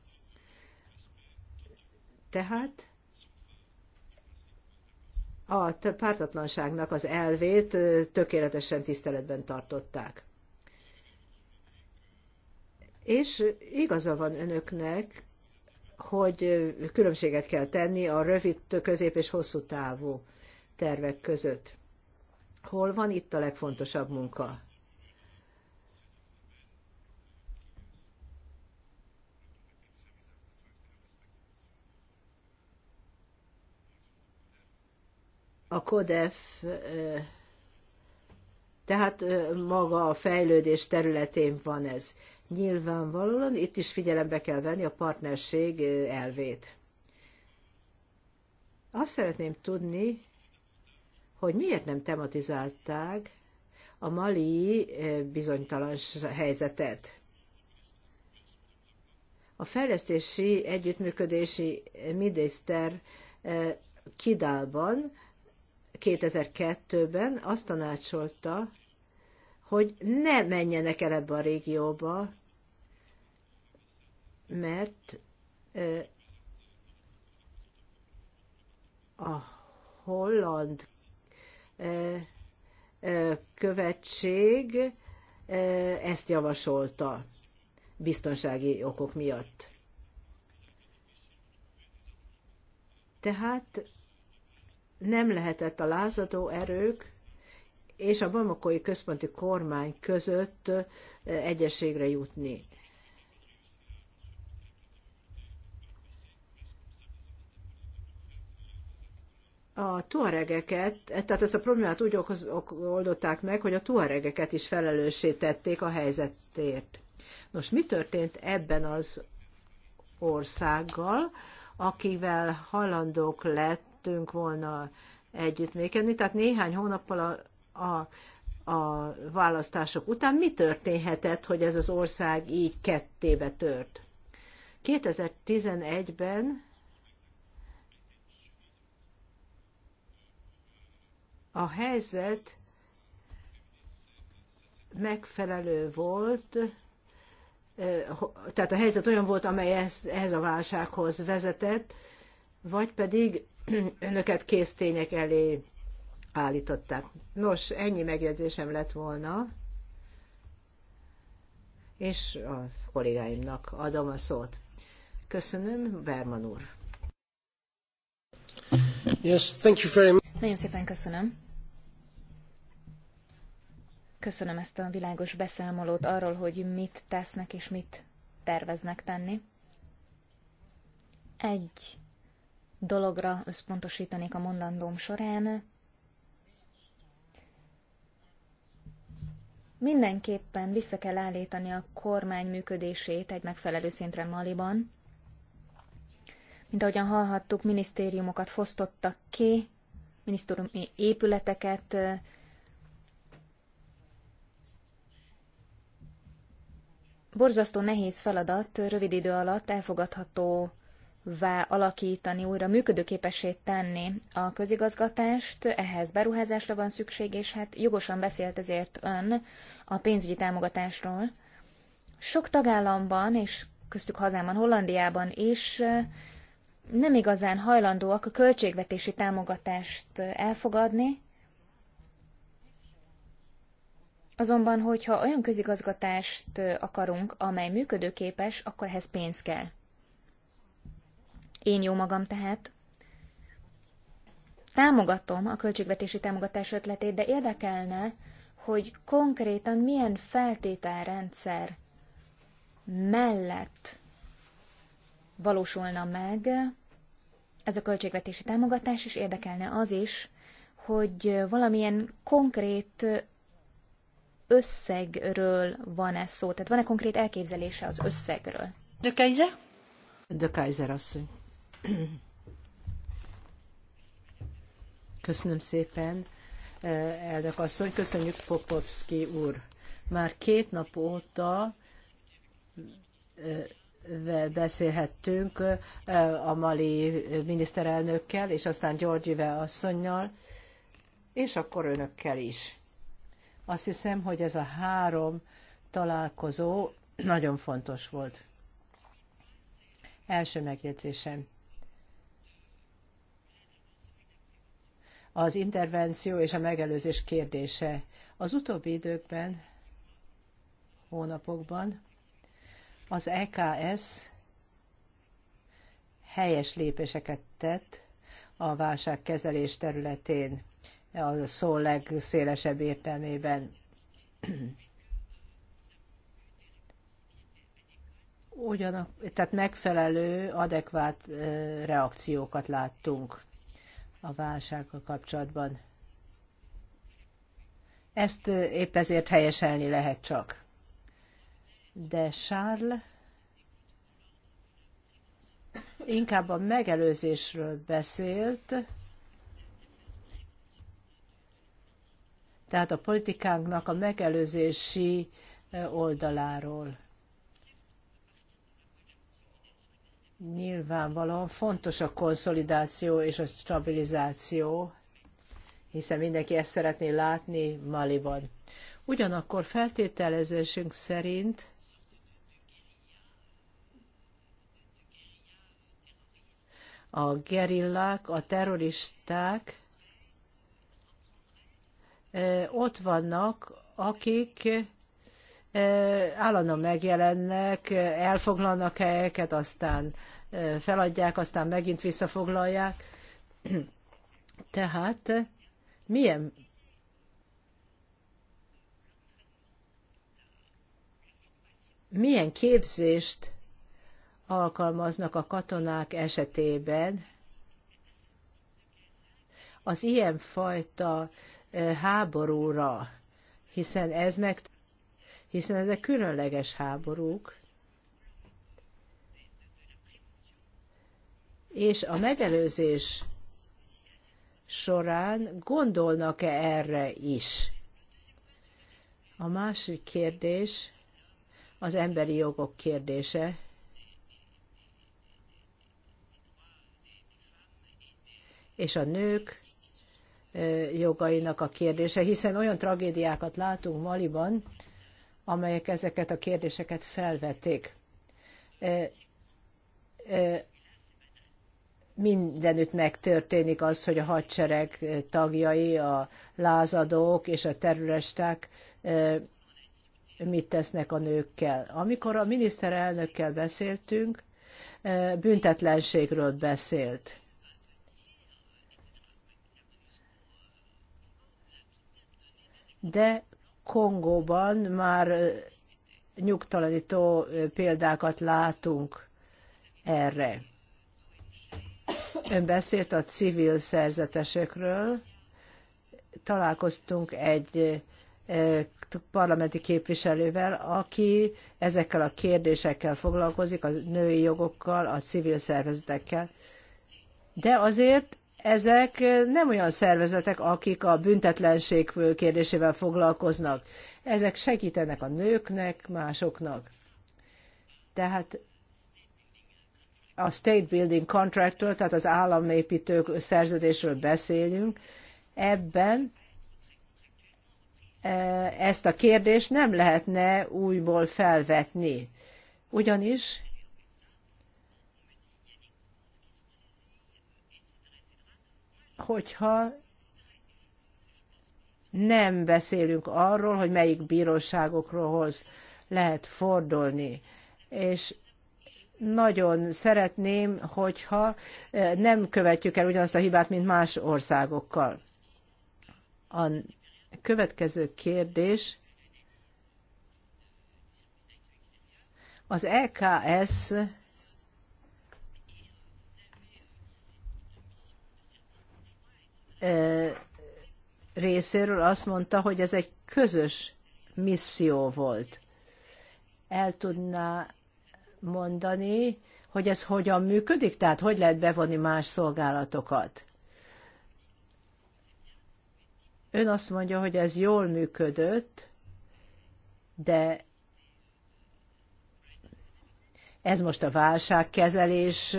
Tehát a pártatlanságnak az elvét tökéletesen tiszteletben tartották. És igaza van önöknek, hogy különbséget kell tenni a rövid, közép és hosszú távú tervek között. Hol van itt a legfontosabb munka? a CODEF, tehát maga a fejlődés területén van ez. Nyilvánvalóan itt is figyelembe kell venni a partnerség elvét. Azt szeretném tudni, hogy miért nem tematizálták a mali bizonytalan helyzetet. A fejlesztési együttműködési miniszter Kidálban 2002-ben azt tanácsolta, hogy ne menjenek el ebbe a régióba, mert a holland eh, követség ezt javasolta biztonsági okok miatt. Tehát nem lehetett a lázadó erők és a Bamakói központi kormány között egyességre jutni. a tuaregeket, tehát ezt a problémát úgy oldották meg, hogy a tuaregeket is felelőssé tették a helyzetért. Nos, mi történt ebben az országgal, akivel hajlandók lett szerettünk volna együttműködni. Tehát néhány hónappal a, a, a választások után mi történhetett, hogy ez az ország így kettébe tört? 2011-ben a helyzet megfelelő volt, tehát a helyzet olyan volt, amely ehhez a válsághoz vezetett, vagy pedig önöket késztények elé állították. Nos, ennyi megjegyzésem lett volna, és a kollégáimnak adom a szót. Köszönöm, Berman úr. Yes, thank you very much. Nagyon szépen köszönöm. Köszönöm ezt a világos beszámolót arról, hogy mit tesznek és mit terveznek tenni. Egy dologra összpontosítanék a mondandóm során. Mindenképpen vissza kell állítani a kormány működését egy megfelelő szintre Maliban. Mint ahogyan hallhattuk, minisztériumokat fosztottak ki, minisztériumi épületeket, Borzasztó nehéz feladat rövid idő alatt elfogadható vá alakítani, újra működőképessé tenni a közigazgatást, ehhez beruházásra van szükség, és hát jogosan beszélt ezért ön a pénzügyi támogatásról. Sok tagállamban, és köztük hazámban, Hollandiában is nem igazán hajlandóak a költségvetési támogatást elfogadni, Azonban, hogyha olyan közigazgatást akarunk, amely működőképes, akkor ehhez pénz kell. Én jó magam tehát. Támogatom a költségvetési támogatás ötletét, de érdekelne, hogy konkrétan milyen feltételrendszer mellett valósulna meg ez a költségvetési támogatás, és érdekelne az is, hogy valamilyen konkrét összegről van-e szó? Tehát van-e konkrét elképzelése az összegről? De Kaiser? De Kaiser asszony. Köszönöm szépen, e, elnök asszony. Köszönjük Popovski úr. Már két nap óta e, beszélhettünk e, a mali miniszterelnökkel, és aztán Györgyive asszonynal, és akkor önökkel is. Azt hiszem, hogy ez a három találkozó nagyon fontos volt. Első megjegyzésem. az intervenció és a megelőzés kérdése. Az utóbbi időkben, hónapokban az EKS helyes lépéseket tett a válságkezelés területén, a szó legszélesebb értelmében. Ugyanak, tehát megfelelő, adekvát reakciókat láttunk a válsággal kapcsolatban. Ezt épp ezért helyeselni lehet csak. De Charles inkább a megelőzésről beszélt, tehát a politikánknak a megelőzési oldaláról. Nyilvánvalóan fontos a konszolidáció és a stabilizáció, hiszen mindenki ezt szeretné látni Maliban. Ugyanakkor feltételezésünk szerint a gerillák, a terroristák ott vannak, akik állandóan megjelennek, elfoglalnak helyeket, aztán feladják, aztán megint visszafoglalják. (clears throat) Tehát milyen milyen képzést alkalmaznak a katonák esetében az ilyen fajta háborúra, hiszen ez meg hiszen ezek különleges háborúk, és a megelőzés során gondolnak-e erre is? A másik kérdés az emberi jogok kérdése. És a nők jogainak a kérdése, hiszen olyan tragédiákat látunk Maliban, amelyek ezeket a kérdéseket felvették. Mindenütt megtörténik az, hogy a hadsereg tagjai, a lázadók és a terroristák mit tesznek a nőkkel. Amikor a miniszterelnökkel beszéltünk, büntetlenségről beszélt. De Kongóban már nyugtalanító példákat látunk erre. Ön beszélt a civil szerzetesekről. Találkoztunk egy parlamenti képviselővel, aki ezekkel a kérdésekkel foglalkozik, a női jogokkal, a civil szervezetekkel. De azért ezek nem olyan szervezetek, akik a büntetlenség kérdésével foglalkoznak. Ezek segítenek a nőknek, másoknak. Tehát a State Building Contractor, tehát az államépítő szerződésről beszélünk, ebben e, ezt a kérdést nem lehetne újból felvetni. Ugyanis hogyha nem beszélünk arról, hogy melyik hoz lehet fordulni. És nagyon szeretném, hogyha eh, nem követjük el ugyanazt a hibát, mint más országokkal. A következő kérdés az EKS részéről azt mondta, hogy ez egy közös misszió volt. El tudná mondani, hogy ez hogyan működik, tehát hogy lehet bevonni más szolgálatokat. Ön azt mondja, hogy ez jól működött, de ez most a válságkezelés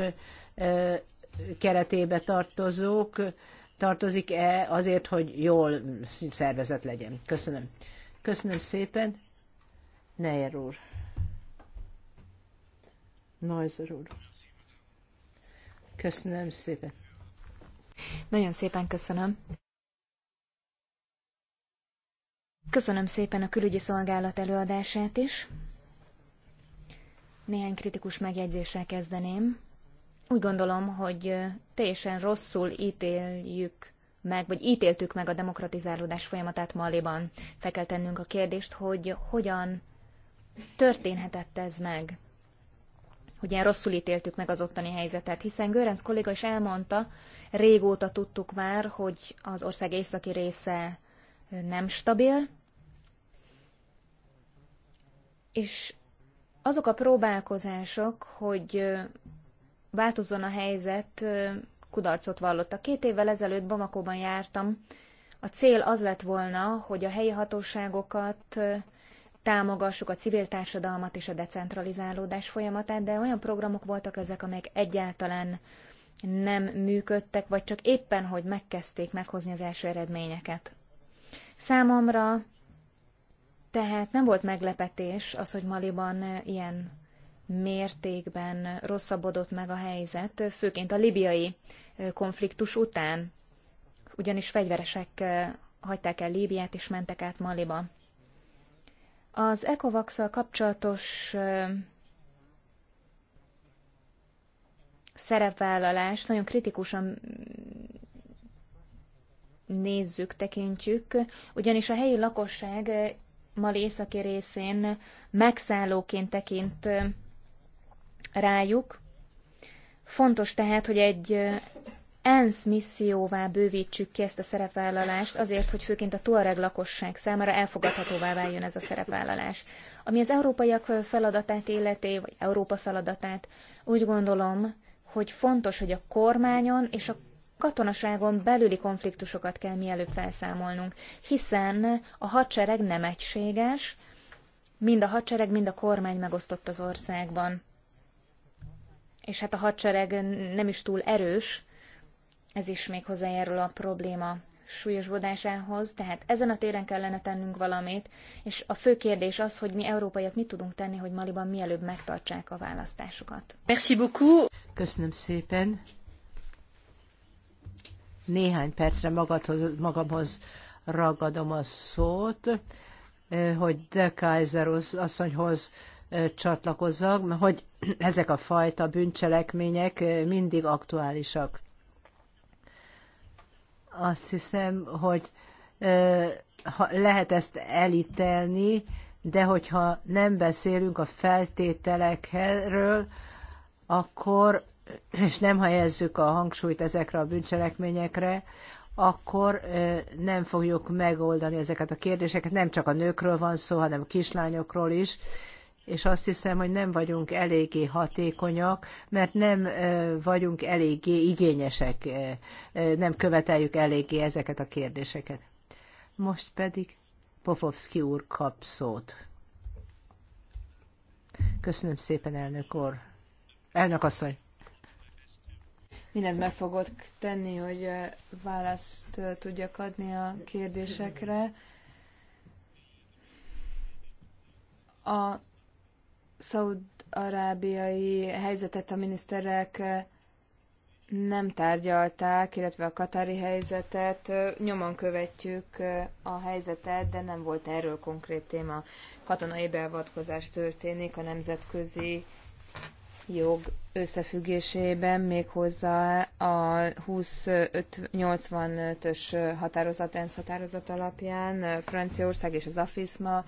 keretébe tartozók, tartozik-e azért, hogy jól szervezet legyen. Köszönöm. Köszönöm szépen. Neyer úr. Neuser úr. Köszönöm szépen. Nagyon szépen köszönöm. Köszönöm szépen a külügyi szolgálat előadását is. Néhány kritikus megjegyzéssel kezdeném. Úgy gondolom, hogy teljesen rosszul ítéljük meg, vagy ítéltük meg a demokratizálódás folyamatát Maliban. Fel kell tennünk a kérdést, hogy hogyan történhetett ez meg. Hogy ilyen rosszul ítéltük meg az ottani helyzetet, hiszen Görenc kolléga is elmondta, régóta tudtuk már, hogy az ország északi része nem stabil, és azok a próbálkozások, hogy változzon a helyzet, kudarcot A Két évvel ezelőtt Bamako-ban jártam. A cél az lett volna, hogy a helyi hatóságokat támogassuk a civil társadalmat és a decentralizálódás folyamatát, de olyan programok voltak ezek, amelyek egyáltalán nem működtek, vagy csak éppen, hogy megkezdték meghozni az első eredményeket. Számomra tehát nem volt meglepetés az, hogy Maliban ilyen mértékben rosszabbodott meg a helyzet, főként a libiai konfliktus után, ugyanis fegyveresek hagyták el Líbiát és mentek át Maliba. Az ecovax kapcsolatos szerepvállalást nagyon kritikusan nézzük, tekintjük, ugyanis a helyi lakosság Mali északi részén megszállóként tekint rájuk. Fontos tehát, hogy egy ENSZ misszióvá bővítsük ki ezt a szerepvállalást, azért, hogy főként a tuareg lakosság számára elfogadhatóvá váljon ez a szerepvállalás. Ami az európaiak feladatát életé, vagy Európa feladatát, úgy gondolom, hogy fontos, hogy a kormányon és a katonaságon belüli konfliktusokat kell mielőbb felszámolnunk, hiszen a hadsereg nem egységes, mind a hadsereg, mind a kormány megosztott az országban és hát a hadsereg nem is túl erős, ez is még hozzájárul a probléma súlyosbodásához, tehát ezen a téren kellene tennünk valamit, és a fő kérdés az, hogy mi európaiak mit tudunk tenni, hogy Maliban mielőbb megtartsák a választásokat. Merci beaucoup. Köszönöm szépen. Néhány percre magadhoz, magamhoz ragadom a szót, eh, hogy de Kaiser asszonyhoz csatlakozzak, hogy (clears throat) ezek a fajta bűncselekmények mindig aktuálisak. Azt hiszem, hogy lehet ezt elítelni, de hogyha nem beszélünk a feltételekről, akkor, és nem helyezzük a hangsúlyt ezekre a bűncselekményekre, akkor nem fogjuk megoldani ezeket a kérdéseket. Nem csak a nőkről van szó, hanem a kislányokról is és azt hiszem, hogy nem vagyunk eléggé hatékonyak, mert nem vagyunk eléggé igényesek, nem követeljük eléggé ezeket a kérdéseket. Most pedig Pofovszki úr kap szót. Köszönöm szépen, elnök úr. Elnök asszony. Mindent meg fogok tenni, hogy választ tudjak adni a kérdésekre. A szaud-arábiai helyzetet a miniszterek eh, nem tárgyalták, illetve a katári helyzetet. Eh, nyomon követjük eh, a helyzetet, de nem volt erről konkrét téma. Katonai beavatkozás történik a nemzetközi jog összefüggésében, méghozzá a 2085-ös határozat, ENSZ határozat alapján Franciaország és az AFISMA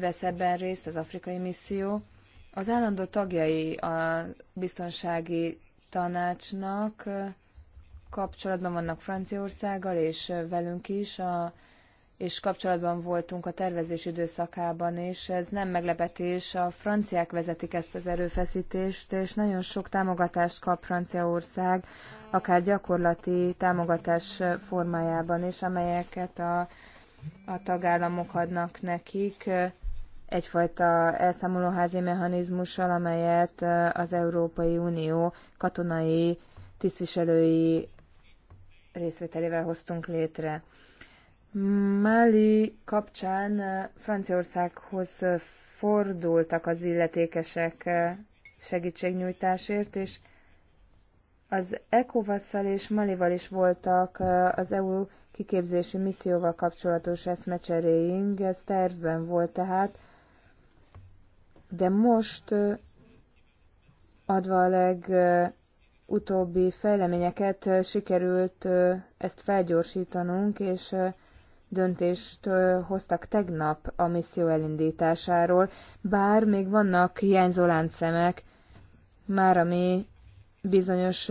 vesz ebben részt az afrikai misszió. Az állandó tagjai a biztonsági tanácsnak kapcsolatban vannak Franciaországgal és velünk is, a, és kapcsolatban voltunk a tervezés időszakában, és ez nem meglepetés, a franciák vezetik ezt az erőfeszítést, és nagyon sok támogatást kap Franciaország, akár gyakorlati támogatás formájában is, amelyeket a, a tagállamok adnak nekik egyfajta elszámolóházi mechanizmussal, amelyet az Európai Unió katonai tisztviselői részvételével hoztunk létre. Máli kapcsán Franciaországhoz fordultak az illetékesek segítségnyújtásért, és az ECOVAS-szal és Malival is voltak az EU kiképzési misszióval kapcsolatos eszmecseréink, ez tervben volt tehát, de most adva a legutóbbi fejleményeket sikerült ezt felgyorsítanunk, és döntést hoztak tegnap a misszió elindításáról, bár még vannak hiányzó láncszemek, már ami bizonyos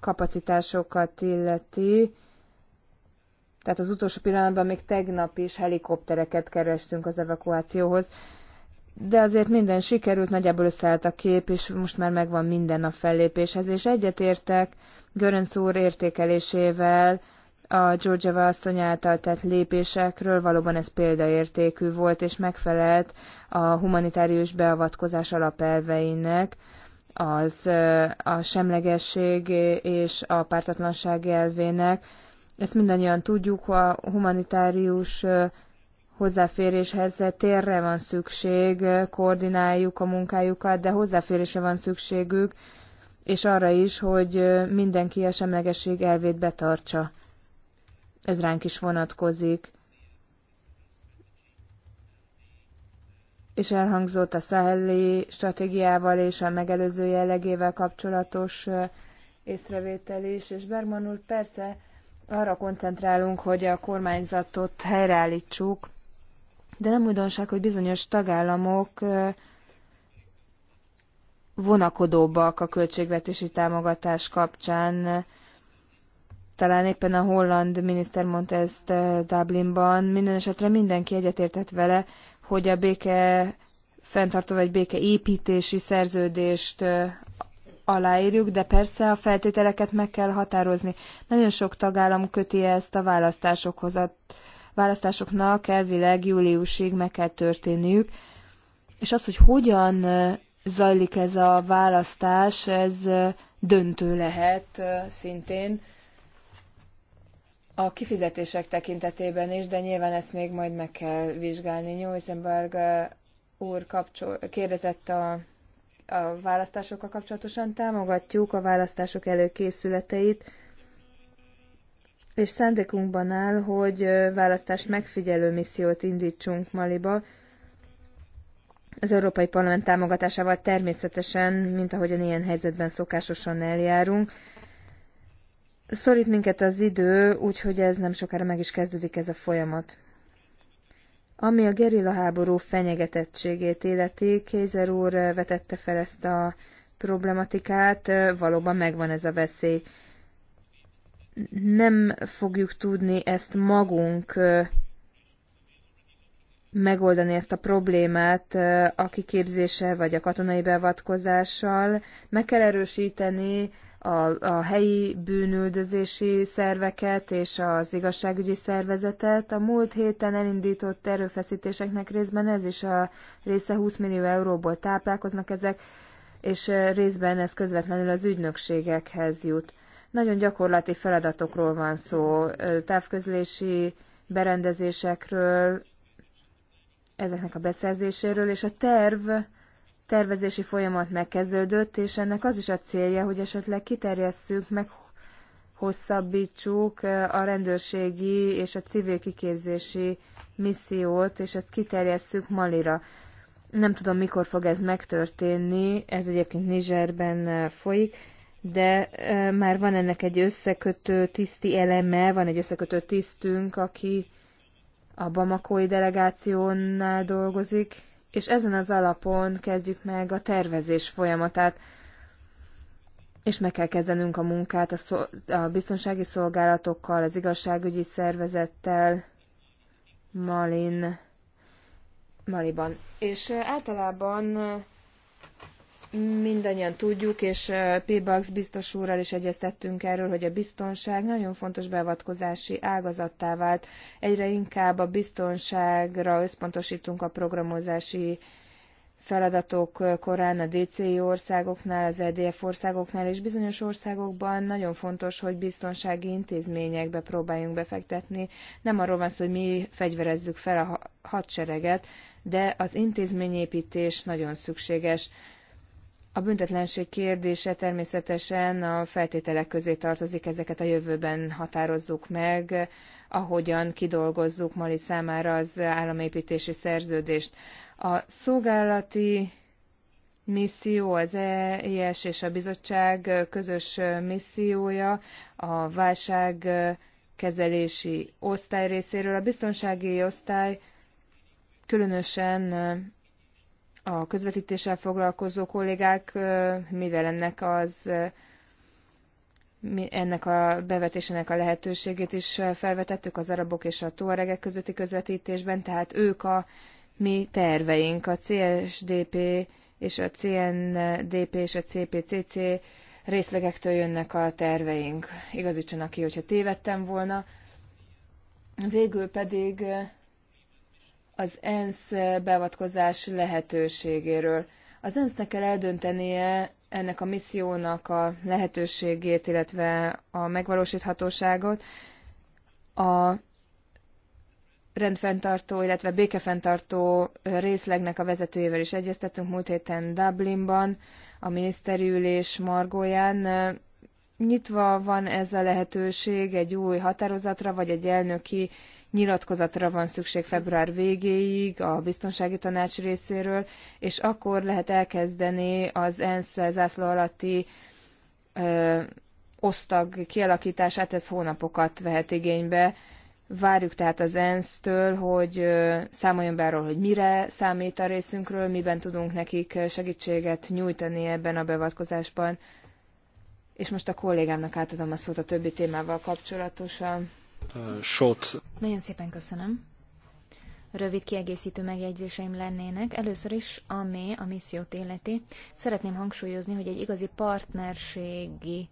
kapacitásokat illeti, tehát az utolsó pillanatban még tegnap is helikoptereket kerestünk az evakuációhoz de azért minden sikerült, nagyjából összeállt a kép, és most már megvan minden a fellépéshez, és egyetértek Görönc úr értékelésével, a Georgia asszony által tett lépésekről valóban ez példaértékű volt, és megfelelt a humanitárius beavatkozás alapelveinek, az a semlegesség és a pártatlanság elvének. Ezt mindannyian tudjuk, a humanitárius hozzáféréshez térre van szükség, koordináljuk a munkájukat, de hozzáférésre van szükségük, és arra is, hogy mindenki a semlegesség elvét betartsa. Ez ránk is vonatkozik. És elhangzott a Szahelli stratégiával és a megelőző jellegével kapcsolatos észrevétel is, és Bermanul persze arra koncentrálunk, hogy a kormányzatot helyreállítsuk, de nem újdonság, hogy bizonyos tagállamok vonakodóbbak a költségvetési támogatás kapcsán. Talán éppen a holland miniszter mondta ezt Dublinban. Minden esetre mindenki egyetértett vele, hogy a béke fenntartó vagy békeépítési szerződést aláírjuk, de persze a feltételeket meg kell határozni. Nagyon sok tagállam köti ezt a választásokhoz, a választásoknak elvileg júliusig meg kell történniük, és az, hogy hogyan zajlik ez a választás, ez döntő lehet szintén a kifizetések tekintetében is, de nyilván ezt még majd meg kell vizsgálni. Nyújzenberg úr kapcsol- kérdezett a, a választásokkal kapcsolatosan, támogatjuk a választások előkészületeit, és szándékunkban áll, hogy választás megfigyelő missziót indítsunk Maliba, az Európai Parlament támogatásával természetesen, mint ahogyan ilyen helyzetben szokásosan eljárunk. Szorít minket az idő, úgyhogy ez nem sokára meg is kezdődik ez a folyamat. Ami a gerilla háború fenyegetettségét életi, Kézer úr vetette fel ezt a problematikát, valóban megvan ez a veszély nem fogjuk tudni ezt magunk megoldani ezt a problémát a kiképzéssel vagy a katonai beavatkozással. Meg kell erősíteni a, a helyi bűnüldözési szerveket és az igazságügyi szervezetet. A múlt héten elindított erőfeszítéseknek részben ez is a része 20 millió euróból táplálkoznak ezek, és részben ez közvetlenül az ügynökségekhez jut. Nagyon gyakorlati feladatokról van szó, távközlési berendezésekről, ezeknek a beszerzéséről, és a terv tervezési folyamat megkezdődött, és ennek az is a célja, hogy esetleg kiterjesszük, meg hosszabbítsuk a rendőrségi és a civil kiképzési missziót, és ezt kiterjesszük Malira. Nem tudom, mikor fog ez megtörténni, ez egyébként Nizserben folyik, de már van ennek egy összekötő tiszti eleme, van egy összekötő tisztünk, aki a Bamakói delegációnál dolgozik, és ezen az alapon kezdjük meg a tervezés folyamatát, és meg kell kezdenünk a munkát a, szol- a biztonsági szolgálatokkal, az igazságügyi szervezettel, Malin, Maliban. És általában mindannyian tudjuk, és P-Bax biztos úrral is egyeztettünk erről, hogy a biztonság nagyon fontos beavatkozási ágazattá vált. Egyre inkább a biztonságra összpontosítunk a programozási feladatok korán a DCI országoknál, az EDF országoknál és bizonyos országokban nagyon fontos, hogy biztonsági intézményekbe próbáljunk befektetni. Nem arról van szó, hogy mi fegyverezzük fel a hadsereget, de az intézményépítés nagyon szükséges. A büntetlenség kérdése természetesen a feltételek közé tartozik, ezeket a jövőben határozzuk meg, ahogyan kidolgozzuk Mali számára az államépítési szerződést. A szolgálati misszió, az EIS és a bizottság közös missziója a kezelési osztály részéről. A biztonsági osztály különösen a közvetítéssel foglalkozó kollégák, mivel ennek az ennek a bevetésének a lehetőségét is felvetettük az arabok és a tuaregek közötti közvetítésben, tehát ők a mi terveink, a CSDP és a CNDP és a CPCC részlegektől jönnek a terveink. Igazítsanak ki, hogyha tévedtem volna. Végül pedig az ENSZ beavatkozás lehetőségéről. Az ENSZ-nek kell eldöntenie ennek a missziónak a lehetőségét, illetve a megvalósíthatóságot. A rendfenntartó, illetve békefenntartó részlegnek a vezetőjével is egyeztettünk múlt héten Dublinban, a miniszteri ülés margóján. Nyitva van ez a lehetőség egy új határozatra, vagy egy elnöki nyilatkozatra van szükség február végéig a biztonsági tanács részéről, és akkor lehet elkezdeni az ENSZ zászló alatti ö, osztag kialakítását, ez hónapokat vehet igénybe. Várjuk tehát az ENSZ-től, hogy számoljon be arról, hogy mire számít a részünkről, miben tudunk nekik segítséget nyújtani ebben a beavatkozásban. És most a kollégámnak átadom a szót a többi témával kapcsolatosan. Nagyon szépen köszönöm. Rövid kiegészítő megjegyzéseim lennének. Először is, ami a missziót illeti, szeretném hangsúlyozni, hogy egy igazi partnerségi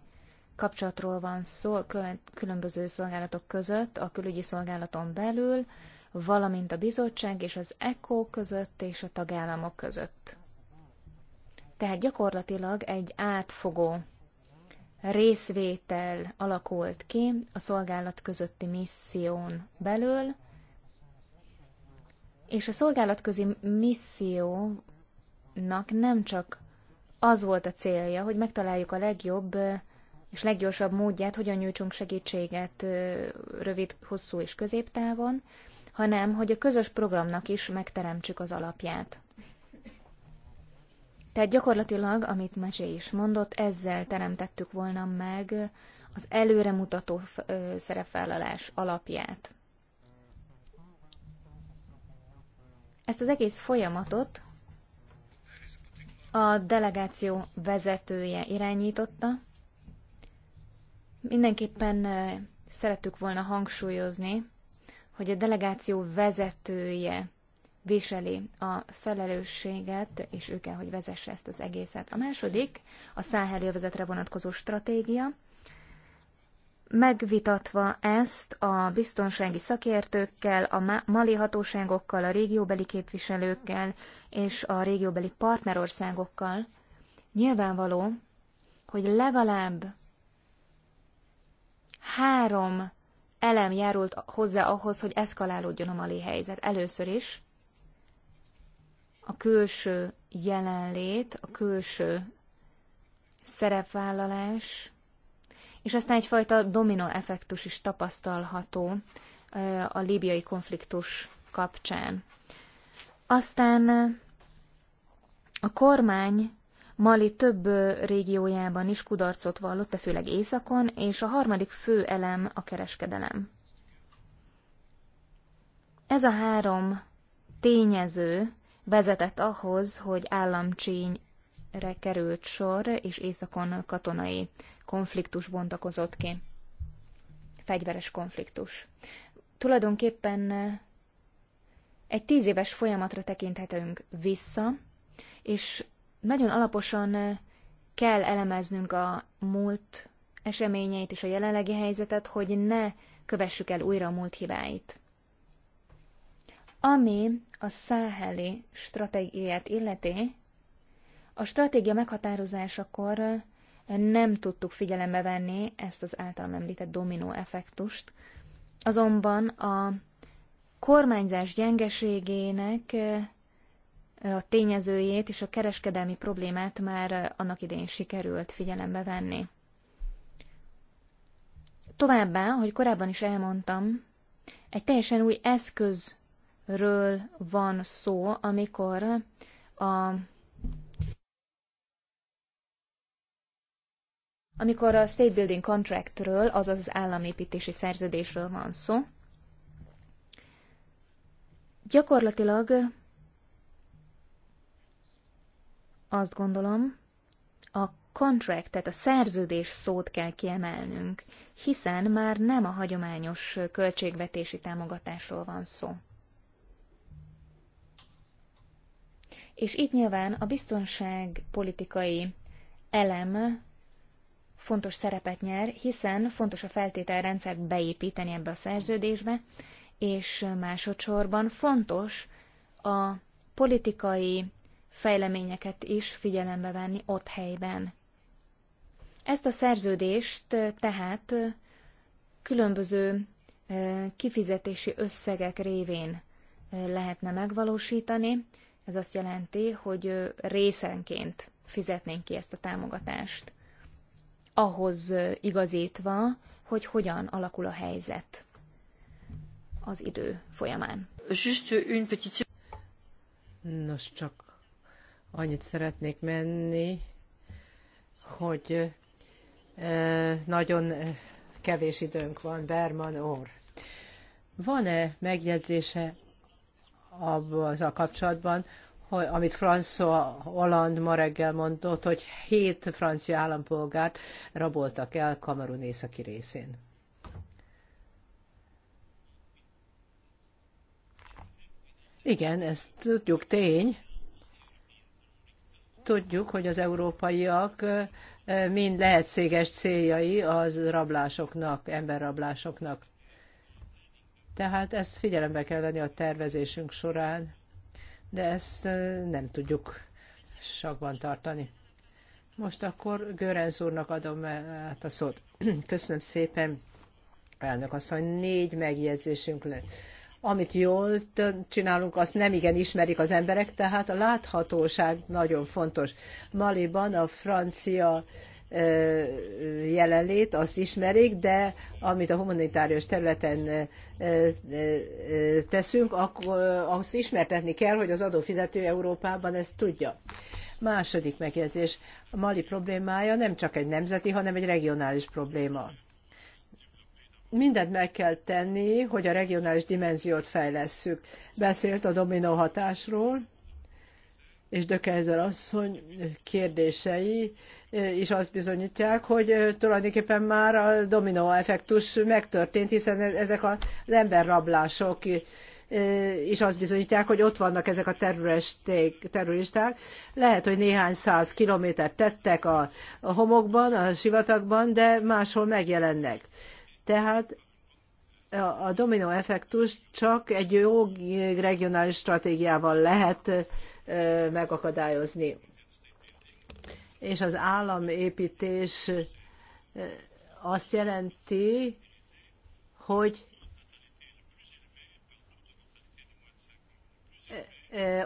kapcsolatról van szó a különböző szolgálatok között, a külügyi szolgálaton belül, valamint a bizottság és az ECO között és a tagállamok között. Tehát gyakorlatilag egy átfogó részvétel alakult ki a szolgálat közötti misszión belül, és a szolgálatközi missziónak nem csak az volt a célja, hogy megtaláljuk a legjobb és leggyorsabb módját, hogyan nyújtsunk segítséget rövid, hosszú és középtávon, hanem hogy a közös programnak is megteremtsük az alapját. Tehát gyakorlatilag, amit Mesé is mondott, ezzel teremtettük volna meg az előremutató szerepvállalás alapját. Ezt az egész folyamatot a delegáció vezetője irányította. Mindenképpen szerettük volna hangsúlyozni, hogy a delegáció vezetője viseli a felelősséget, és ő kell, hogy vezesse ezt az egészet. A második a száheljövezetre vonatkozó stratégia. Megvitatva ezt a biztonsági szakértőkkel, a mali hatóságokkal, a régióbeli képviselőkkel és a régióbeli partnerországokkal, nyilvánvaló, hogy legalább három elem járult hozzá ahhoz, hogy eszkalálódjon a mali helyzet. Először is a külső jelenlét, a külső szerepvállalás, és aztán egyfajta domino effektus is tapasztalható a líbiai konfliktus kapcsán. Aztán a kormány Mali több régiójában is kudarcot vallott, de főleg északon, és a harmadik fő elem a kereskedelem. Ez a három tényező vezetett ahhoz, hogy államcsínyre került sor, és északon katonai konfliktus bontakozott ki. Fegyveres konfliktus. Tulajdonképpen eh, egy tíz éves folyamatra tekinthetünk vissza, és nagyon alaposan eh, kell elemeznünk a múlt eseményeit és a jelenlegi helyzetet, hogy ne kövessük el újra a múlt hibáit. Ami a száheli stratégiát illeti, a stratégia meghatározásakor eh, nem tudtuk figyelembe venni ezt az általam említett dominó effektust, azonban a kormányzás gyengeségének eh, a tényezőjét és a kereskedelmi problémát már eh, annak idén sikerült figyelembe venni. Továbbá, ahogy korábban is elmondtam, egy teljesen új eszköz ről van szó, amikor a amikor a State Building Contractről, azaz az államépítési szerződésről van szó. Gyakorlatilag azt gondolom, a contract, tehát a szerződés szót kell kiemelnünk, hiszen már nem a hagyományos költségvetési támogatásról van szó. És itt nyilván a biztonságpolitikai elem fontos szerepet nyer, hiszen fontos a feltételrendszert beépíteni ebbe a szerződésbe, és másodszorban fontos a politikai fejleményeket is figyelembe venni ott helyben. Ezt a szerződést tehát különböző kifizetési összegek révén lehetne megvalósítani, ez azt jelenti, hogy részenként fizetnénk ki ezt a támogatást. Ahhoz igazítva, hogy hogyan alakul a helyzet az idő folyamán. Nos, csak annyit szeretnék menni, hogy nagyon kevés időnk van, Berman Orr. Van-e megjegyzése azzal kapcsolatban, hogy, amit François Hollande ma reggel mondott, hogy hét francia állampolgárt raboltak el Kamerun északi részén. Igen, ezt tudjuk, tény. Tudjuk, hogy az európaiak mind lehetséges céljai az rablásoknak, emberrablásoknak. Tehát ezt figyelembe kell venni a tervezésünk során, de ezt nem tudjuk sakban tartani. Most akkor Görenz úrnak adom át a szót. (clears throat) Köszönöm szépen, elnök asszony, négy megjegyzésünk lett. Amit jól csinálunk, azt nem igen ismerik az emberek, tehát a láthatóság nagyon fontos. Maliban a francia jelenlét, azt ismerik, de amit a humanitárius területen teszünk, akkor azt ismertetni kell, hogy az adófizető Európában ezt tudja. Második megjegyzés. A Mali problémája nem csak egy nemzeti, hanem egy regionális probléma. Mindent meg kell tenni, hogy a regionális dimenziót fejlesszük. Beszélt a dominó hatásról, és Dökezer asszony kérdései is azt bizonyítják, hogy tulajdonképpen már a dominó effektus megtörtént, hiszen e-, ezek az emberrablások is azt bizonyítják, hogy ott vannak ezek a terroristák. Lehet, hogy néhány száz kilométert tettek a, a homokban, a sivatagban, de máshol megjelennek. Tehát a dominó effektus csak egy jó regionális stratégiával lehet megakadályozni és az államépítés azt jelenti, hogy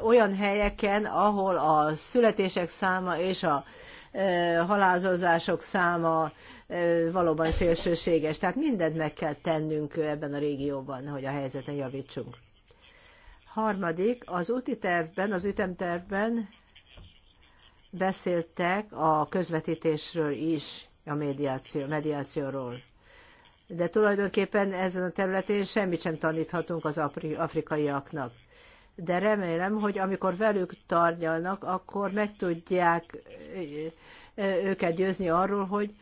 olyan helyeken, ahol a születések száma és a halálozások száma valóban szélsőséges. Tehát mindent meg kell tennünk ebben a régióban, hogy a helyzeten javítsunk. Harmadik, az úti tervben, az ütemtervben Beszéltek a közvetítésről is, a mediáció, mediációról. De tulajdonképpen ezen a területén semmit sem taníthatunk az afrikaiaknak. De remélem, hogy amikor velük tárgyalnak, akkor meg tudják őket győzni arról, hogy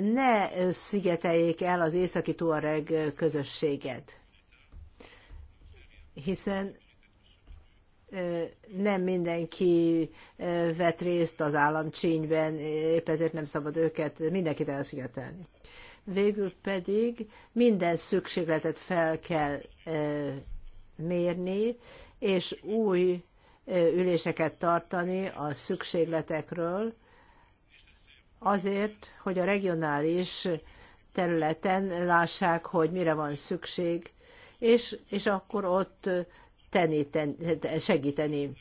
ne szigeteljék el az északi tuareg közösséget. Hiszen nem mindenki vett részt az államcsényben, épp ezért nem szabad őket, mindenkit elszigetelni. Végül pedig minden szükségletet fel kell mérni, és új üléseket tartani a szükségletekről, azért, hogy a regionális területen lássák, hogy mire van szükség, és, és akkor ott tenni, ten, segíteni.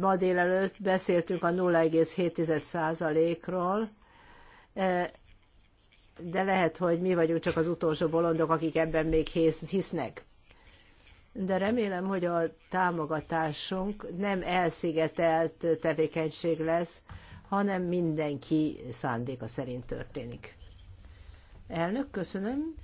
Ma délelőtt beszéltünk a 0,7%-ról, de lehet, hogy mi vagyunk csak az utolsó bolondok, akik ebben még hisznek. De remélem, hogy a támogatásunk nem elszigetelt tevékenység lesz, hanem mindenki szándéka szerint történik. Elnök, köszönöm.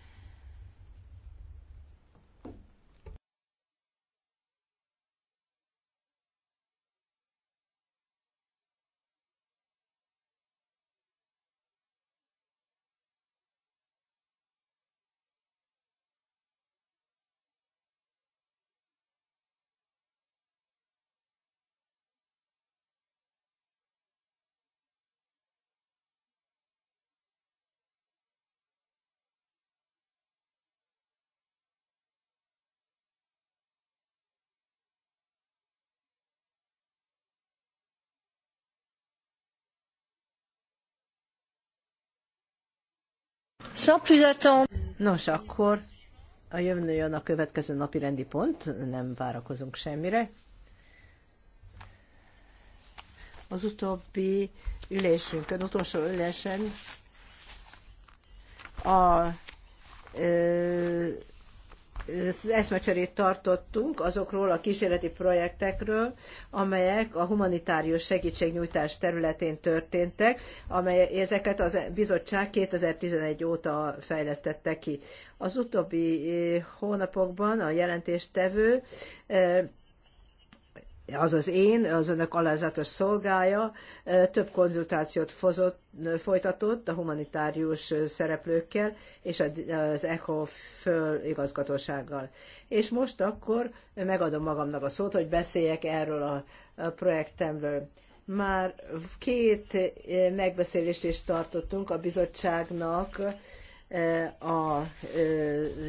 Sans plus attendre. Nos, akkor a jövő jön a következő napi rendi pont, nem várakozunk semmire. Az utóbbi ülésünkön, utolsó ülésen a ö, eszmecserét tartottunk azokról a kísérleti projektekről, amelyek a humanitárius segítségnyújtás területén történtek, amely ezeket a bizottság 2011 óta fejlesztette ki. Az utóbbi eh, hónapokban a jelentéstevő eh, az az én, az önök alázatos szolgája több konzultációt fozott, folytatott a humanitárius szereplőkkel és az ECHO föligazgatósággal. És most akkor megadom magamnak a szót, hogy beszéljek erről a projektemről. Már két megbeszélést is tartottunk a bizottságnak, a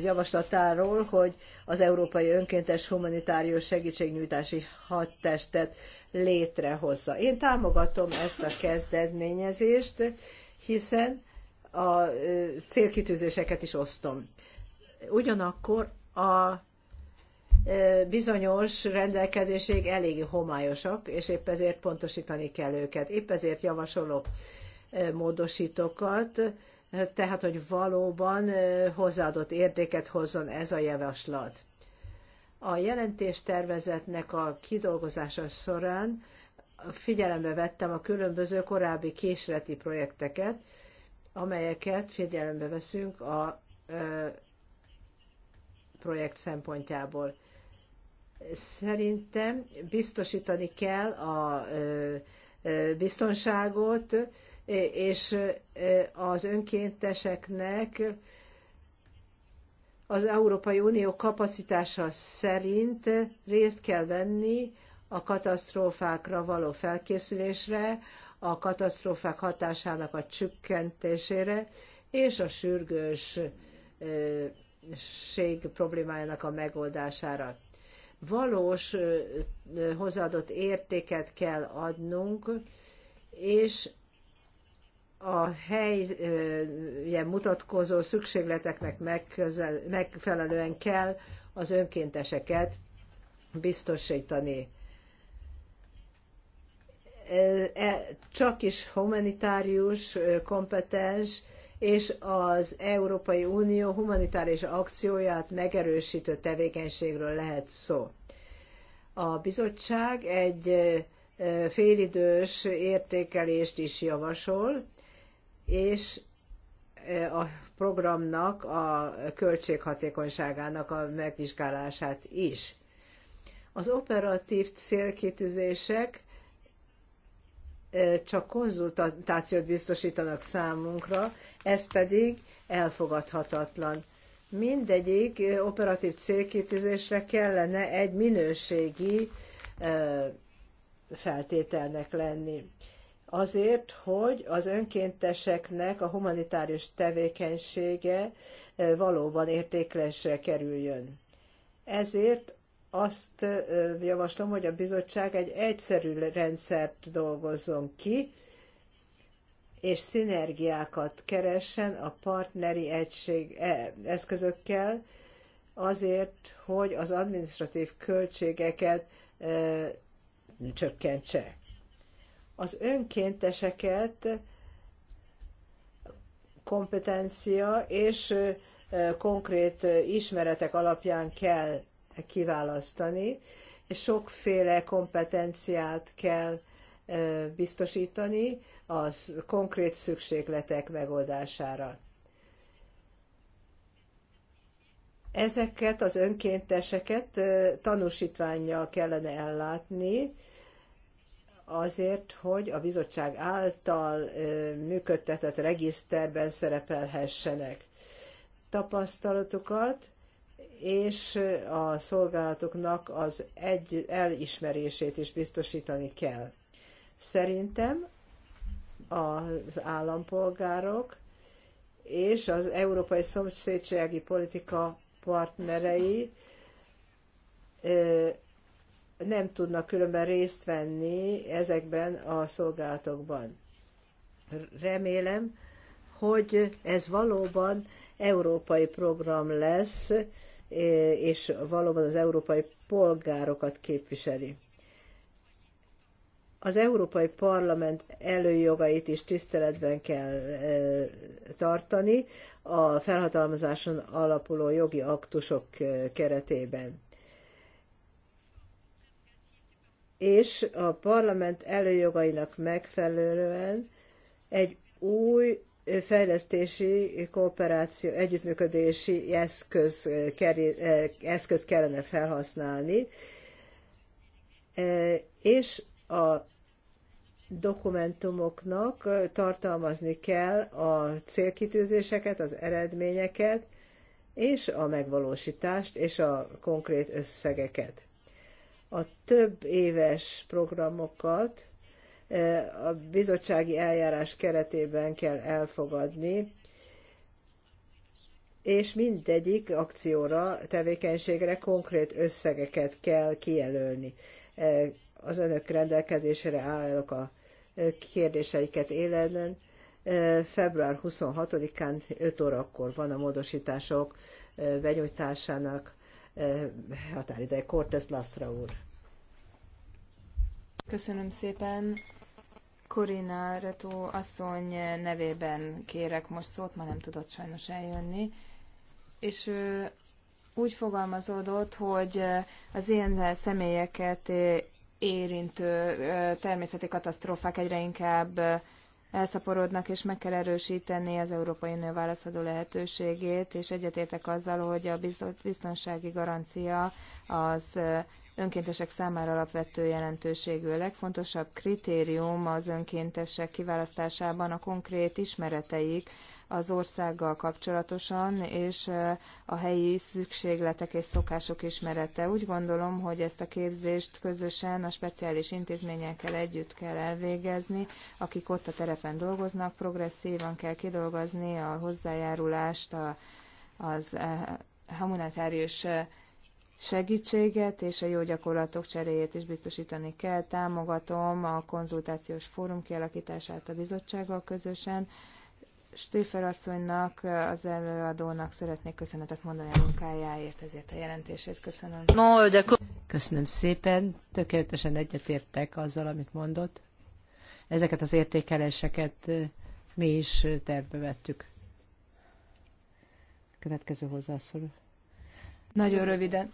javaslatáról, hogy az Európai Önkéntes Humanitárius Segítségnyújtási Hadtestet létrehozza. Én támogatom ezt a kezdeményezést, hiszen a célkitűzéseket is osztom. Ugyanakkor a bizonyos rendelkezéség elég homályosak, és épp ezért pontosítani kell őket. Épp ezért javasolok módosítókat, tehát hogy valóban hozzáadott értéket hozzon ez a javaslat. A jelentés tervezetnek a kidolgozása során figyelembe vettem a különböző korábbi késleti projekteket, amelyeket figyelembe veszünk a projekt szempontjából. Szerintem biztosítani kell a biztonságot, és az önkénteseknek az Európai Unió kapacitása szerint részt kell venni a katasztrófákra való felkészülésre, a katasztrófák hatásának a csökkentésére és a sürgősség problémájának a megoldására. Valós hozzáadott értéket kell adnunk, és a helyen mutatkozó szükségleteknek megfelelően kell az önkénteseket biztosítani. E, e, csak is humanitárius kompetens, és az Európai Unió humanitárius akcióját megerősítő tevékenységről lehet szó. A bizottság egy félidős értékelést is javasol, és e, a programnak a költséghatékonyságának a megvizsgálását is. Az operatív célkitűzések e, csak konzultációt biztosítanak számunkra, ez pedig elfogadhatatlan. Mindegyik e, operatív célkitűzésre kellene egy minőségi feltételnek lenni azért, hogy az önkénteseknek a humanitárius tevékenysége e, valóban értéklesre kerüljön. Ezért azt e, javaslom, hogy a bizottság egy egyszerű rendszert dolgozzon ki, és szinergiákat keressen a partneri egység e, eszközökkel, azért, hogy az administratív költségeket ö, csökkentse az önkénteseket kompetencia és konkrét ismeretek alapján kell kiválasztani, és sokféle kompetenciát kell biztosítani az konkrét szükségletek megoldására. Ezeket az önkénteseket tanúsítványjal kellene ellátni, azért, hogy a bizottság által működtetett regiszterben szerepelhessenek tapasztalatokat, és a szolgálatoknak az egy elismerését is biztosítani kell. Szerintem az állampolgárok és az európai szomszédsági politika partnerei nem tudnak különben részt venni ezekben a szolgálatokban. Remélem, hogy ez valóban európai program lesz, és valóban az európai polgárokat képviseli. Az Európai Parlament előjogait is tiszteletben kell e, tartani a felhatalmazáson alapuló jogi aktusok e, keretében és a parlament előjogainak megfelelően egy új fejlesztési kooperáció, együttműködési eszköz, eszköz kellene felhasználni, és a dokumentumoknak tartalmazni kell a célkitűzéseket, az eredményeket, és a megvalósítást, és a konkrét összegeket a több éves programokat e, a bizottsági eljárás keretében kell elfogadni, és mindegyik akcióra, tevékenységre konkrét összegeket kell kijelölni. E, az önök rendelkezésére állok a kérdéseiket éleden. E, február 26-án 5 órakor van a módosítások benyújtásának Eh, határideje. Cortes Lasztra úr. Köszönöm szépen. Korina Retó asszony nevében kérek most szót, ma nem tudott sajnos eljönni. És ő úgy fogalmazódott, hogy az ilyen személyeket érintő természeti katasztrófák egyre inkább elszaporodnak, és meg kell erősíteni az Európai Unió válaszadó lehetőségét, és egyetértek azzal, hogy a biztonsági garancia az önkéntesek számára alapvető jelentőségű. A legfontosabb kritérium az önkéntesek kiválasztásában a konkrét ismereteik, az országgal kapcsolatosan, és a helyi szükségletek és szokások ismerete. Úgy gondolom, hogy ezt a képzést közösen a speciális intézményekkel együtt kell elvégezni, akik ott a terepen dolgoznak, progresszívan kell kidolgozni a hozzájárulást, a, az humanitárius segítséget és a jó gyakorlatok cseréjét is biztosítani kell. Támogatom a konzultációs fórum kialakítását a bizottsággal közösen, Stéfer asszonynak, az előadónak szeretnék köszönetet mondani a munkájáért, ezért a jelentését köszönöm. No, de... Köszönöm szépen, tökéletesen egyetértek azzal, amit mondott. Ezeket az értékeléseket mi is tervbe vettük. Következő hozzászóló. Nagyon röviden.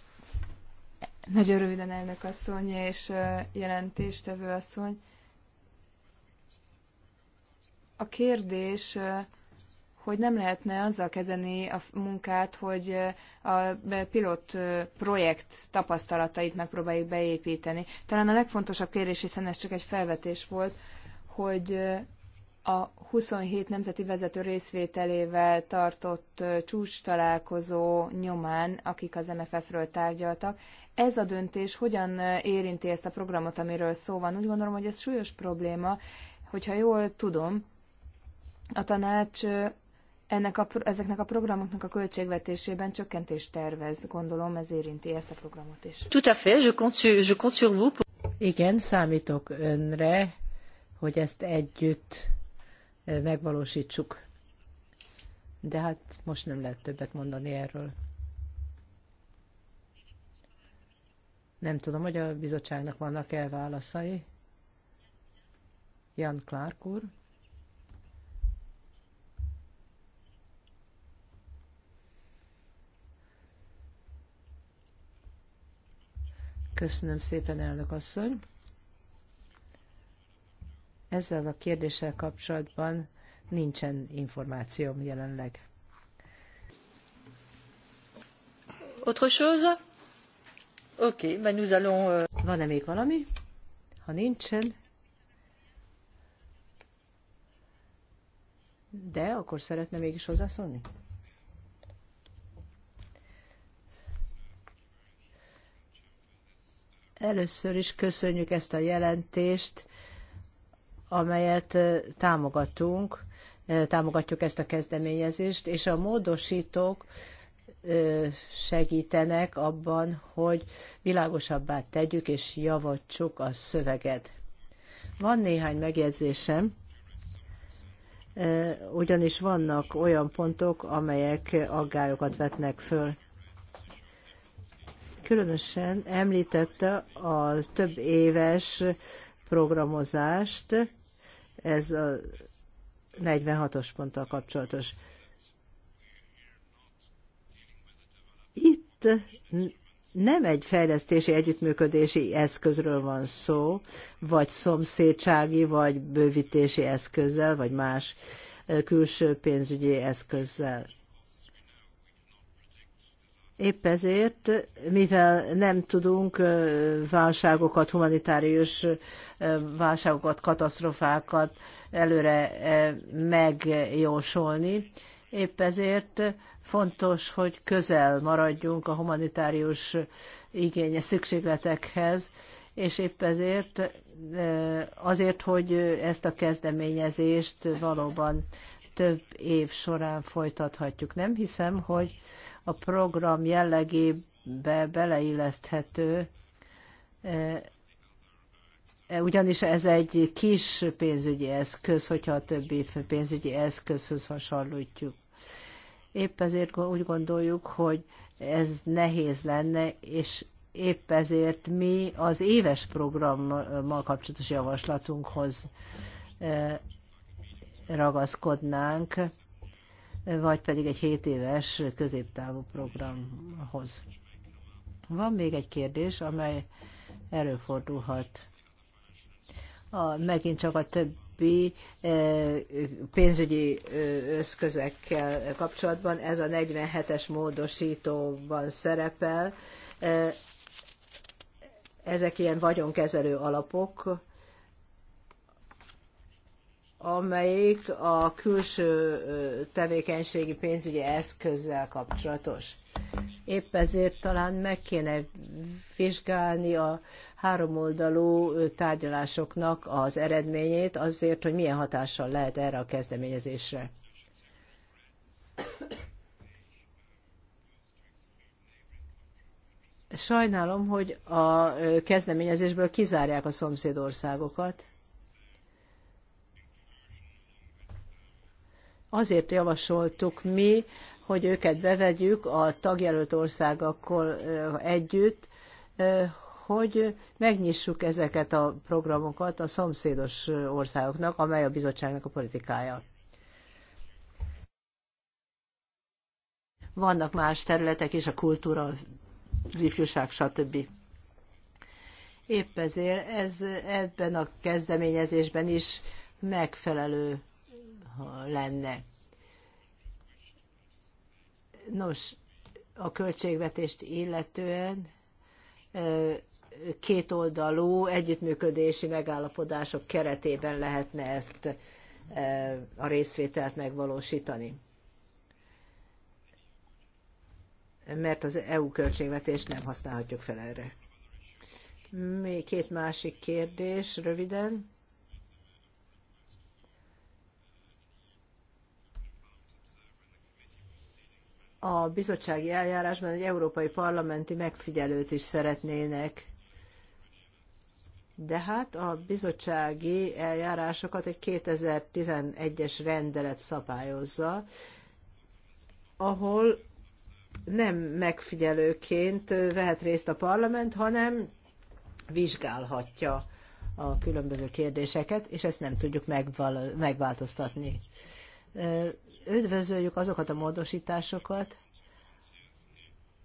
Nagyon röviden elnök asszony és jelentéstevő asszony. A kérdés hogy nem lehetne azzal kezdeni a munkát, hogy eh, a pilot eh, projekt tapasztalatait megpróbáljuk beépíteni. Talán a legfontosabb kérdés, hiszen ez csak egy felvetés volt, hogy eh, a 27 nemzeti vezető részvételével tartott csúcs találkozó nyomán, akik az MFF-ről tárgyaltak. Ez a döntés hogyan érinti ezt a programot, amiről szó van? Úgy gondolom, hogy ez súlyos probléma, hogyha jól tudom, a tanács ennek a, ezeknek a programoknak a költségvetésében csökkentést tervez, gondolom ez érinti ezt a programot is. Tout à fait, je compte sur, je compte sur vous. Igen, számítok önre, hogy ezt együtt megvalósítsuk. De hát most nem lehet többet mondani erről. Nem tudom, hogy a bizottságnak vannak-e válaszai. Jan Clark úr. Köszönöm szépen, elnök asszony. Ezzel a kérdéssel kapcsolatban nincsen információm jelenleg. Autre chose? Ok, ben nous allons... Euh, Van-e még valami? Ha nincsen, de akkor szeretne mégis hozzászólni? Először is köszönjük ezt a jelentést, amelyet támogatunk, támogatjuk ezt a kezdeményezést, és a módosítók segítenek abban, hogy világosabbá tegyük és javítsuk a szöveget. Van néhány megjegyzésem, ugyanis vannak olyan pontok, amelyek aggályokat vetnek föl. Különösen említette a több éves programozást, ez a 46-os ponttal kapcsolatos. Itt nem egy fejlesztési együttműködési eszközről van szó, vagy szomszédsági, vagy bővítési eszközzel, vagy más eh, külső pénzügyi eszközzel. Épp ezért, mivel nem tudunk válságokat, humanitárius válságokat, katasztrofákat előre megjósolni, épp ezért fontos, hogy közel maradjunk a humanitárius igénye szükségletekhez, és épp ezért azért, hogy ezt a kezdeményezést valóban több év során folytathatjuk. Nem hiszem, hogy a program jellegébe beleilleszthető, e, ugyanis ez egy kis pénzügyi eszköz, hogyha a többi pénzügyi eszközhöz hasonlítjuk. Épp ezért úgy gondoljuk, hogy ez nehéz lenne, és épp ezért mi az éves programmal kapcsolatos javaslatunkhoz e, ragaszkodnánk, vagy pedig egy 7 éves középtávú programhoz. Van még egy kérdés, amely előfordulhat. A, megint csak a többi e, pénzügyi összközekkel e, kapcsolatban ez a 47-es módosítóban szerepel. E, ezek ilyen vagyonkezelő alapok, amelyik a külső tevékenységi pénzügyi eszközzel kapcsolatos. Épp ezért talán meg kéne vizsgálni a háromoldalú tárgyalásoknak az eredményét azért, hogy milyen hatással lehet erre a kezdeményezésre. Sajnálom, hogy a kezdeményezésből kizárják a szomszédországokat Azért javasoltuk mi, hogy őket bevegyük a tagjelölt országokkal együtt, hogy megnyissuk ezeket a programokat a szomszédos országoknak, amely a bizottságnak a politikája. Vannak más területek is, a kultúra, az ifjúság, stb. Épp ezért ez ebben a kezdeményezésben is megfelelő lenne. Nos, a költségvetést illetően kétoldalú együttműködési megállapodások keretében lehetne ezt a részvételt megvalósítani. Mert az EU költségvetést nem használhatjuk fel erre. Még két másik kérdés, röviden. a bizottsági eljárásban egy európai parlamenti megfigyelőt is szeretnének. De hát a bizottsági eljárásokat egy 2011-es rendelet szabályozza, ahol nem megfigyelőként vehet részt a parlament, hanem vizsgálhatja a különböző kérdéseket, és ezt nem tudjuk megváltoztatni. Üdvözöljük azokat a módosításokat,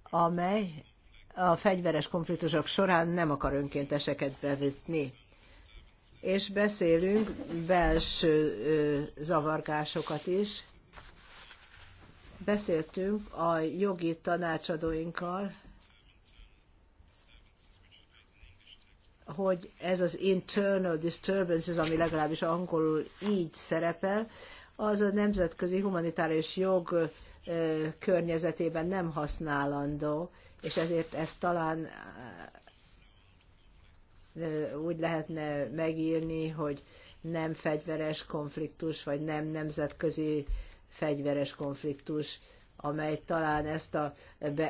amely a fegyveres konfliktusok során nem akar önkénteseket bevetni. És beszélünk belső zavargásokat is. Beszéltünk a jogi tanácsadóinkkal, hogy ez az internal disturbances, ami legalábbis angolul így szerepel, az a nemzetközi humanitárius jog környezetében nem használandó, és ezért ezt talán úgy lehetne megírni, hogy nem fegyveres konfliktus, vagy nem nemzetközi fegyveres konfliktus, amely talán ezt a, be,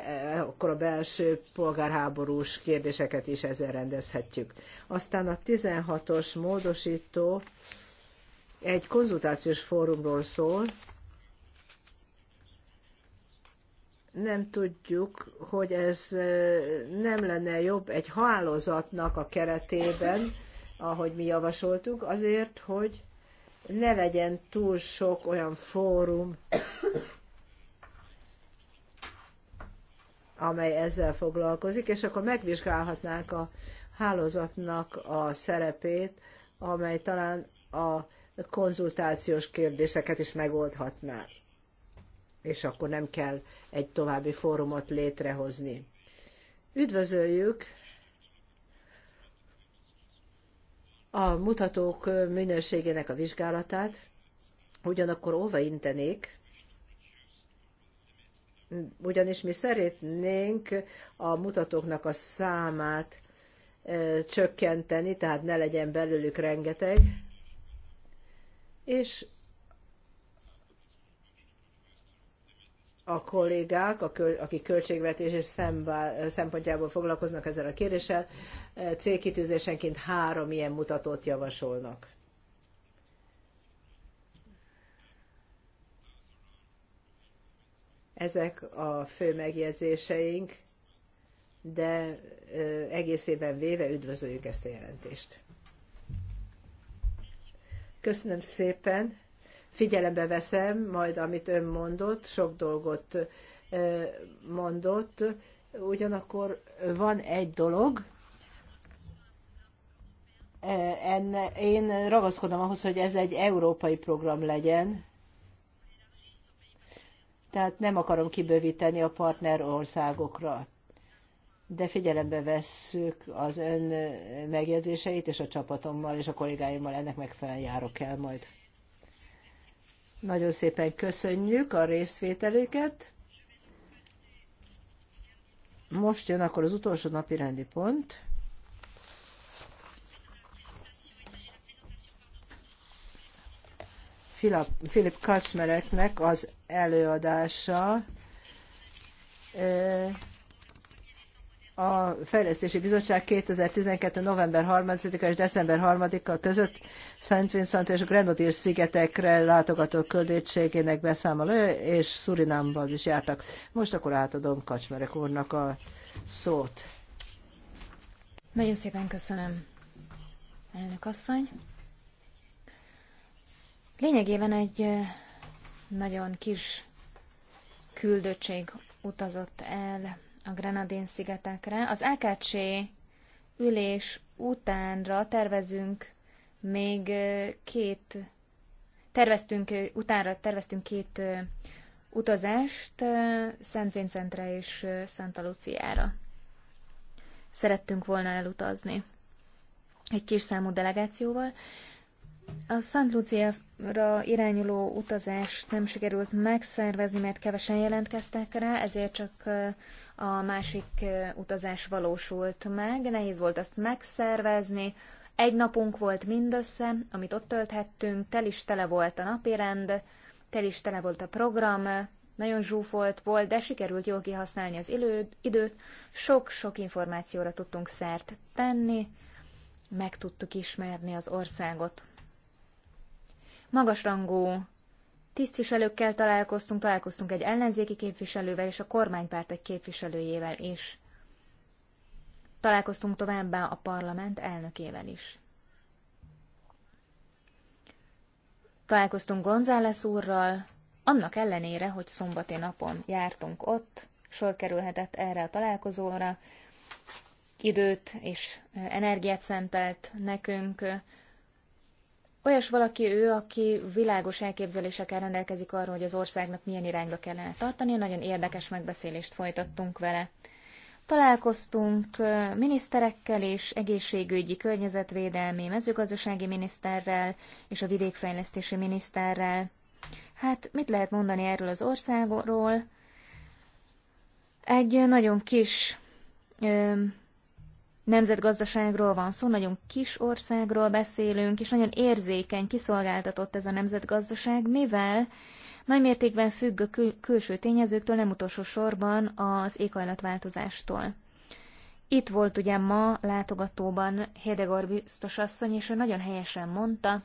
akkor a belső polgárháborús kérdéseket is ezzel rendezhetjük. Aztán a 16-os módosító egy konzultációs fórumról szól. Nem tudjuk, hogy ez nem lenne jobb egy hálózatnak a keretében, ahogy mi javasoltuk, azért, hogy ne legyen túl sok olyan fórum, amely ezzel foglalkozik, és akkor megvizsgálhatnánk a hálózatnak a szerepét, amely talán a konzultációs kérdéseket is megoldhatná. És akkor nem kell egy további fórumot létrehozni. Üdvözöljük a mutatók minőségének a vizsgálatát, ugyanakkor óvaintenék, ugyanis mi szeretnénk a mutatóknak a számát csökkenteni, tehát ne legyen belőlük rengeteg, és a kollégák, akik költségvetés szempontjából foglalkoznak ezzel a kérdéssel, eh, célkitűzésenként három ilyen mutatót javasolnak. Ezek a fő megjegyzéseink, de eh, egészében véve üdvözöljük ezt a jelentést. Köszönöm szépen, figyelembe veszem majd, amit ön mondott, sok dolgot mondott, ugyanakkor van egy dolog, enne, én ragaszkodom ahhoz, hogy ez egy európai program legyen, tehát nem akarom kibővíteni a partner országokra de figyelembe vesszük az ön megjegyzéseit, és a csapatommal és a kollégáimmal ennek megfelelően járok el majd. Nagyon szépen köszönjük a részvételüket. Most jön akkor az utolsó napi rendi pont. Philip, Kacsmereknek az előadása a Fejlesztési Bizottság 2012. november 30 a és december 3-a között Szent Vincent és Grenadier szigetekre látogató küldöttségének beszámolója, és Szurinámban is jártak. Most akkor átadom Kacsmerek úrnak a szót. Nagyon szépen köszönöm, elnök asszony. Lényegében egy nagyon kis küldöttség utazott el a Grenadén szigetekre. Az AKC ülés utánra tervezünk még két, terveztünk, utánra terveztünk két utazást Szent Vincentre és Santa Luciára. Szerettünk volna elutazni egy kis számú delegációval. A Szent Lucia-ra irányuló utazást nem sikerült megszervezni, mert kevesen jelentkeztek rá, ezért csak a másik utazás valósult meg. Nehéz volt azt megszervezni. Egy napunk volt mindössze, amit ott tölthettünk, tel is tele volt a napirend, tel is tele volt a program, nagyon zsúfolt volt, de sikerült jól kihasználni az időt, sok-sok információra tudtunk szert tenni, meg tudtuk ismerni az országot magasrangú tisztviselőkkel találkoztunk, találkoztunk egy ellenzéki képviselővel és a kormánypárt egy képviselőjével is. Találkoztunk továbbá a parlament elnökével is. Találkoztunk González úrral, annak ellenére, hogy szombati napon jártunk ott, sor kerülhetett erre a találkozóra, időt és energiát szentelt nekünk, Olyas valaki ő, aki világos elképzelésekkel rendelkezik arról, hogy az országnak milyen irányba kellene tartani, nagyon érdekes megbeszélést folytattunk vele. Találkoztunk miniszterekkel és egészségügyi, környezetvédelmi, mezőgazdasági miniszterrel és a vidékfejlesztési miniszterrel. Hát mit lehet mondani erről az országról? Egy nagyon kis nemzetgazdaságról van szó, nagyon kis országról beszélünk, és nagyon érzékeny, kiszolgáltatott ez a nemzetgazdaság, mivel nagy mértékben függ a kül- külső tényezőktől, nem utolsó sorban az éghajlatváltozástól. Itt volt ugye ma látogatóban Hedegor biztos asszony, és ő nagyon helyesen mondta,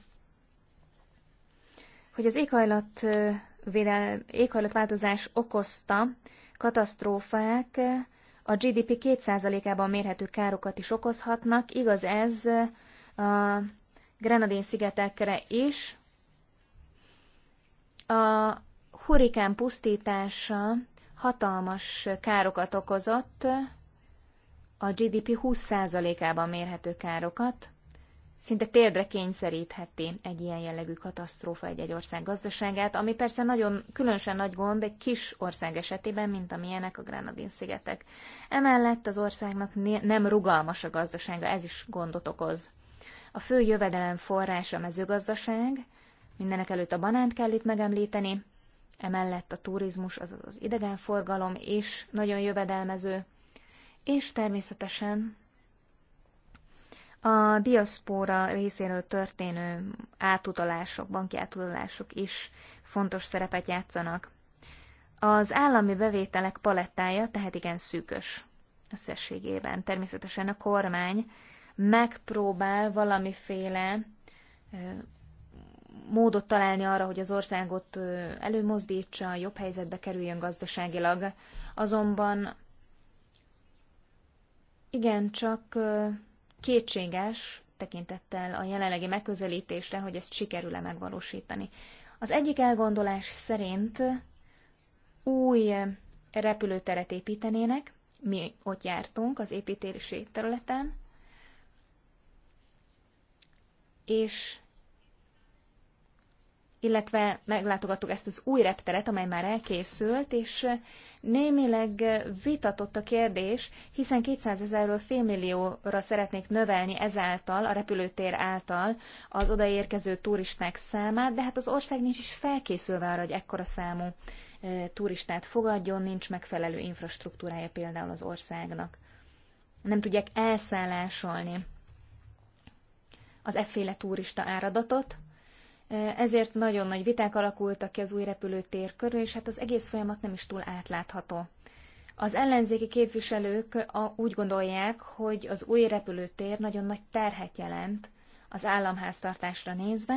hogy az éghajlat, védel, éghajlatváltozás okozta katasztrófák a GDP 2%-ában mérhető károkat is okozhatnak. Igaz ez a Grenadén-szigetekre is. A hurikán pusztítása hatalmas károkat okozott, a GDP 20%-ában mérhető károkat szinte térdre kényszerítheti egy ilyen jellegű katasztrófa egy-egy ország gazdaságát, ami persze nagyon különösen nagy gond egy kis ország esetében, mint amilyenek a Granadin szigetek Emellett az országnak nem rugalmas a gazdasága, ez is gondot okoz. A fő jövedelem forrása a mezőgazdaság, mindenek előtt a banánt kell itt megemlíteni, emellett a turizmus, azaz az idegenforgalom is nagyon jövedelmező, és természetesen a diaszpóra részéről történő átutalások, banki átutalások is fontos szerepet játszanak. Az állami bevételek palettája tehát igen szűkös összességében. Természetesen a kormány megpróbál valamiféle módot találni arra, hogy az országot előmozdítsa, jobb helyzetbe kerüljön gazdaságilag. Azonban igen, csak kétséges tekintettel a jelenlegi megközelítésre, hogy ezt sikerül-e megvalósítani. Az egyik elgondolás szerint új repülőteret építenének, mi ott jártunk az építési területen, és illetve meglátogattuk ezt az új repteret, amely már elkészült, és némileg vitatott a kérdés, hiszen 200 ezerről félmillióra szeretnék növelni ezáltal, a repülőtér által az odaérkező turisták számát, de hát az ország nincs is felkészülve arra, hogy ekkora számú turistát fogadjon, nincs megfelelő infrastruktúrája például az országnak. Nem tudják elszállásolni az efféle turista áradatot, ezért nagyon nagy viták alakultak ki az új repülőtér körül, és hát az egész folyamat nem is túl átlátható. Az ellenzéki képviselők úgy gondolják, hogy az új repülőtér nagyon nagy terhet jelent az államháztartásra nézve,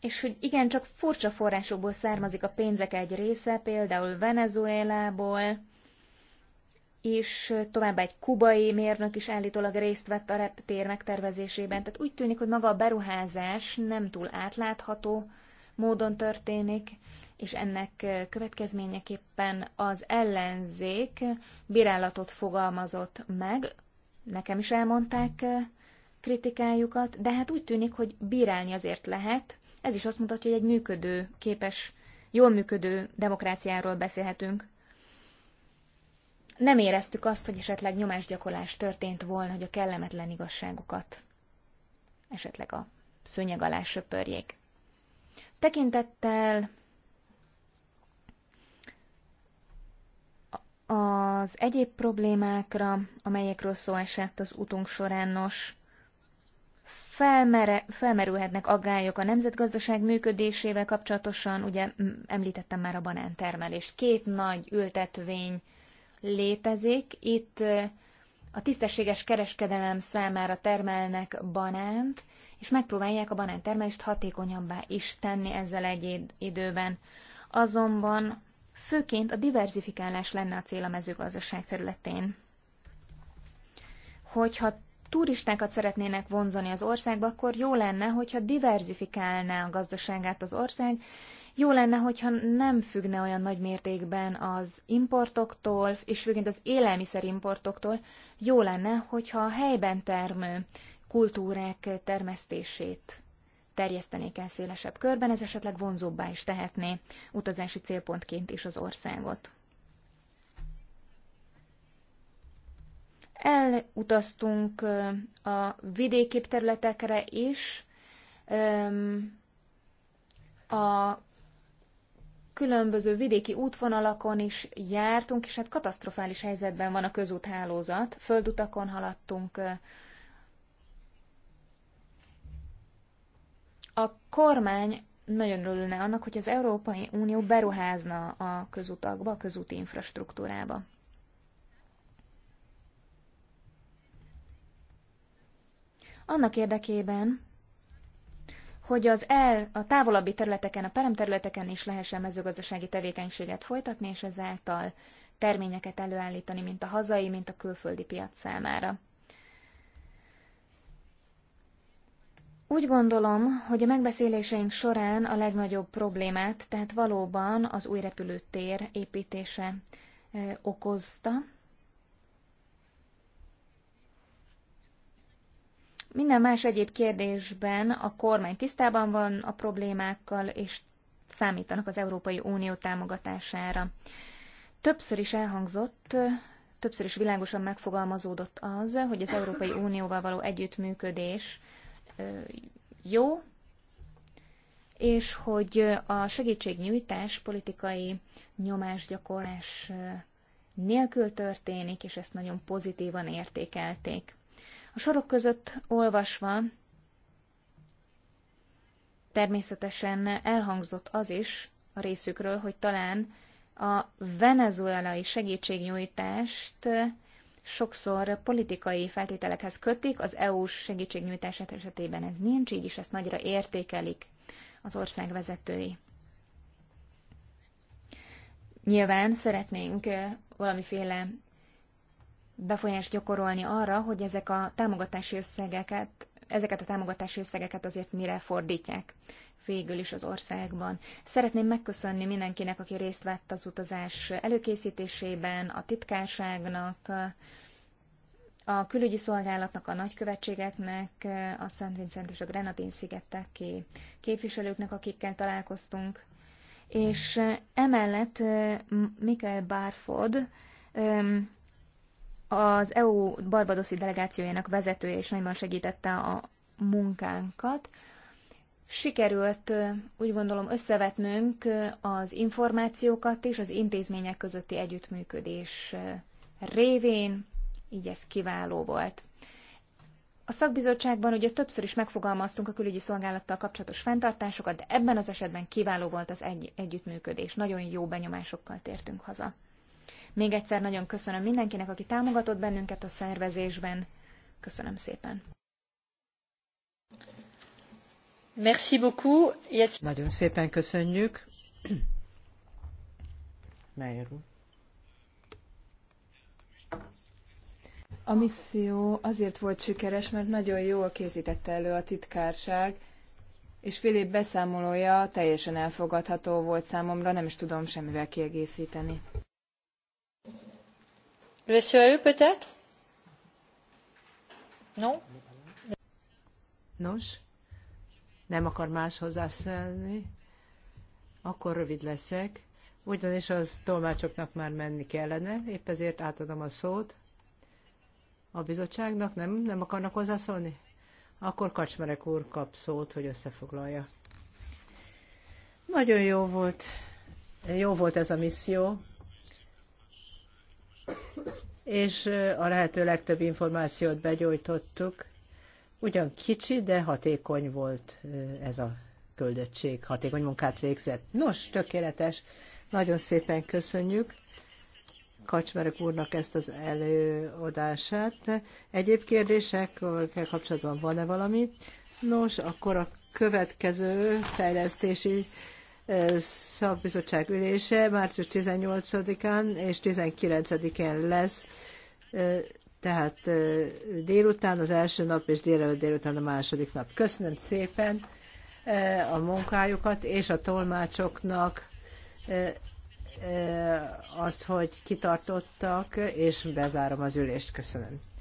és hogy igen, csak furcsa forrásokból származik a pénzek egy része, például Venezuelából, is, továbbá egy kubai mérnök is állítólag részt vett a reptér megtervezésében. Tehát úgy tűnik, hogy maga a beruházás nem túl átlátható módon történik, és ennek következményeképpen az ellenzék bírálatot fogalmazott meg, nekem is elmondták kritikájukat, de hát úgy tűnik, hogy bírálni azért lehet. Ez is azt mutatja, hogy egy működő, képes, jól működő demokráciáról beszélhetünk nem éreztük azt, hogy esetleg nyomásgyakorlás történt volna, hogy a kellemetlen igazságokat esetleg a szőnyeg alá söpörjék. Tekintettel az egyéb problémákra, amelyekről szó esett az utunk során, nos, felmere, felmerülhetnek aggályok a nemzetgazdaság működésével kapcsolatosan, ugye említettem már a banántermelést, két nagy ültetvény létezik. Itt a tisztességes kereskedelem számára termelnek banánt, és megpróbálják a termelést hatékonyabbá is tenni ezzel egy időben. Azonban főként a diverzifikálás lenne a cél a mezőgazdaság területén. Hogyha turistákat szeretnének vonzani az országba, akkor jó lenne, hogyha diverzifikálná a gazdaságát az ország, jó lenne, hogyha nem függne olyan nagy mértékben az importoktól, és főként az élelmiszerimportoktól. Jó lenne, hogyha a helyben termő kultúrák termesztését terjesztenék el szélesebb körben, ez esetleg vonzóbbá is tehetné utazási célpontként is az országot. Elutaztunk a vidéki területekre is, a különböző vidéki útvonalakon is jártunk, és hát katasztrofális helyzetben van a közúthálózat. Földutakon haladtunk. A kormány nagyon örülne annak, hogy az Európai Unió beruházna a közutakba, a közúti infrastruktúrába. Annak érdekében, hogy az el a távolabbi területeken, a peremterületeken is lehessen mezőgazdasági tevékenységet folytatni, és ezáltal terményeket előállítani, mint a hazai, mint a külföldi piac számára. Úgy gondolom, hogy a megbeszéléseink során a legnagyobb problémát, tehát valóban az új repülőtér építése eh, okozta, Minden más egyéb kérdésben a kormány tisztában van a problémákkal, és számítanak az Európai Unió támogatására. Többször is elhangzott, többször is világosan megfogalmazódott az, hogy az Európai Unióval való együttműködés jó, és hogy a segítségnyújtás politikai nyomásgyakorlás nélkül történik, és ezt nagyon pozitívan értékelték. A sorok között olvasva természetesen elhangzott az is a részükről, hogy talán a venezuelai segítségnyújtást sokszor politikai feltételekhez kötik, az EU-s segítségnyújtás esetében ez nincs, így is ezt nagyra értékelik az ország vezetői. Nyilván szeretnénk valamiféle befolyást gyakorolni arra, hogy ezek a támogatási összegeket, ezeket a támogatási összegeket azért mire fordítják végül is az országban. Szeretném megköszönni mindenkinek, aki részt vett az utazás előkészítésében, a titkárságnak, a külügyi szolgálatnak, a nagykövetségeknek, a Szent Vincent és a Grenadin szigeteké képviselőknek, akikkel találkoztunk. És emellett Mikael Barford. Az EU barbadoszi delegációjának vezetője is nagyban segítette a munkánkat. Sikerült, úgy gondolom, összevetnünk az információkat és az intézmények közötti együttműködés révén, így ez kiváló volt. A szakbizottságban ugye többször is megfogalmaztunk a külügyi szolgálattal kapcsolatos fenntartásokat, de ebben az esetben kiváló volt az egy- együttműködés. Nagyon jó benyomásokkal tértünk haza. Még egyszer nagyon köszönöm mindenkinek, aki támogatott bennünket a szervezésben. Köszönöm szépen. Merci beaucoup. Nagyon szépen köszönjük. A misszió azért volt sikeres, mert nagyon jól készítette elő a titkárság, és Filip beszámolója teljesen elfogadható volt számomra, nem is tudom semmivel kiegészíteni. Le SEAE peut-être Non Nos, nem akar más hozzászólni, akkor rövid leszek, ugyanis az tolmácsoknak már menni kellene, épp ezért átadom a szót. A bizottságnak nem, nem akarnak hozzászólni? Akkor Kacsmerek úr kap szót, hogy összefoglalja. Nagyon jó volt, jó volt ez a misszió és a lehető legtöbb információt begyújtottuk. Ugyan kicsi, de hatékony volt ez a küldöttség, hatékony munkát végzett. Nos, tökéletes, nagyon szépen köszönjük. Kacsmerek úrnak ezt az előadását. Egyéb kérdésekkel kapcsolatban van-e valami? Nos, akkor a következő fejlesztési szakbizottság ülése március 18-án és 19-én lesz, tehát délután az első nap és délelőtt délután a második nap. Köszönöm szépen a munkájukat és a tolmácsoknak azt, hogy kitartottak, és bezárom az ülést. Köszönöm.